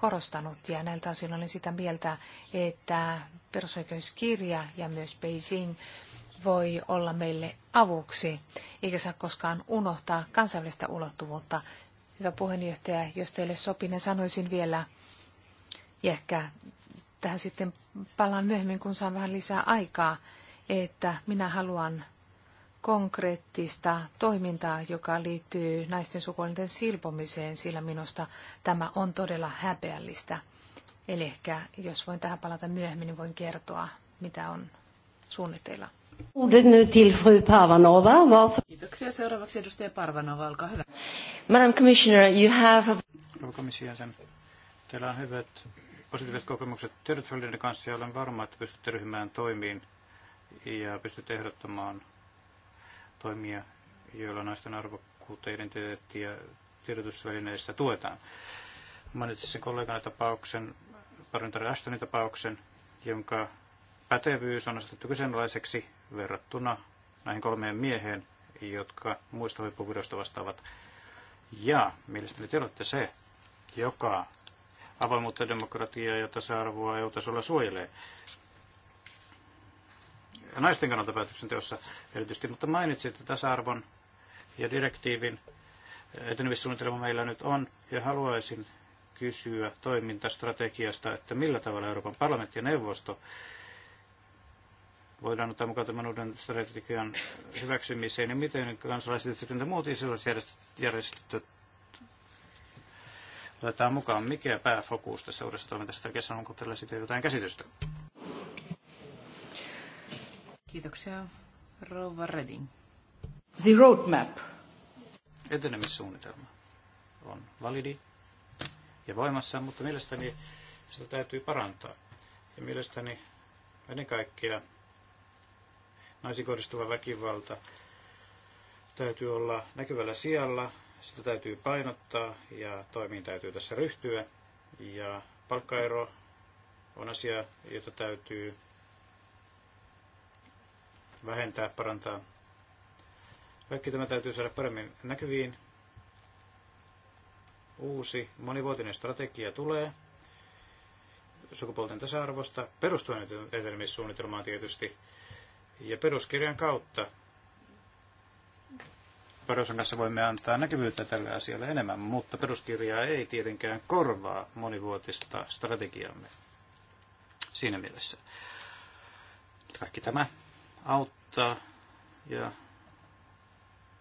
[SPEAKER 5] korostanut ja näiltä asioilla olen sitä mieltä, että perusoikeuskirja ja myös Beijing voi olla meille avuksi, eikä saa koskaan unohtaa kansainvälistä ulottuvuutta. Hyvä puheenjohtaja, jos teille sopinen, niin sanoisin vielä, ja ehkä tähän sitten palaan myöhemmin, kun saan vähän lisää aikaa, että minä haluan konkreettista toimintaa, joka liittyy naisten sukuelinten silpomiseen, sillä minusta tämä on todella häpeällistä. Eli ehkä, jos voin tähän palata myöhemmin, niin voin kertoa, mitä on suunnitteilla.
[SPEAKER 4] Ordet nu till fru Parvanova.
[SPEAKER 3] Kiitoksia. Seuraavaksi edustaja Parvanova, olkaa hyvä.
[SPEAKER 4] Madam Commissioner, you have...
[SPEAKER 1] Rouva komission teillä on hyvät positiiviset kokemukset tiedotusvälineiden kanssa ja olen varma, että pystytte ryhmään toimiin ja pystytte ehdottamaan toimia, joilla naisten arvokkuutta, identiteettiä ja tiedotusvälineissä tuetaan. Mainitsin kollegana tapauksen, parantari Ashtonin tapauksen, jonka pätevyys on asetettu kyseenalaiseksi verrattuna näihin kolmeen mieheen, jotka muista huippuvirosta vastaavat. Ja mielestäni te olette se, joka avoimuutta, demokratiaa ja tasa-arvoa EU-tasolla suojelee naisten kannalta päätöksenteossa erityisesti, mutta että tasa-arvon ja direktiivin etenemissuunnitelma meillä nyt on, ja haluaisin kysyä toimintastrategiasta, että millä tavalla Euroopan parlamentti ja neuvosto voidaan ottaa mukaan tämän uuden strategian hyväksymiseen, ja miten kansalaiset ja muut järjestöt otetaan mukaan, mikä pääfokus tässä uudessa toimintastrategiassa on, onko tällä sitten jotain käsitystä?
[SPEAKER 3] Kiitoksia. Rouva Reding.
[SPEAKER 1] The roadmap. Etenemissuunnitelma on validi ja voimassa, mutta mielestäni sitä täytyy parantaa. Ja mielestäni ennen kaikkea naisiin kohdistuva väkivalta täytyy olla näkyvällä sijalla, sitä täytyy painottaa ja toimiin täytyy tässä ryhtyä. Ja palkkaero on asia, jota täytyy vähentää, parantaa. Kaikki tämä täytyy saada paremmin näkyviin. Uusi monivuotinen strategia tulee sukupuolten tasa-arvosta perustuen etenemissuunnitelmaan tietysti ja peruskirjan kautta Paroson kanssa voimme antaa näkyvyyttä tälle asialle enemmän, mutta peruskirjaa ei tietenkään korvaa monivuotista strategiamme siinä mielessä. Kaikki tämä auttaa ja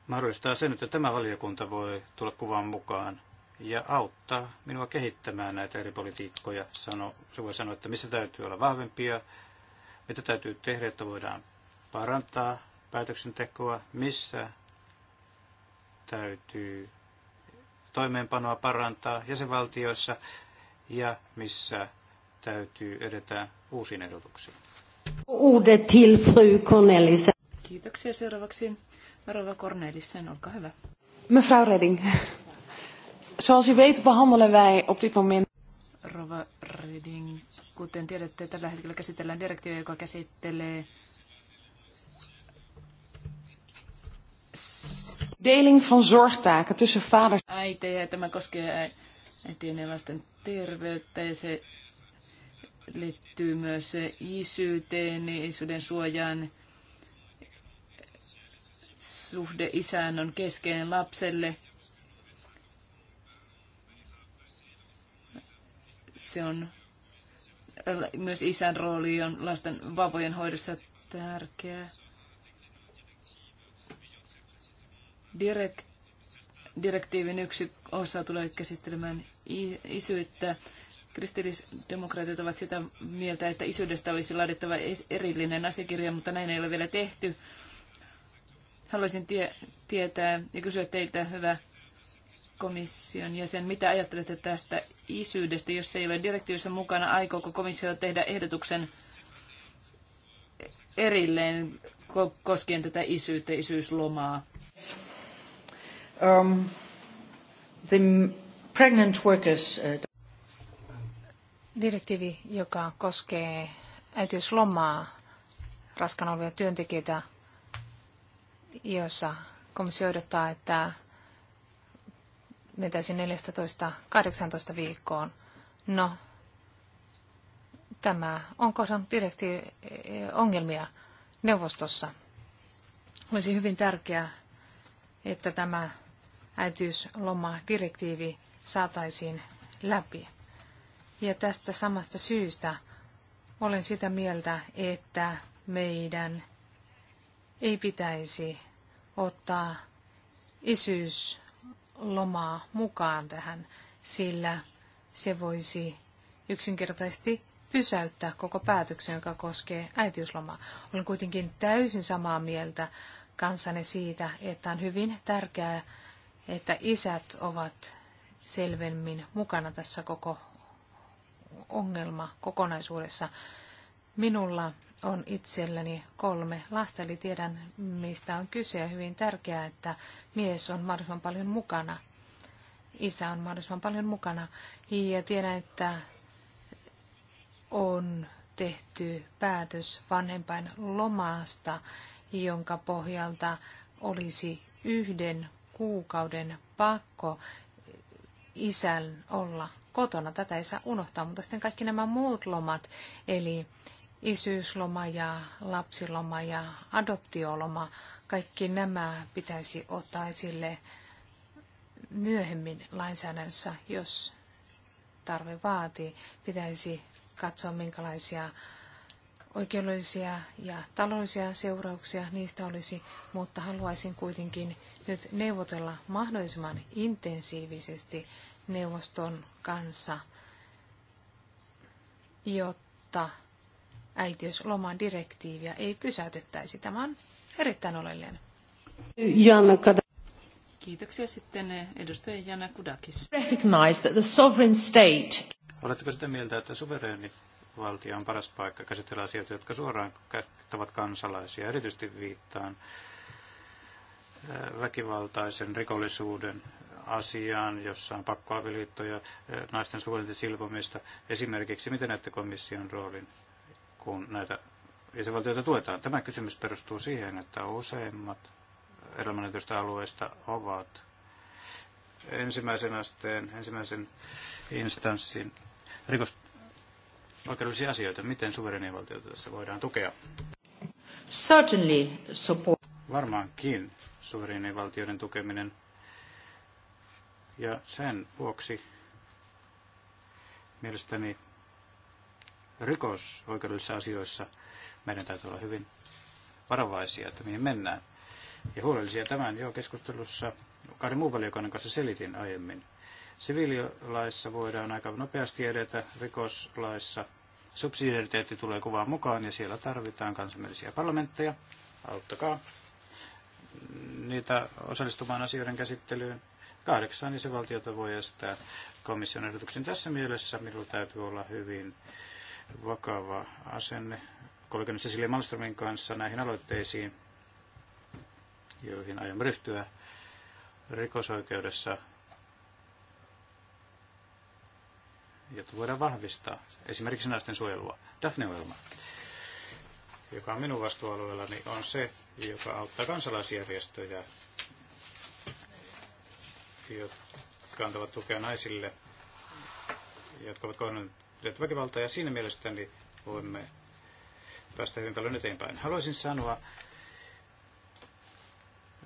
[SPEAKER 1] mahdollistaa sen, että tämä valiokunta voi tulla kuvan mukaan ja auttaa minua kehittämään näitä eri politiikkoja. Sano, se voi sanoa, että missä täytyy olla vahvempia, mitä täytyy tehdä, että voidaan parantaa päätöksentekoa, missä täytyy toimeenpanoa parantaa jäsenvaltioissa ja missä täytyy edetä uusiin ehdotuksiin.
[SPEAKER 4] Uudet till fru Cornelissen.
[SPEAKER 3] Kiitoksia seuraavaksi. Rova Cornelissen, olkaa hyvä.
[SPEAKER 5] Mevrouw Redding, zoals u weet behandelen wij op dit moment...
[SPEAKER 3] Rova Redding, kuten tiedätte, tällä hetkellä käsitellään direktio, joka käsittelee Deling van zorgtaken tussen vaders. Äitejä, tämä koskee äitien ja lasten terveyttä ja se liittyy myös isyyteen, niin isyyden suojaan. Suhde isään on keskeinen lapselle. Se on myös isän rooli on lasten vavojen hoidossa tärkeä. Direkt, direktiivin yksi osa tulee käsittelemään isyyttä. Kristillisdemokraatit ovat sitä mieltä, että isyydestä olisi laadittava erillinen asiakirja, mutta näin ei ole vielä tehty. Haluaisin tie- tietää ja kysyä teiltä, hyvä komission jäsen, mitä ajattelette tästä isyydestä, jos se ei ole direktiivissä mukana? Aikooko komissio tehdä ehdotuksen erilleen koskien tätä isyyttä, isyyslomaa? Um,
[SPEAKER 4] the pregnant workers uh,
[SPEAKER 5] Direktiivi, joka koskee äitiyslomaa raskaana olevia työntekijöitä, jossa komissio odottaa, että mentäisiin 14-18 viikkoon. No, tämä on kohdannut direktiivi ongelmia neuvostossa. Olisi hyvin tärkeää, että tämä äitiyslomadirektiivi saataisiin läpi. Ja tästä samasta syystä olen sitä mieltä, että meidän ei pitäisi ottaa isyyslomaa mukaan tähän, sillä se voisi yksinkertaisesti pysäyttää koko päätöksen, joka koskee äitiyslomaa. Olen kuitenkin täysin samaa mieltä kanssanne siitä, että on hyvin tärkeää, että isät ovat selvemmin mukana tässä koko ongelma kokonaisuudessa. Minulla on itselleni kolme lasta, eli tiedän, mistä on kyse. Ja hyvin tärkeää, että mies on mahdollisimman paljon mukana. Isä on mahdollisimman paljon mukana. Ja tiedän, että on tehty päätös vanhempain lomaasta jonka pohjalta olisi yhden kuukauden pakko isän olla kotona. Tätä ei saa unohtaa, mutta sitten kaikki nämä muut lomat, eli isyysloma ja lapsiloma ja adoptioloma, kaikki nämä pitäisi ottaa esille myöhemmin lainsäädännössä, jos tarve vaatii. Pitäisi katsoa, minkälaisia oikeudellisia ja taloudellisia seurauksia niistä olisi, mutta haluaisin kuitenkin nyt neuvotella mahdollisimman intensiivisesti neuvoston kanssa, jotta äitiysloman direktiiviä ei pysäytettäisi. Tämä on
[SPEAKER 3] erittäin oleellinen. Janna Kiitoksia sitten eh, edustaja Jana Kudakis. Recognize
[SPEAKER 4] that the sovereign state...
[SPEAKER 1] Oletteko sitä mieltä, että suvereeni valtio on paras paikka käsitellä asioita, jotka suoraan käyttävät kansalaisia, erityisesti viittaan eh, väkivaltaisen rikollisuuden asiaan, jossa on pakkoavioliittoja, eh, naisten sukuelinten silpomista. Esimerkiksi, miten näette komission roolin, kun näitä jäsenvaltioita tuetaan? Tämä kysymys perustuu siihen, että useimmat elämännetyistä alueista ovat ensimmäisen asteen, ensimmäisen instanssin rikos oikeudellisia asioita. Miten suverenia tässä voidaan tukea? Certainly support. Varmaankin suverenia valtioiden tukeminen ja sen vuoksi mielestäni rikosoikeudellisissa asioissa meidän täytyy olla hyvin varovaisia, että mihin mennään. Ja huolellisia tämän jo keskustelussa kahden muun valiokunnan kanssa selitin aiemmin. Siviililaissa voidaan aika nopeasti edetä, rikoslaissa subsidiariteetti tulee kuvaan mukaan ja siellä tarvitaan kansainvälisiä parlamentteja. Auttakaa niitä osallistumaan asioiden käsittelyyn kahdeksan jäsenvaltiota voi estää komission ehdotuksen. Tässä mielessä minulla täytyy olla hyvin vakava asenne kollegani Cecilia Malmströmin kanssa näihin aloitteisiin, joihin aion ryhtyä rikosoikeudessa, jotta voidaan vahvistaa esimerkiksi naisten suojelua. daphne Oelma, joka on minun vastuualueellani, on se, joka auttaa kansalaisjärjestöjä jotka antavat tukea naisille, jotka ovat kohdanneet väkivaltaa, ja siinä mielestäni voimme päästä hyvin paljon eteenpäin. Haluaisin sanoa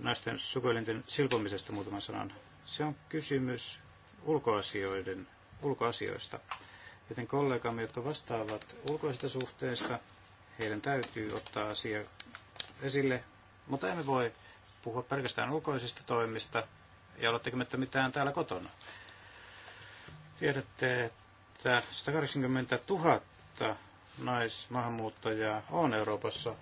[SPEAKER 1] naisten sukuelinten silpomisesta muutaman sanan. Se on kysymys ulkoasioiden, ulkoasioista. Joten kollegamme, jotka vastaavat ulkoisista suhteista, heidän täytyy ottaa asia esille, mutta emme voi puhua pelkästään ulkoisista toimista, ja olettekymmentä mitään täällä kotona. Tiedätte, että 180 000 naismaahanmuuttajaa on Euroopassa,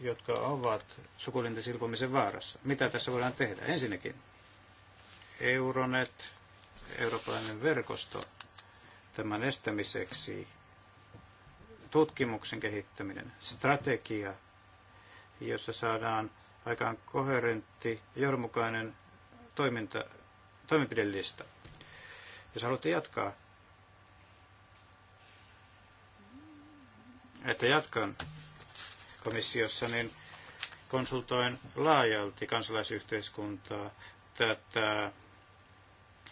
[SPEAKER 1] jotka ovat sukulinten silpomisen vaarassa. Mitä tässä voidaan tehdä? Ensinnäkin Euronet, eurooppalainen verkosto tämän estämiseksi, tutkimuksen kehittäminen, strategia, jossa saadaan aikaan koherentti, johdonmukainen toiminta, toimenpidelista. Jos haluatte jatkaa, että jatkan komissiossa, niin konsultoin laajalti kansalaisyhteiskuntaa tätä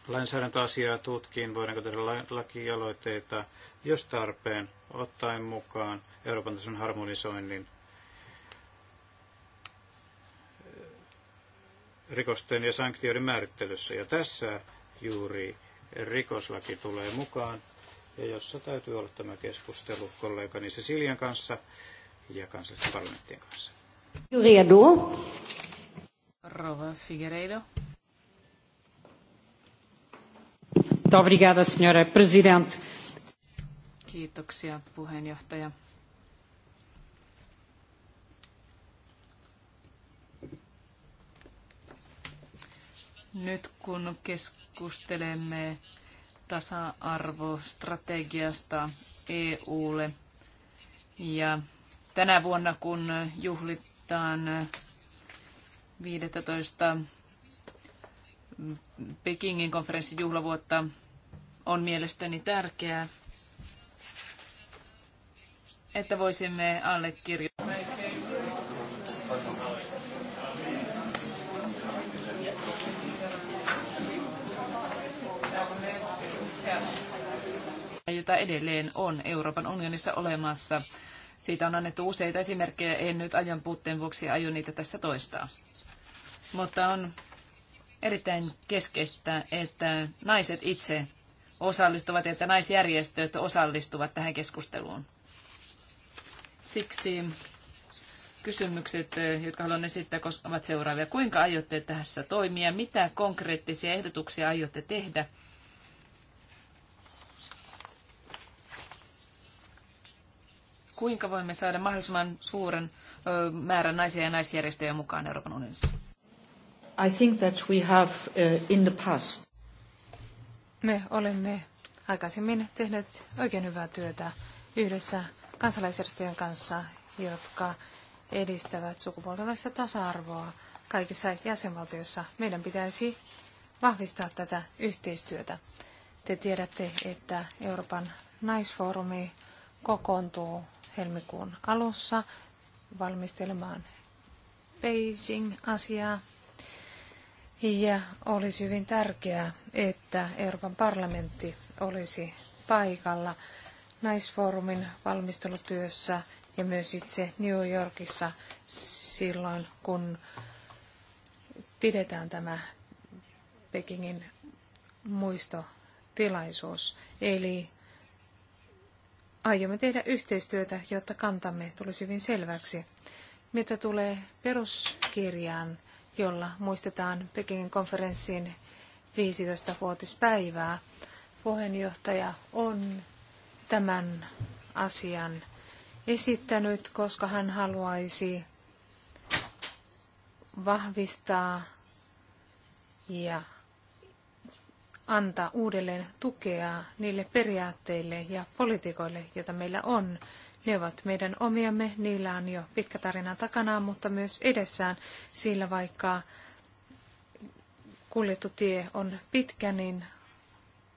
[SPEAKER 1] lainsäädäntöasiaa tutkiin, voidaanko tehdä lakialoitteita, jos tarpeen, ottaen mukaan Euroopan tason harmonisoinnin rikosten ja sanktioiden määrittelyssä. Ja tässä juuri rikoslaki tulee mukaan, ja jossa täytyy olla tämä keskustelu kollegani Cecilian kanssa ja kansallisten parlamenttien kanssa.
[SPEAKER 3] Redo. Rova Figueiredo.
[SPEAKER 4] Obrigada, senhora presidente.
[SPEAKER 3] Kiitoksia, puheenjohtaja. Nyt kun keskustelemme tasa-arvostrategiasta EUlle ja tänä vuonna kun juhlitaan 15. Pekingin konferenssin juhlavuotta on mielestäni tärkeää, että voisimme allekirjoittaa edelleen on Euroopan unionissa olemassa. Siitä on annettu useita esimerkkejä, en nyt ajan puutteen vuoksi aio niitä tässä toistaa. Mutta on erittäin keskeistä, että naiset itse osallistuvat ja että naisjärjestöt osallistuvat tähän keskusteluun. Siksi kysymykset, jotka haluan esittää, koskevat seuraavia. Kuinka aiotte tässä toimia? Mitä konkreettisia ehdotuksia aiotte tehdä? kuinka voimme saada mahdollisimman suuren määrän naisia ja naisjärjestöjä mukaan Euroopan unionissa?
[SPEAKER 4] I think that we have uh, in the past.
[SPEAKER 5] Me olemme aikaisemmin tehneet oikein hyvää työtä yhdessä kansalaisjärjestöjen kanssa, jotka edistävät sukupuolten tasa-arvoa kaikissa jäsenvaltioissa. Meidän pitäisi vahvistaa tätä yhteistyötä. Te tiedätte, että Euroopan naisfoorumi kokoontuu helmikuun alussa valmistelemaan Beijing-asiaa. Ja olisi hyvin tärkeää, että Euroopan parlamentti olisi paikalla naisfoorumin valmistelutyössä ja myös itse New Yorkissa silloin, kun pidetään tämä Pekingin muistotilaisuus. Eli Aiomme tehdä yhteistyötä, jotta kantamme tulisi hyvin selväksi. Mitä tulee peruskirjaan, jolla muistetaan Pekingin konferenssin 15-vuotispäivää, puheenjohtaja on tämän asian esittänyt, koska hän haluaisi vahvistaa ja antaa uudelleen tukea niille periaatteille ja politiikoille, joita meillä on. Ne ovat meidän omiamme, niillä on jo pitkä tarina takana, mutta myös edessään, sillä vaikka kuljettu tie on pitkä, niin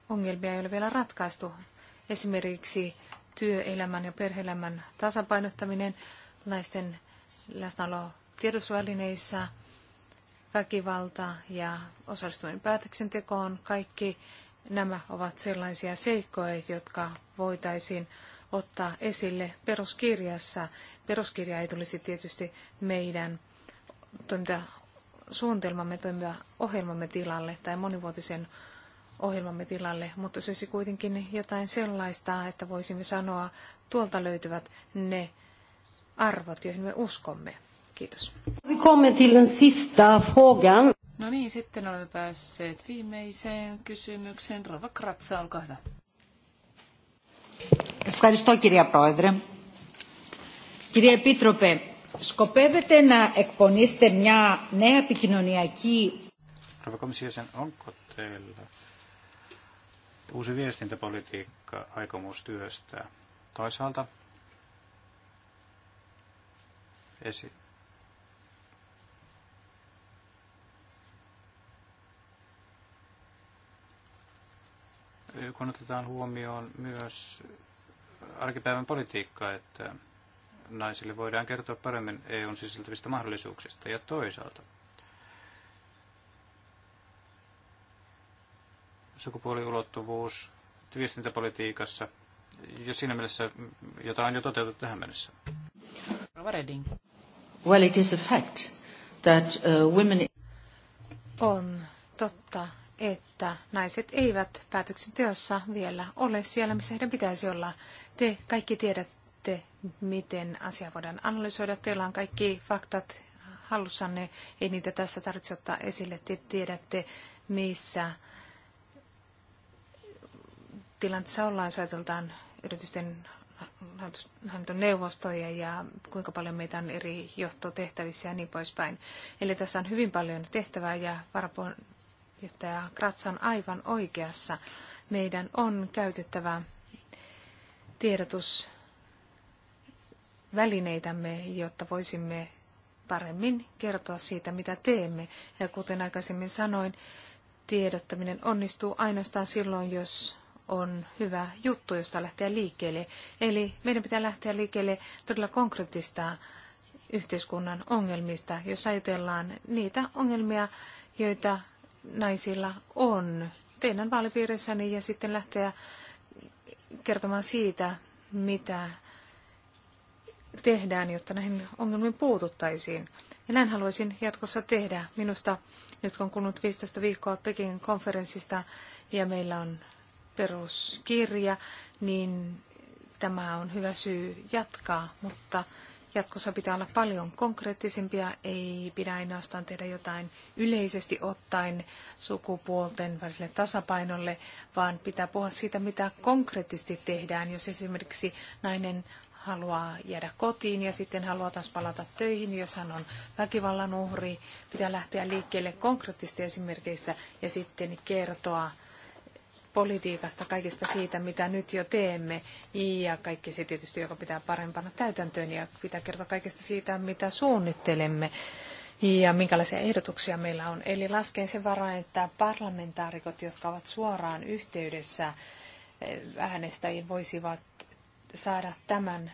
[SPEAKER 5] ongelmia ei ole vielä ratkaistu. Esimerkiksi työelämän ja perheelämän tasapainottaminen, naisten läsnäolo tiedotusvälineissä – väkivalta ja osallistuminen päätöksentekoon, kaikki nämä ovat sellaisia seikkoja, jotka voitaisiin ottaa esille peruskirjassa. Peruskirja ei tulisi tietysti meidän toimintasuunnitelmamme, toimintaohjelmamme tilalle tai monivuotisen ohjelmamme tilalle, mutta se olisi kuitenkin jotain sellaista, että voisimme sanoa, tuolta löytyvät ne arvot, joihin me uskomme. Kiitos.
[SPEAKER 3] No niin, sitten olemme päässeet viimeiseen kysymykseen. Rova Kratsa, olkaa hyvä.
[SPEAKER 4] Ευχαριστώ κυρία Πρόεδρε. Κυρία Επίτροπε, σκοπεύετε να εκπονήσετε μια νέα επικοινωνιακή...
[SPEAKER 1] komissiosen, onko teillä uusi viestintäpolitiikka aikomus työstää? Toisaalta esittää? kun otetaan huomioon myös arkipäivän politiikka, että naisille voidaan kertoa paremmin EUn sisältävistä mahdollisuuksista ja toisaalta sukupuoliulottuvuus viestintäpolitiikassa ja siinä mielessä, jota on jo toteutettu tähän mennessä.
[SPEAKER 4] Well, it is a fact that uh, women...
[SPEAKER 5] On totta, että naiset eivät päätöksenteossa vielä ole siellä, missä heidän pitäisi olla. Te kaikki tiedätte, miten asia voidaan analysoida. Teillä on kaikki faktat hallussanne. Ei niitä tässä tarvitse ottaa esille. Te tiedätte, missä tilanteessa ollaan, jos ajateltaan yritysten neuvostoja ja kuinka paljon meitä on eri johtotehtävissä ja niin poispäin. Eli tässä on hyvin paljon tehtävää ja varapuheen Johtaja Kratsa on aivan oikeassa. Meidän on käytettävä tiedotusvälineitämme, jotta voisimme paremmin kertoa siitä, mitä teemme. Ja kuten aikaisemmin sanoin, tiedottaminen onnistuu ainoastaan silloin, jos on hyvä juttu, josta lähteä liikkeelle. Eli meidän pitää lähteä liikkeelle todella konkreettista yhteiskunnan ongelmista, jos ajatellaan niitä ongelmia, joita naisilla on teidän vaalipiirissäni ja sitten lähteä kertomaan siitä, mitä tehdään, jotta näihin ongelmiin puututtaisiin. Ja näin haluaisin jatkossa tehdä. Minusta nyt on kulunut 15 viikkoa Pekingin konferenssista ja meillä on peruskirja, niin tämä on hyvä syy jatkaa, mutta Jatkossa pitää olla paljon konkreettisempia, ei pidä ainoastaan tehdä jotain yleisesti ottaen sukupuolten väliselle tasapainolle, vaan pitää puhua siitä, mitä konkreettisesti tehdään. Jos esimerkiksi nainen haluaa jäädä kotiin ja sitten haluaa taas palata töihin, jos hän on väkivallan uhri. Pitää lähteä liikkeelle konkreettista esimerkkeistä ja sitten kertoa politiikasta, kaikesta siitä, mitä nyt jo teemme, ja kaikki se tietysti, joka pitää parempana täytäntöön, ja pitää kertoa kaikesta siitä, mitä suunnittelemme, ja minkälaisia ehdotuksia meillä on. Eli lasken sen varaan, että parlamentaarikot, jotka ovat suoraan yhteydessä eh, äänestäjiin, voisivat saada tämän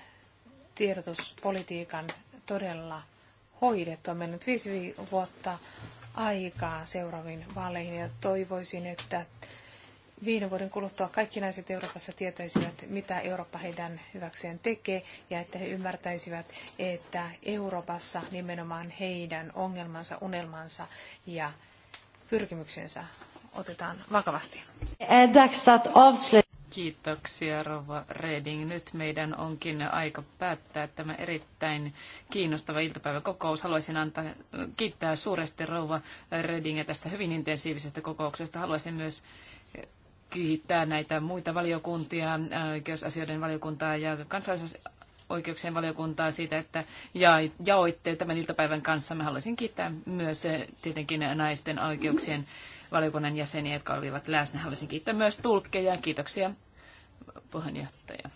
[SPEAKER 5] tiedotuspolitiikan todella hoidettua. Meillä nyt viisi vuotta aikaa seuraaviin vaaleihin ja toivoisin, että viiden vuoden kuluttua kaikki naiset Euroopassa tietäisivät, mitä Eurooppa heidän hyväkseen tekee, ja että he ymmärtäisivät, että Euroopassa nimenomaan heidän ongelmansa, unelmansa ja pyrkimyksensä otetaan vakavasti.
[SPEAKER 3] Kiitoksia Rova Reding. Nyt meidän onkin aika päättää tämä erittäin kiinnostava iltapäiväkokous. Haluaisin antaa, kiittää suuresti Rova Redingia tästä hyvin intensiivisestä kokouksesta. Haluaisin myös kiittää näitä muita valiokuntia, oikeusasioiden valiokuntaa ja kansalaisoikeuksien valiokuntaa siitä, että jaoitte tämän iltapäivän kanssa. Mä haluaisin kiittää myös eh, tietenkin naisten oikeuksien valiokunnan jäseniä, jotka olivat läsnä. Haluaisin kiittää myös tulkkeja. Kiitoksia puheenjohtaja.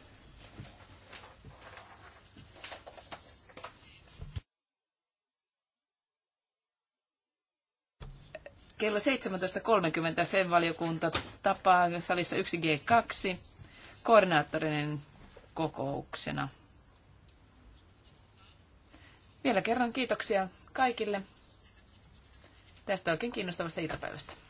[SPEAKER 3] kello 17.30 FEM-valiokunta tapaa salissa 1G2 koordinaattorinen kokouksena. Vielä kerran kiitoksia kaikille tästä oikein kiinnostavasta iltapäivästä.